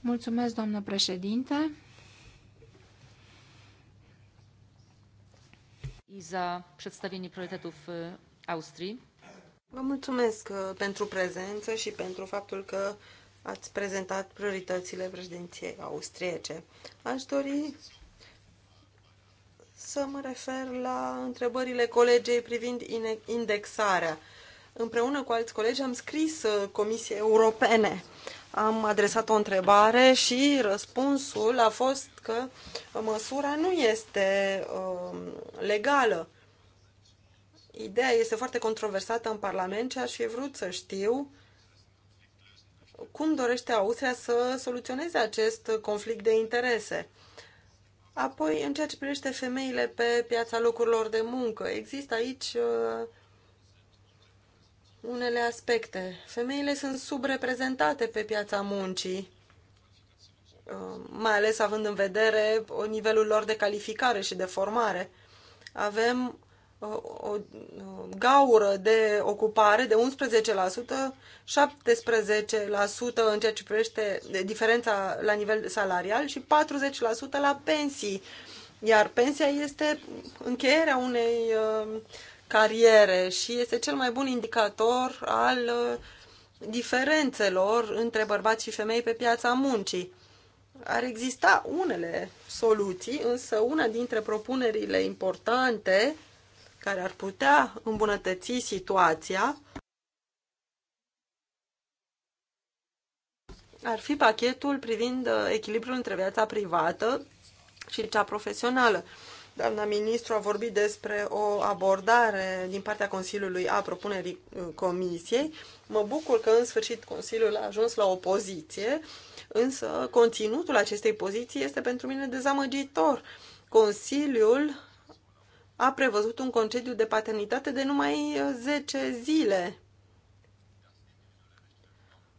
Mulțumesc, doamnă președinte. Iza, za przedstawienie Austriei. Vă mulțumesc pentru prezență și pentru faptul că ați prezentat prioritățile președinției austriece. Aș dori să mă refer la întrebările colegei privind indexarea. Împreună cu alți colegi am scris uh, Comisiei Europene. Am adresat o întrebare și răspunsul a fost că măsura nu este uh, legală. Ideea este foarte controversată în Parlament și aș fi vrut să știu uh, cum dorește Austria să soluționeze acest conflict de interese. Apoi, în ceea ce privește femeile pe piața locurilor de muncă, există aici uh, unele aspecte. Femeile sunt subreprezentate pe piața muncii, uh, mai ales având în vedere nivelul lor de calificare și de formare. Avem o gaură de ocupare de 11%, 17% în ceea ce privește diferența la nivel salarial și 40% la pensii. Iar pensia este încheierea unei uh, cariere și este cel mai bun indicator al uh, diferențelor între bărbați și femei pe piața muncii. Ar exista unele soluții, însă una dintre propunerile importante care ar putea îmbunătăți situația ar fi pachetul privind uh, echilibrul între viața privată și cea profesională. Doamna ministru a vorbit despre o abordare din partea Consiliului a propunerii uh, Comisiei. Mă bucur că în sfârșit Consiliul a ajuns la o poziție, însă conținutul acestei poziții este pentru mine dezamăgitor. Consiliul a prevăzut un concediu de paternitate de numai 10 uh, zile.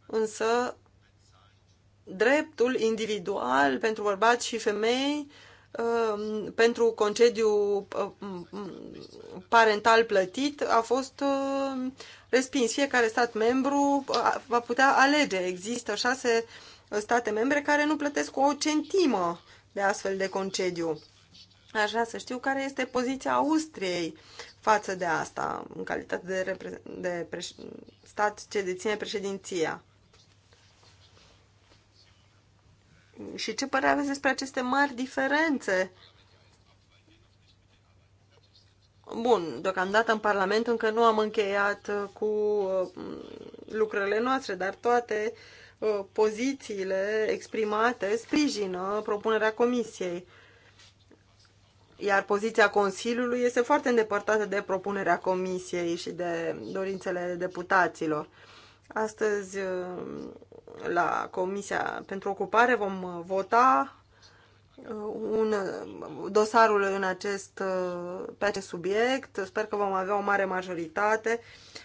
Însă, dreptul individual pentru bărbați și femei um, pentru concediu um, parental plătit a fost um, respins. Fiecare stat membru uh, va putea alege. Există șase state membre care nu plătesc o centimă de astfel de concediu. Aș vrea să știu care este poziția Austriei față de asta, în calitate de, de stat ce deține președinția. Și ce părere aveți despre aceste mari diferențe? Bun, deocamdată în Parlament încă nu am încheiat uh, cu uh, lucrurile noastre, dar toate uh, pozițiile exprimate sprijină propunerea Comisiei iar poziția Consiliului este foarte îndepărtată de propunerea Comisiei și de dorințele deputaților. Astăzi, uh, la Comisia pentru Ocupare, vom uh, vota uh, un dosarul în acest, pe acest subiect. Sper că vom avea o mare majoritate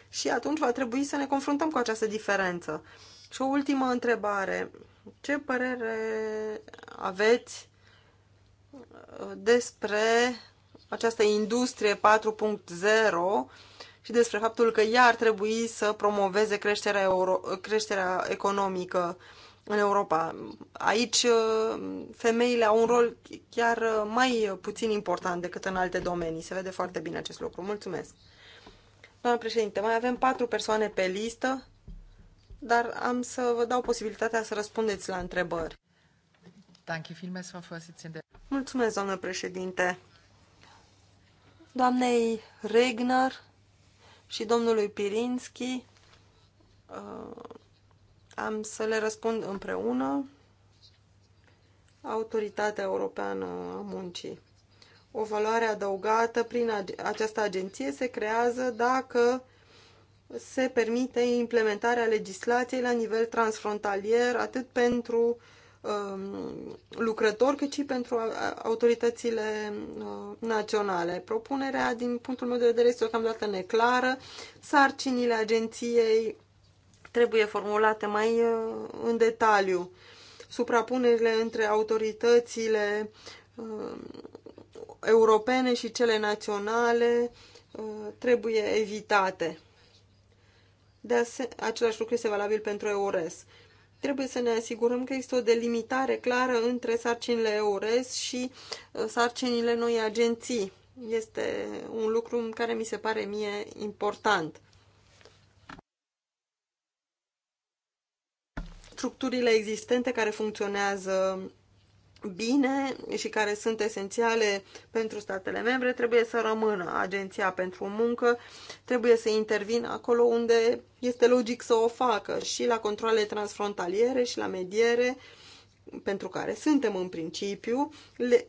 și atunci va trebui să ne confruntăm cu această diferență. Și o ultimă întrebare. Ce părere aveți despre această industrie 4.0 și despre faptul că ea ar trebui să promoveze creșterea, euro, creșterea economică în Europa. Aici uh, femeile au un rol chiar uh, mai puțin important decât în alte domenii. Se vede foarte bine acest lucru. Mulțumesc. Doamna președinte, mai avem patru persoane pe listă, dar am să vă dau posibilitatea să răspundeți la întrebări. Mulțumesc, doamnă președinte. Doamnei Regnar și domnului Pirinski, uh, am să le răspund împreună. Autoritatea Europeană a Muncii. O valoare adăugată prin această agenție se creează dacă se permite implementarea legislației la nivel transfrontalier, atât pentru uh, Um, lucrători, cât și pentru autoritățile uh, naționale. Propunerea, din punctul meu de vedere, este deocamdată neclară. Sarcinile agenției trebuie formulate mai uh, în detaliu. Suprapunerile între autoritățile um, europene și cele naționale uh, trebuie evitate. De asemenea, același lucru este valabil pentru EURES trebuie să ne asigurăm că există o delimitare clară între sarcinile EURES și uh, sarcinile noi agenții. Este un lucru care mi se pare mie important. Structurile existente care funcționează bine și care sunt esențiale pentru statele membre, trebuie să rămână agenția pentru muncă, trebuie să intervină acolo unde este logic să o facă și la controle transfrontaliere și la mediere, pentru care suntem în principiu,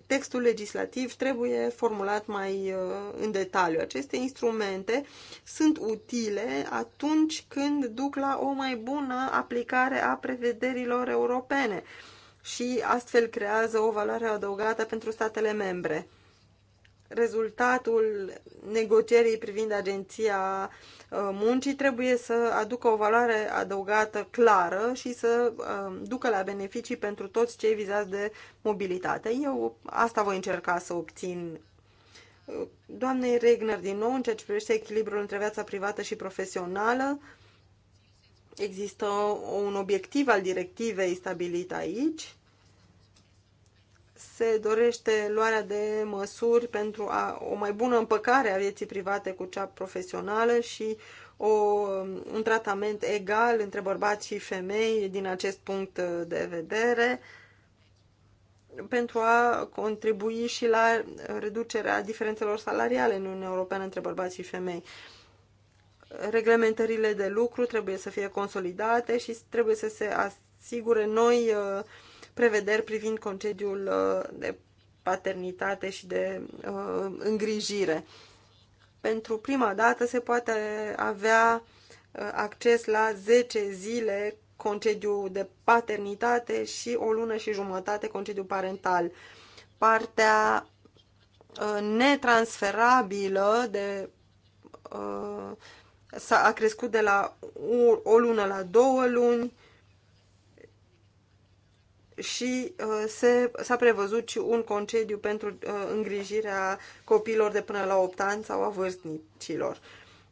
textul legislativ trebuie formulat mai uh, în detaliu. Aceste instrumente sunt utile atunci când duc la o mai bună aplicare a prevederilor europene și astfel creează o valoare adăugată pentru statele membre. Rezultatul negocierii privind agenția uh, muncii trebuie să aducă o valoare adăugată clară și să uh, ducă la beneficii pentru toți cei vizați de mobilitate. Eu asta voi încerca să obțin. Doamnei Regner, din nou, în ceea ce privește echilibrul între viața privată și profesională, există un obiectiv al directivei stabilit aici se dorește luarea de măsuri pentru a, o mai bună împăcare a vieții private cu cea profesională și o, un tratament egal între bărbați și femei din acest punct de vedere pentru a contribui și la reducerea diferențelor salariale în Uniunea Europeană între bărbați și femei. Reglementările de lucru trebuie să fie consolidate și trebuie să se asigure noi uh, prevederi privind concediul uh, de paternitate și de uh, îngrijire. Pentru prima dată se poate avea uh, acces la 10 zile concediu de paternitate și o lună și jumătate concediu parental. Partea uh, netransferabilă de, a crescut de la o lună la două luni, și uh, s-a prevăzut și un concediu pentru uh, îngrijirea copiilor de până la 8 ani sau a vârstnicilor.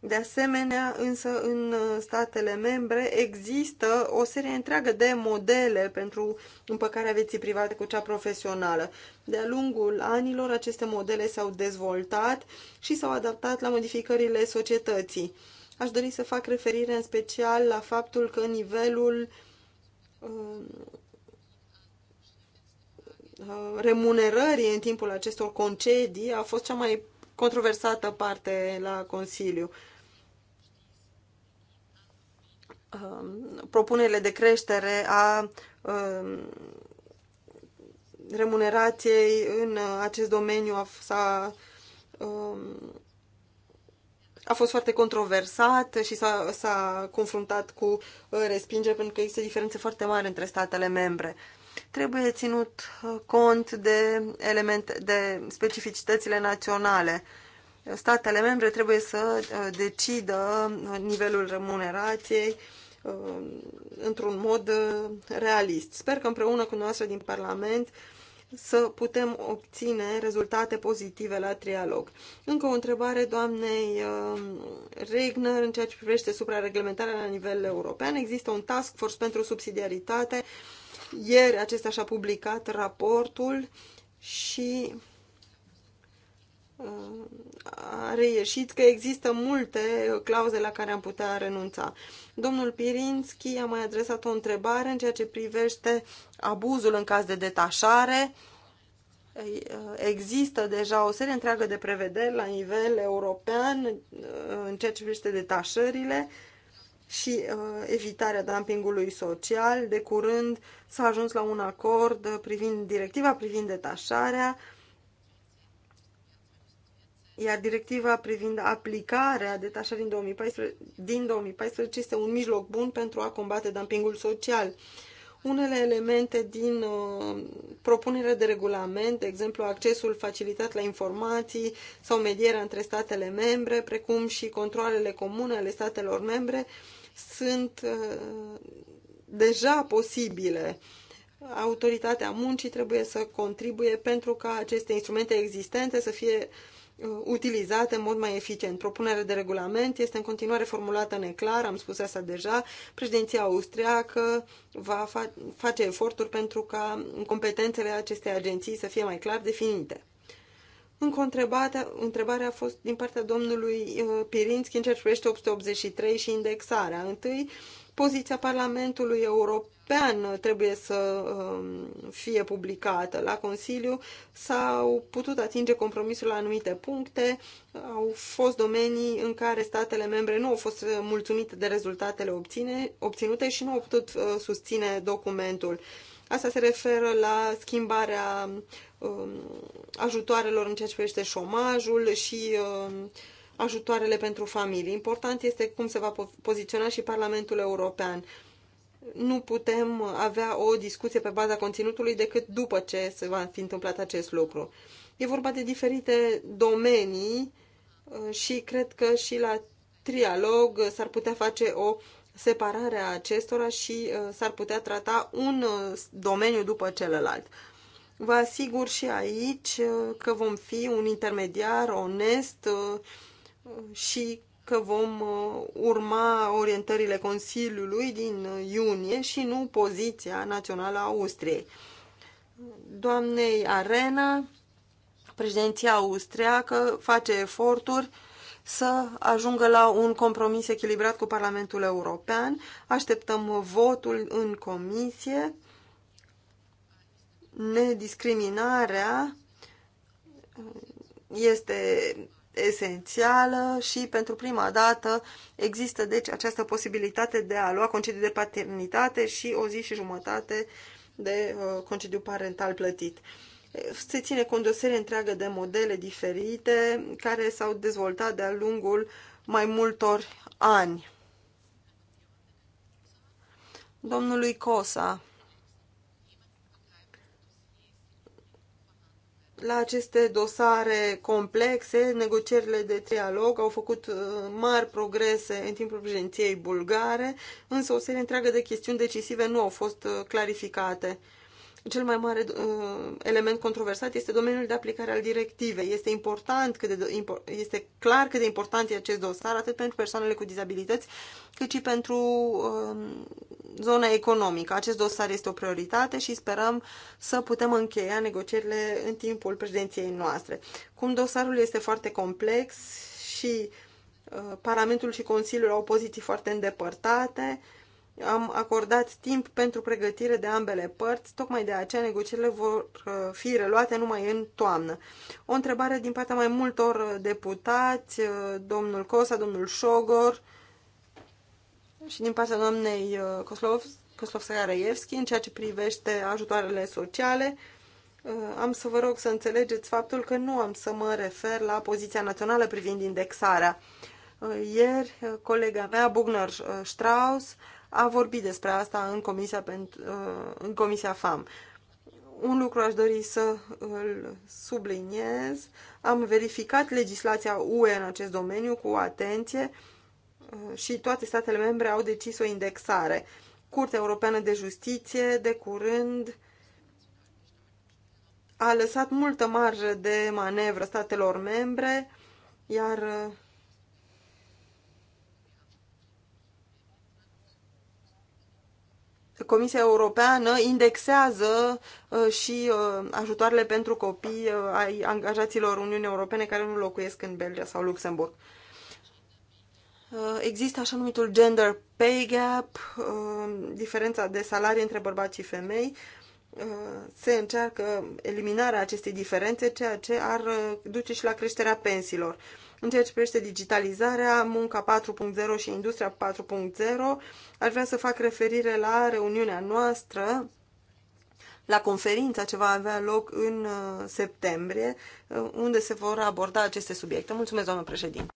De asemenea, însă în uh, statele membre există o serie întreagă de modele pentru împăcarea vieții private cu cea profesională. De-a lungul anilor, aceste modele s-au dezvoltat și s-au adaptat la modificările societății. Aș dori să fac referire în special la faptul că nivelul uh, Uh, remunerării în timpul acestor concedii a fost cea mai controversată parte la Consiliu. Um, propunerile de creștere a um, remunerației în acest domeniu a, a um, a fost foarte controversat și s-a, confruntat cu uh, respingere pentru că există diferențe foarte mari între statele membre trebuie ținut uh, cont de, elemente, de specificitățile naționale. Statele membre trebuie să uh, decidă uh, nivelul remunerației într-un mod realist. Sper că împreună cu noastră din Parlament să putem obține rezultate pozitive la trialog. Încă o întrebare doamnei Regner în ceea ce privește suprareglementarea la nivel european. Există un task force pentru subsidiaritate ieri acesta și-a publicat raportul și uh, a reieșit că există multe clauze la care am putea renunța. Domnul Pirinski a mai adresat o întrebare în ceea ce privește abuzul în caz de detașare. Uh, există deja o serie întreagă de prevederi la nivel european uh, în ceea ce privește detașările și uh, evitarea dumpingului social. De curând s-a ajuns la un acord uh, privind directiva privind detașarea, iar directiva privind aplicarea detașării din 2014, din 2014 este un mijloc bun pentru a combate dumpingul social. Unele elemente din uh, propunerea de regulament, de exemplu accesul facilitat la informații sau medierea între statele membre, precum și controlele comune ale statelor membre, uh, sunt uh, deja posibile. Autoritatea muncii trebuie să contribuie pentru ca aceste instrumente existente să fie uh, utilizate în mod mai eficient. Propunerea de regulament este în continuare formulată neclar, am spus asta deja. Președinția austriacă va face eforturi pentru ca competențele acestei agenții să fie mai clar definite. Încă o întrebare, întrebare a fost din partea domnului uh, Pirinski în ce privește 883 și indexarea. Întâi, poziția Parlamentului European trebuie să um, fie publicată. La Consiliu s-au putut atinge compromisul la anumite puncte, au fost domenii în care statele membre nu au fost uh, mulțumite de rezultatele obține, obținute și nu au putut uh, susține documentul. Asta se referă la schimbarea Um, ajutoarelor în ceea ce privește șomajul și um, ajutoarele pentru familii. Important este cum se va poziționa și Parlamentul European. Nu putem avea o discuție pe baza conținutului decât după ce se va fi întâmplat acest lucru. E vorba de diferite domenii uh, și cred că și la trialog s-ar putea face o separare a acestora și uh, s-ar putea trata un uh, domeniu după celălalt. Vă asigur și aici uh, că vom fi un intermediar onest uh, uh, și că vom urma orientările Consiliului din iunie și nu poziția națională a Austriei. Doamnei Arena, președinția austriacă face eforturi să ajungă la un compromis echilibrat cu Parlamentul European. Așteptăm votul în comisie nediscriminarea uh, este esențială și pentru prima dată există deci această posibilitate de a lua concediu de paternitate și o zi și jumătate de uh, concediu parental plătit. Se ține cont de o serie întreagă de modele diferite care s-au dezvoltat de-a lungul mai multor ani. Domnului Cosa la aceste dosare complexe, negocierile de trialog au făcut uh, mari progrese în timpul președinției bulgare, însă o serie întreagă de chestiuni decisive nu au fost uh, clarificate cel mai mare uh, element controversat este domeniul de aplicare al directivei. Este important cât de, este clar cât de important e acest dosar, atât pentru persoanele cu dizabilități, cât și pentru uh, zona economică. Acest dosar este o prioritate și sperăm să putem încheia negocierile în timpul președinției noastre. Cum dosarul este foarte complex și uh, Parlamentul și Consiliul au poziții foarte îndepărtate, uh, am acordat timp pentru pregătire de ambele părți, tocmai de aceea negocierile vor uh, fi reluate numai în toamnă. O întrebare din partea mai multor uh, deputați, uh, domnul Cosa, domnul Șogor și din partea doamnei Coslov, koslovska în ceea ce privește ajutoarele sociale am să vă rog să înțelegeți faptul că nu am să mă refer la poziția națională privind indexarea. Ieri, colega mea, Bugner Strauss, a vorbit despre asta în Comisia, pentru, uh, în comisia FAM. Un lucru aș dori să îl subliniez. Am verificat legislația UE în acest domeniu cu atenție uh, și toate statele membre au decis o indexare. Curtea Europeană de Justiție, de curând, a lăsat multă marjă de manevră statelor membre, iar uh, Comisia Europeană indexează uh, și uh, ajutoarele pentru copii uh, ai angajaților Uniunii Europene care nu locuiesc în Belgia sau Luxemburg. Există așa numitul gender pay gap, diferența de salarii între bărbați și femei. Se încearcă eliminarea acestei diferențe, ceea ce ar duce și la creșterea pensiilor. În ceea ce privește digitalizarea, munca 4.0 și industria 4.0, ar vrea să fac referire la reuniunea noastră la conferința ce va avea loc în uh, septembrie, uh, unde se vor aborda aceste subiecte. Mulțumesc, doamnă președinte.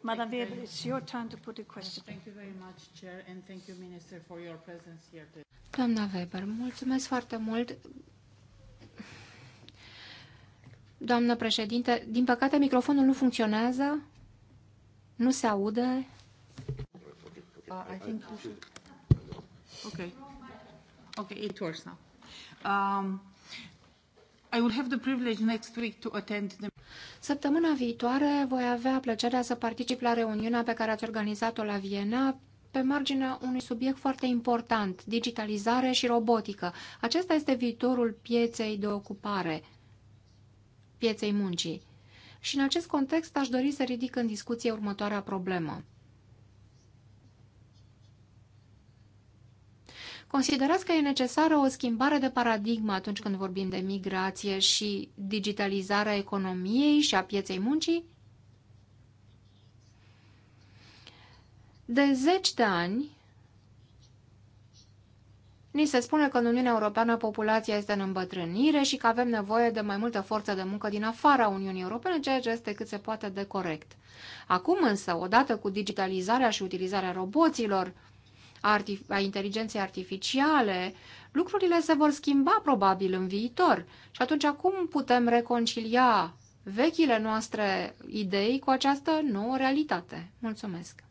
Madam Weber, it's your time to put a question. Thank you very much, Chair, and thank you, Minister, for your presence here today. Doamna Weber, mulțumesc foarte mult. Doamnă președinte, din păcate microfonul nu funcționează, nu se aude. Uh, I think you Okay. Okay, it works now. Um, I will have the privilege next week to attend the... Săptămâna viitoare voi avea plăcerea să particip la reuniunea pe care ați organizat-o la Viena pe marginea unui subiect foarte important, digitalizare și robotică. Acesta este viitorul pieței de ocupare – pieței muncii. Și în acest context aș dori să ridic în discuție următoarea problemă. Considerați că e necesară o schimbare de paradigmă atunci când vorbim de migrație și digitalizarea economiei și a pieței muncii? De zeci de ani, Ni se spune că în Uniunea Europeană populația este în îmbătrânire și că avem nevoie de mai multă forță de muncă din afara Uniunii Europene, ceea ce este cât se poate de corect. Acum însă, odată cu digitalizarea și utilizarea roboților, a inteligenței artificiale, lucrurile se vor schimba probabil în viitor. Și atunci cum putem reconcilia vechile noastre idei cu această nouă realitate? Mulțumesc!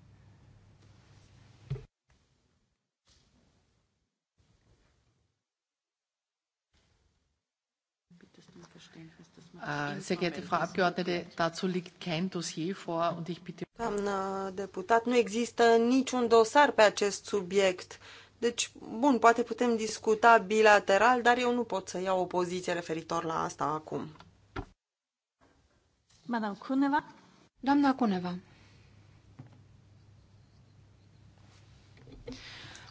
Äh, sehr geehrte Frau Abgeordnete, dazu liegt kein Dossier vor und ich bitte. Doamnă deputat, nu există niciun dosar pe acest subiect. Deci, bun, poate putem discuta bilateral, dar eu nu pot să iau o poziție referitor la asta acum. Madame Cuneva? Doamna Cuneva.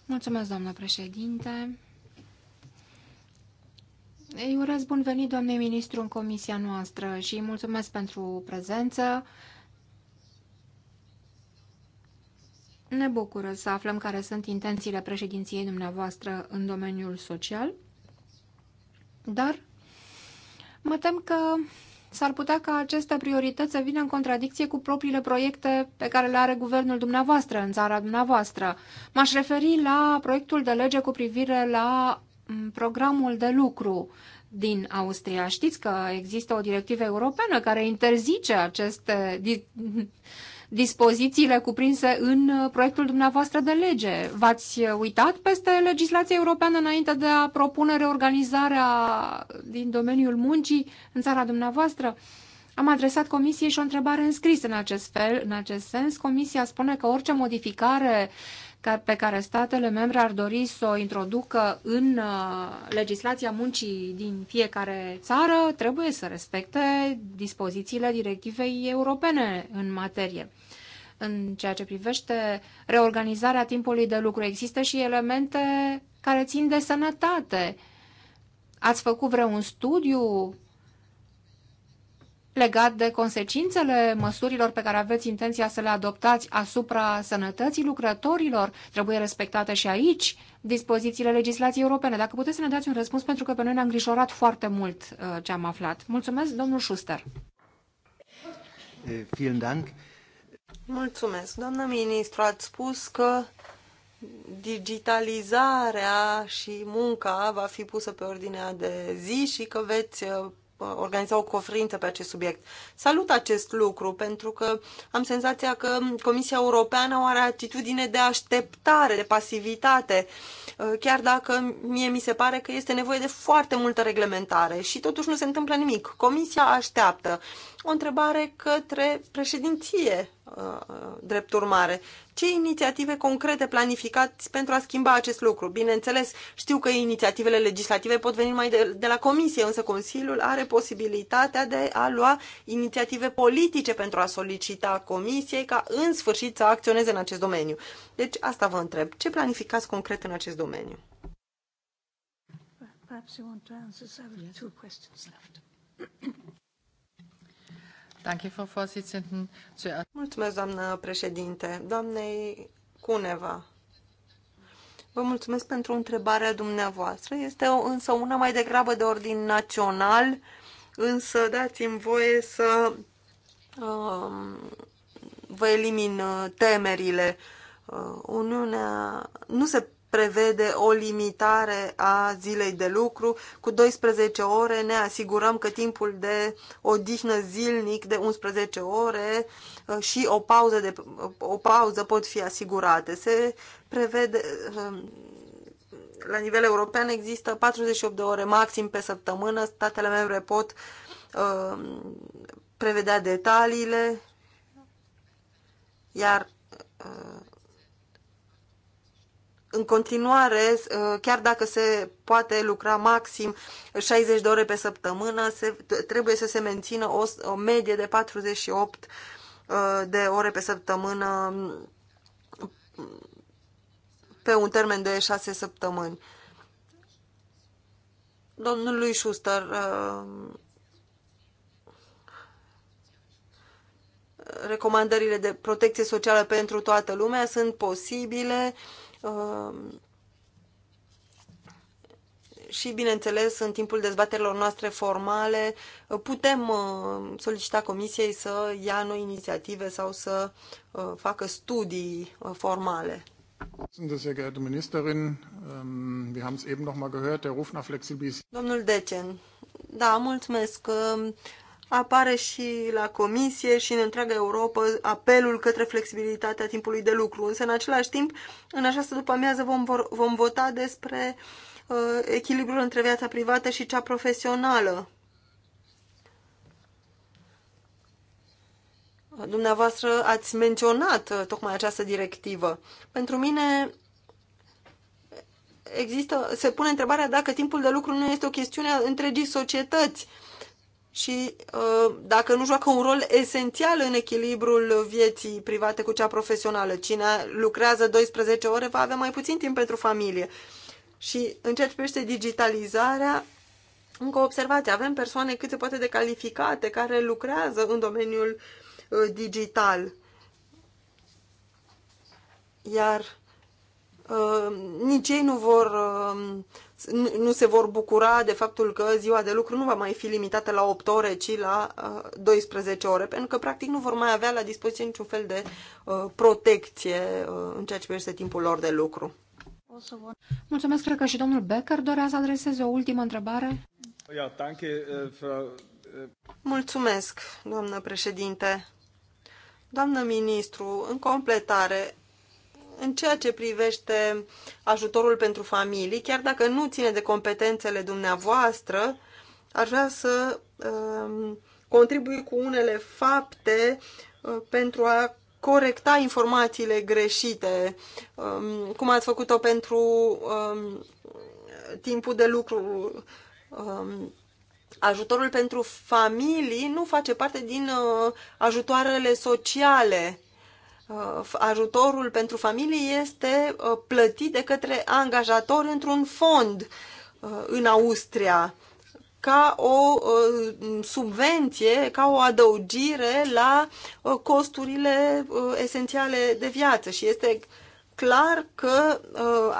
Mulțumesc, doamnă președinte. Îi urez bun venit, domnule ministru, în comisia noastră și îi mulțumesc pentru prezență. Ne bucură să aflăm care sunt intențiile președinției dumneavoastră în domeniul social, dar mă tem că s-ar putea ca aceste priorități să vină în contradicție cu propriile proiecte pe care le are guvernul dumneavoastră în țara dumneavoastră. M-aș referi la proiectul de lege cu privire la Mm, programul de lucru din Austria. Știți că există o directivă europeană care interzice aceste di dispozițiile cuprinse în uh, proiectul dumneavoastră de lege. V-ați uh, uitat peste legislația europeană înainte de a propune reorganizarea din domeniul muncii în țara dumneavoastră? Am adresat comisiei și o întrebare înscrisă în acest fel, în acest sens. Comisia spune că orice modificare uh, pe care statele membre ar dori să o introducă în uh, legislația muncii din fiecare țară, trebuie să respecte dispozițiile directivei europene în materie. În ceea ce privește reorganizarea timpului de lucru, există și elemente care țin de sănătate. Ați făcut vreun studiu legat de consecințele măsurilor pe care aveți intenția să le adoptați asupra sănătății lucrătorilor. Trebuie respectate și aici dispozițiile legislației europene. Dacă puteți să ne dați un răspuns, pentru că pe noi ne-a îngrijorat foarte mult uh, ce am aflat. Mulțumesc, domnul Schuster. Eh, vielen Dank. Mulțumesc. Doamnă ministru, ați spus că digitalizarea și munca va fi pusă pe ordinea de zi și că veți uh, organiza o conferință pe acest subiect. Salut acest lucru pentru că am senzația că Comisia Europeană are atitudine de așteptare, de pasivitate, uh, chiar dacă mie mi se pare că este nevoie de foarte multă reglementare și totuși nu se întâmplă nimic. Comisia așteaptă o întrebare către președinție, uh, drept urmare. Ce inițiative concrete planificați pentru a schimba acest lucru? Bineînțeles, știu că inițiativele legislative pot veni mai de, de la Comisie, însă Consiliul are posibilitatea de a lua inițiative politice pentru a solicita Comisiei ca în sfârșit să acționeze în acest domeniu. Deci asta vă întreb. Ce planificați concret în acest domeniu? Perhaps you want to answer, so I have two questions left. Mulțumesc, doamnă președinte. Doamnei Cuneva, vă mulțumesc pentru întrebarea dumneavoastră. Este o, însă una mai degrabă de ordin național, însă dați-mi voie să uh, vă elimin uh, temerile. Uh, Uniunea nu se prevede o limitare a zilei de lucru. Cu 12 ore ne asigurăm că timpul de odihnă zilnic de 11 ore uh, și o pauză, de, o pauză pot fi asigurate. Se prevede, uh, la nivel european există 48 de ore maxim pe săptămână. Statele membre pot uh, prevedea detaliile, iar în continuare, uh, chiar dacă se poate lucra maxim 60 de ore pe săptămână, se, trebuie să se mențină o, o medie de 48 uh, de ore pe săptămână pe un termen de 6 săptămâni. Domnului Schuster, uh, recomandările de protecție socială pentru toată lumea sunt posibile Um, și, bineînțeles, în timpul dezbaterilor noastre formale, uh, putem uh, solicita comisiei să ia noi inițiative sau să uh, facă studii formale. Ähm, Domnul Decen, da, mulțumesc. Um, apare și la comisie și în întreaga Europa apelul către flexibilitatea timpului de lucru. Însă, în același timp, în această după-amiază vom, vom vota despre uh, echilibrul între viața privată și cea profesională. Dumneavoastră ați menționat uh, tocmai această directivă. Pentru mine există, se pune întrebarea dacă timpul de lucru nu este o chestiune a întregii societăți. Uh, și uh, dacă nu joacă un rol esențial în echilibrul vieții private cu cea profesională. Cine lucrează 12 ore va avea mai puțin timp pentru familie. Și în ceea ce privește digitalizarea, încă o observație, avem persoane cât se poate de calificate care lucrează în domeniul uh, digital. Iar uh, nici ei nu vor uh, nu se vor bucura de faptul că ziua de lucru nu va mai fi limitată la 8 ore, ci la 12 uh, ore, pentru că practic nu vor mai avea la dispoziție niciun fel de uh, protecție uh, în ceea ce privește timpul lor de lucru. Mulțumesc, cred că și domnul Becker dorea să adreseze o ultimă întrebare. Mulțumesc, doamnă președinte. Doamnă ministru, în completare, în ceea ce privește ajutorul pentru familii, chiar dacă nu ține de competențele dumneavoastră, aș vrea să um, contribui cu unele fapte uh, pentru a corecta informațiile greșite, um, cum ați făcut-o pentru um, timpul de lucru. ajutorul pentru familii nu face parte din uh, ajutoarele sociale Uh, ajutorul pentru familie este uh, plătit de către angajator într-un fond uh, în Austria ca o subvenție, ca o adăugire la costurile esențiale de viață și este clar că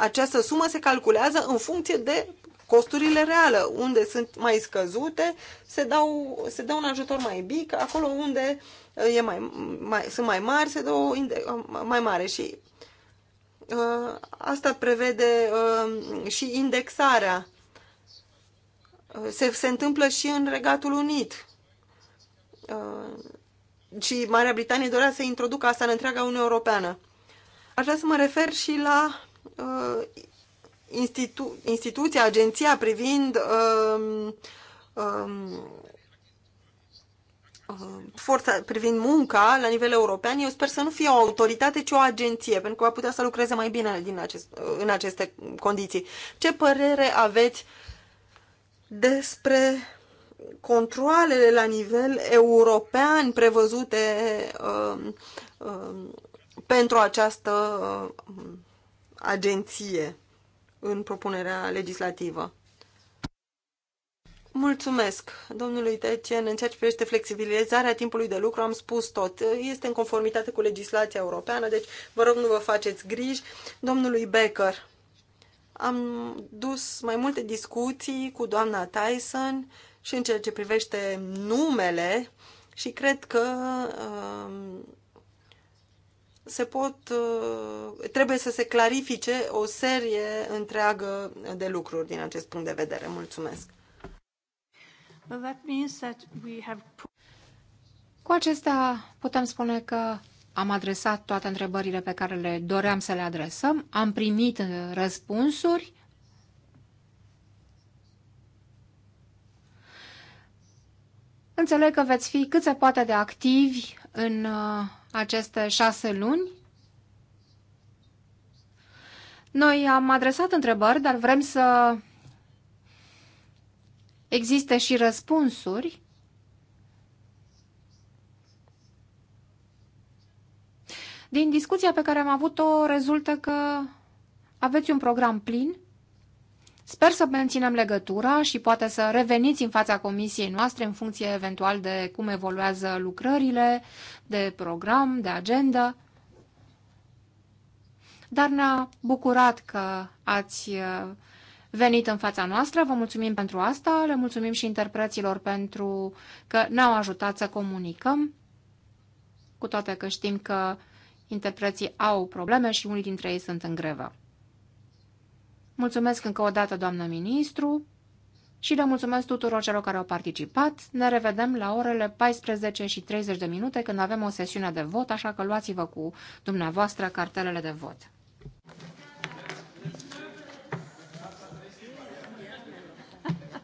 această sumă se calculează în funcție de costurile reale. Unde sunt mai scăzute, se, dau, se dă un ajutor mai mic, acolo unde uh, e mai, mai, sunt mai mari, se dă o mai mare și uh, asta prevede uh, și indexarea. Uh, se, se întâmplă și în Regatul Unit. Uh, și Marea Britanie dorea să introducă asta în întreaga Uniune Europeană. Aș vrea să mă refer și la uh, institu- instituția, agenția privind uh, uh, Uh, forța privind munca la nivel european, eu sper să nu fie o autoritate, ci o agenție, pentru că va putea să lucreze mai bine din acest, uh, în aceste condiții. Ce părere aveți despre controlele la nivel european prevăzute uh, uh, pentru această uh, agenție în propunerea legislativă? Mulțumesc, domnului Tecen. În ceea ce privește flexibilizarea timpului de lucru, am spus tot. Este în conformitate cu legislația europeană, deci vă rog nu vă faceți griji. Domnului Becker, am dus mai multe discuții cu doamna Tyson și în ceea ce privește numele și cred că uh, se pot, uh, trebuie să se clarifice o serie întreagă de lucruri din acest punct de vedere. Mulțumesc! Cu acestea putem spune că am adresat toate întrebările pe care le doream să le adresăm, am primit uh, răspunsuri. Înțeleg că veți fi cât se poate de activi în uh, aceste șase luni. Noi am adresat întrebări, dar vrem să Există și răspunsuri Din discuția pe care am avut-o rezultă că aveți un program plin. Sper să menținem legătura și poate să reveniți în fața comisiei noastre în funcție eventual de cum evoluează lucrările, de program, de agenda. Dar ne-a bucurat că ați uh, venit în fața noastră. Vă mulțumim pentru asta, le mulțumim și interpreților pentru că ne-au ajutat să comunicăm, cu toate că știm că interpreții au probleme și unii dintre ei sunt în grevă. Mulțumesc încă o dată, doamnă ministru, și le mulțumesc tuturor celor care au participat. Ne revedem la orele 14 și 30 de minute când avem o sesiune de vot, așa că luați-vă cu dumneavoastră cartelele de vot.